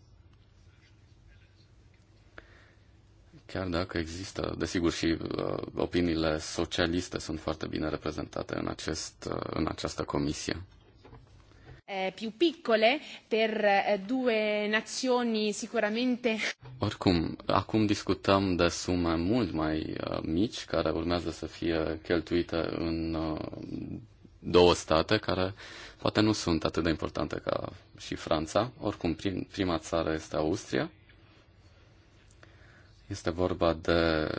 chiar dacă există, desigur, și uh, opiniile socialiste sunt foarte bine reprezentate în, acest, uh, în această comisie. Eh, più piccole per eh, due nazioni sicuramente. Oricum, acum discutăm de sume mult mai uh, mici care urmează să fie cheltuite în uh, două state care poate nu sunt atât de importante ca și Franța. Oricum, prim, prima țară este Austria este vorba de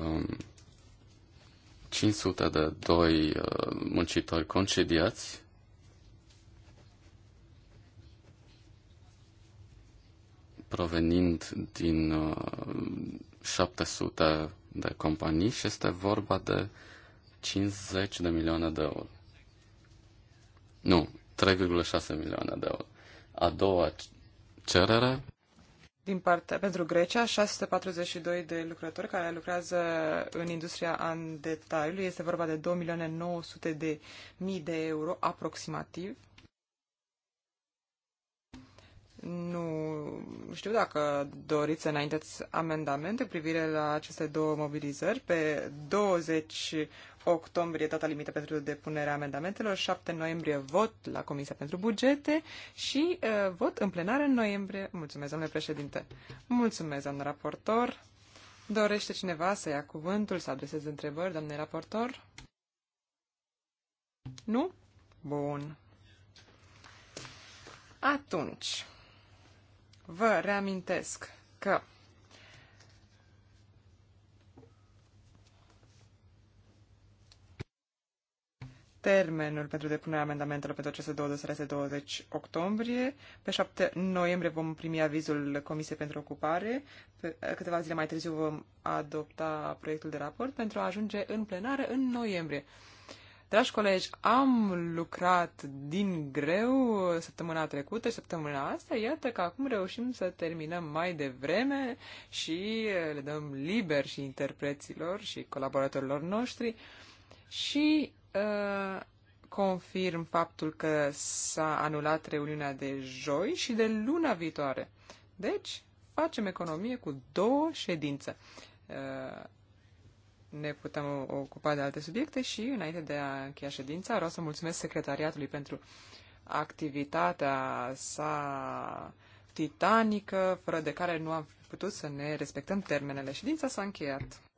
um, 500 de doi uh, muncitori concediați provenind din uh, 700 de companii și este vorba de 50 de milioane de euro. Nu, 3,6 milioane de euro. A doua cerere din partea, pentru Grecia, 642 de lucrători care lucrează în industria în detaliu. Este vorba de 2 milioane 900 de mii de euro aproximativ. Nu știu dacă doriți să înainteți amendamente privire la aceste două mobilizări. Pe 20 octombrie data limită pentru depunerea amendamentelor, 7 noiembrie vot la Comisia pentru Bugete și uh, vot în plenară în noiembrie. Mulțumesc, domnule președinte. Mulțumesc, doamnă raportor. Dorește cineva să ia cuvântul, să adreseze întrebări, domnule raportor? Nu? Bun. Atunci, vă reamintesc că Termenul pentru depunerea amendamentelor pentru aceste două dosare este 20 octombrie. Pe 7 noiembrie vom primi avizul Comisiei pentru Ocupare. Pe câteva zile mai târziu vom adopta proiectul de raport pentru a ajunge în plenară în noiembrie. Dragi colegi, am lucrat din greu săptămâna trecută și săptămâna asta. Iată că acum reușim să terminăm mai devreme și le dăm liber și interpreților și colaboratorilor noștri. Și Uh, confirm faptul că s-a anulat reuniunea de joi și de luna viitoare. Deci, facem economie cu două ședințe. Uh, ne putem ocupa de alte subiecte și, înainte de a încheia ședința, vreau să mulțumesc secretariatului pentru activitatea sa titanică, fără de care nu am putut să ne respectăm termenele. Ședința s-a încheiat.